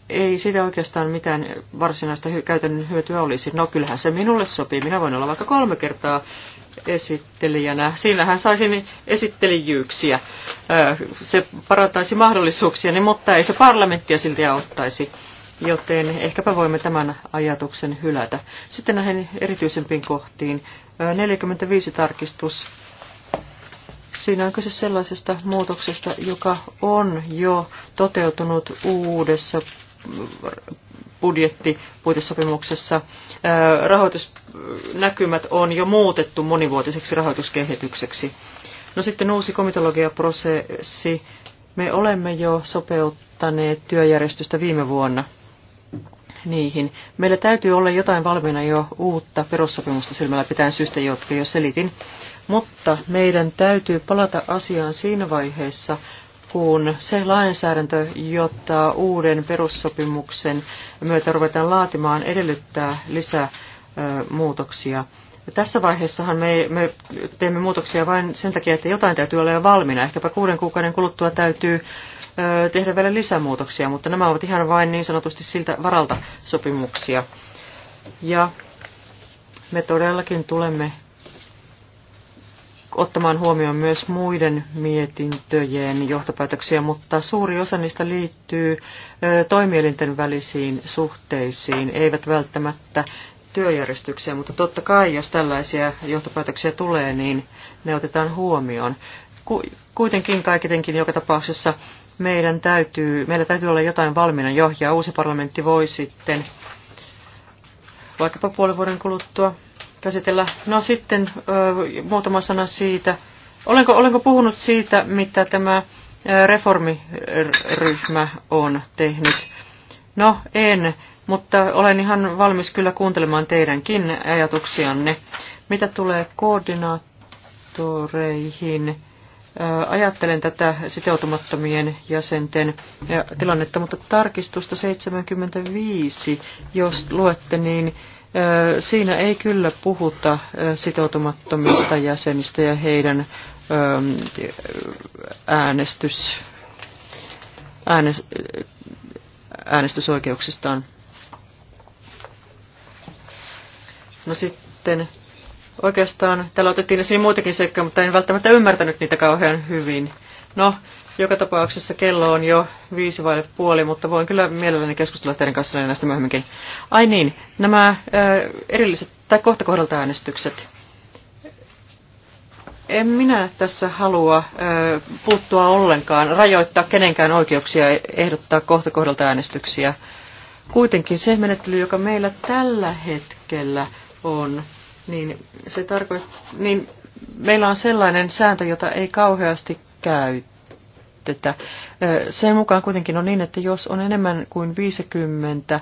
S2: ei siitä oikeastaan mitään varsinaista käytännön hyötyä olisi. No kyllähän se minulle sopii. Minä voin olla vaikka kolme kertaa esittelijänä. Siinähän saisin esittelijyyksiä. Se parantaisi mahdollisuuksia, niin, mutta ei se parlamenttia silti auttaisi. Joten ehkäpä voimme tämän ajatuksen hylätä. Sitten näihin erityisempiin kohtiin. 45 tarkistus Siinä on kyse sellaisesta muutoksesta, joka on jo toteutunut uudessa budjettipuitesopimuksessa. Rahoitusnäkymät on jo muutettu monivuotiseksi rahoituskehitykseksi. No sitten uusi komitologiaprosessi. Me olemme jo sopeuttaneet työjärjestystä viime vuonna – niihin. Meillä täytyy olla jotain valmiina jo uutta perussopimusta silmällä pitäen syystä, jotka jo selitin. Mutta meidän täytyy palata asiaan siinä vaiheessa, kun se lainsäädäntö, jota uuden perussopimuksen myötä ruvetaan laatimaan, edellyttää lisää muutoksia. Tässä vaiheessahan me, me teemme muutoksia vain sen takia, että jotain täytyy olla jo valmiina. Ehkäpä kuuden kuukauden kuluttua täytyy ö, tehdä vielä lisämuutoksia, mutta nämä ovat ihan vain niin sanotusti siltä varalta sopimuksia. Ja me todellakin tulemme ottamaan huomioon myös muiden mietintöjen johtopäätöksiä, mutta suuri osa niistä liittyy toimielinten välisiin suhteisiin, eivät välttämättä työjärjestykseen, mutta totta kai, jos tällaisia johtopäätöksiä tulee, niin ne otetaan huomioon. Kuitenkin kaikitenkin joka tapauksessa meidän täytyy, meillä täytyy olla jotain valmiina jo, ja uusi parlamentti voi sitten vaikkapa puolen vuoden kuluttua käsitellä. No sitten ö, muutama sana siitä. Olenko, olenko puhunut siitä, mitä tämä reformiryhmä on tehnyt? No en mutta olen ihan valmis kyllä kuuntelemaan teidänkin ajatuksianne. Mitä tulee koordinaattoreihin? Ajattelen tätä sitoutumattomien jäsenten tilannetta, mutta tarkistusta 75, jos luette, niin siinä ei kyllä puhuta sitoutumattomista jäsenistä ja heidän äänestys, äänestysoikeuksistaan. No sitten oikeastaan täällä otettiin esiin muitakin seikkoja, mutta en välttämättä ymmärtänyt niitä kauhean hyvin. No, joka tapauksessa kello on jo viisi vai puoli, mutta voin kyllä mielelläni keskustella teidän kanssa näistä myöhemminkin. Ai niin, nämä ö, erilliset tai kohta kohdalta äänestykset. En minä tässä halua ö, puuttua ollenkaan, rajoittaa kenenkään oikeuksia ehdottaa kohta kohdalta äänestyksiä. Kuitenkin se menettely, joka meillä tällä hetkellä on, niin, se tarkoittaa, niin meillä on sellainen sääntö, jota ei kauheasti käytetä. Sen mukaan kuitenkin on niin, että jos on enemmän kuin 50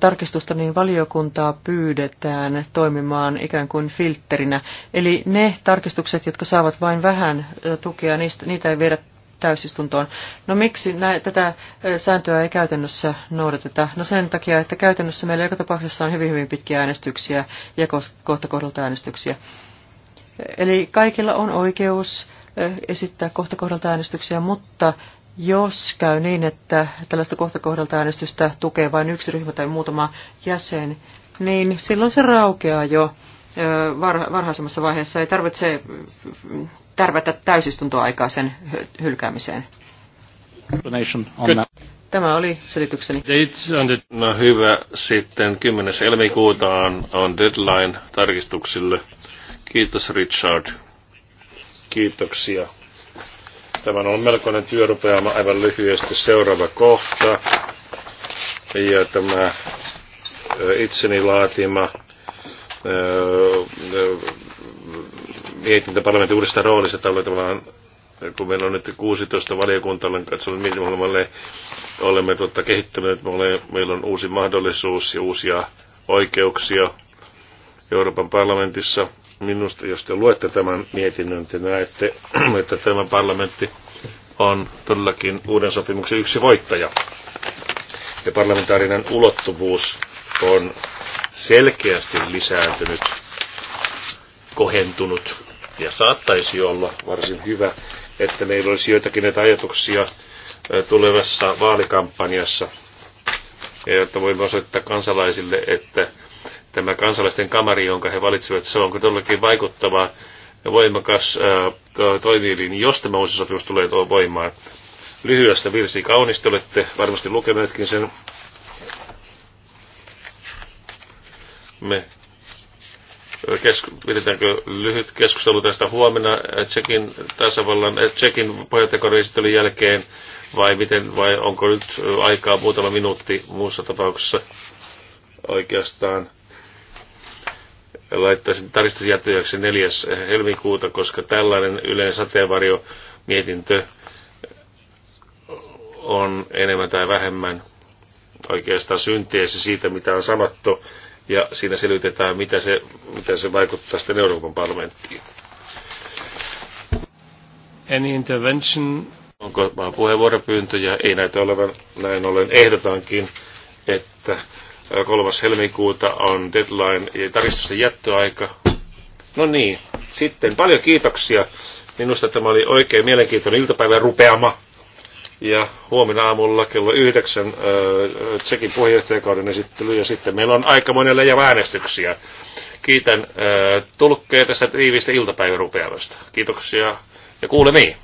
S2: tarkistusta, niin valiokuntaa pyydetään toimimaan ikään kuin filtterinä. Eli ne tarkistukset, jotka saavat vain vähän tukea, niitä ei viedä täysistuntoon. No miksi nä- tätä sääntöä ei käytännössä noudateta? No sen takia, että käytännössä meillä joka tapauksessa on hyvin hyvin pitkiä äänestyksiä ja kohta kohdalta äänestyksiä. Eli kaikilla on oikeus esittää kohta kohdalta äänestyksiä, mutta jos käy niin, että tällaista kohta kohdalta äänestystä tukee vain yksi ryhmä tai muutama jäsen, niin silloin se raukeaa jo varhaisemmassa vaiheessa. Ei tarvitse tärvätä täysistuntoaikaa sen hylkäämiseen.
S1: Tämä oli selitykseni. No hyvä, sitten 10. helmikuuta on, on deadline tarkistuksille. Kiitos Richard. Kiitoksia. Tämä on melkoinen työrupeama aivan lyhyesti. Seuraava kohta. Ja tämä itseni laatima mietintä parlamentin uudesta roolista tavallaan kun meillä on nyt 16 valiokuntaa, olen katsonut, miten me olemme, olemme tuota, kehittäneet, me olemme, meillä on uusi mahdollisuus ja uusia oikeuksia Euroopan parlamentissa. Minusta, jos te luette tämän mietinnön, te näette, että tämä parlamentti on todellakin uuden sopimuksen yksi voittaja. Ja parlamentaarinen ulottuvuus on selkeästi lisääntynyt, kohentunut ja saattaisi olla varsin hyvä, että meillä olisi joitakin näitä ajatuksia tulevassa vaalikampanjassa, että voimme osoittaa kansalaisille, että tämä kansalaisten kamari, jonka he valitsevat, se onko todellakin vaikuttava ja voimakas toimielin, jos tämä uusi sopimus tulee tuo voimaan. Lyhyestä virsi kaunista olette varmasti lukeneetkin sen. Me Kesk, pidetäänkö lyhyt keskustelu tästä huomenna eh, Tsekin tasavallan, eh, Tsekin pohjantakoristelyn jälkeen vai, miten, vai onko nyt eh, aikaa muutama minuutti muussa tapauksessa oikeastaan laittaisin tarkistusjätöjäksi 4. helmikuuta, koska tällainen yleinen sateenvarjo mietintö on enemmän tai vähemmän oikeastaan synteesi siitä, mitä on sanottu ja siinä selvitetään, mitä se, mitä se vaikuttaa sitten Euroopan parlamenttiin. Any intervention? Onko vaan puheenvuoropyyntöjä? Ei näitä olevan. Näin ollen ehdotankin, että 3. helmikuuta on deadline ja tarkistusten jättöaika. No niin, sitten paljon kiitoksia. Minusta tämä oli oikein mielenkiintoinen iltapäivän rupeama. Ja huomenna aamulla kello yhdeksän Tsekin puheenjohtajakauden esittely ja sitten meillä on aika monelle ja äänestyksiä. Kiitän tulkkeja tästä iltapäivän rupeavasta. Kiitoksia ja kuulemiin.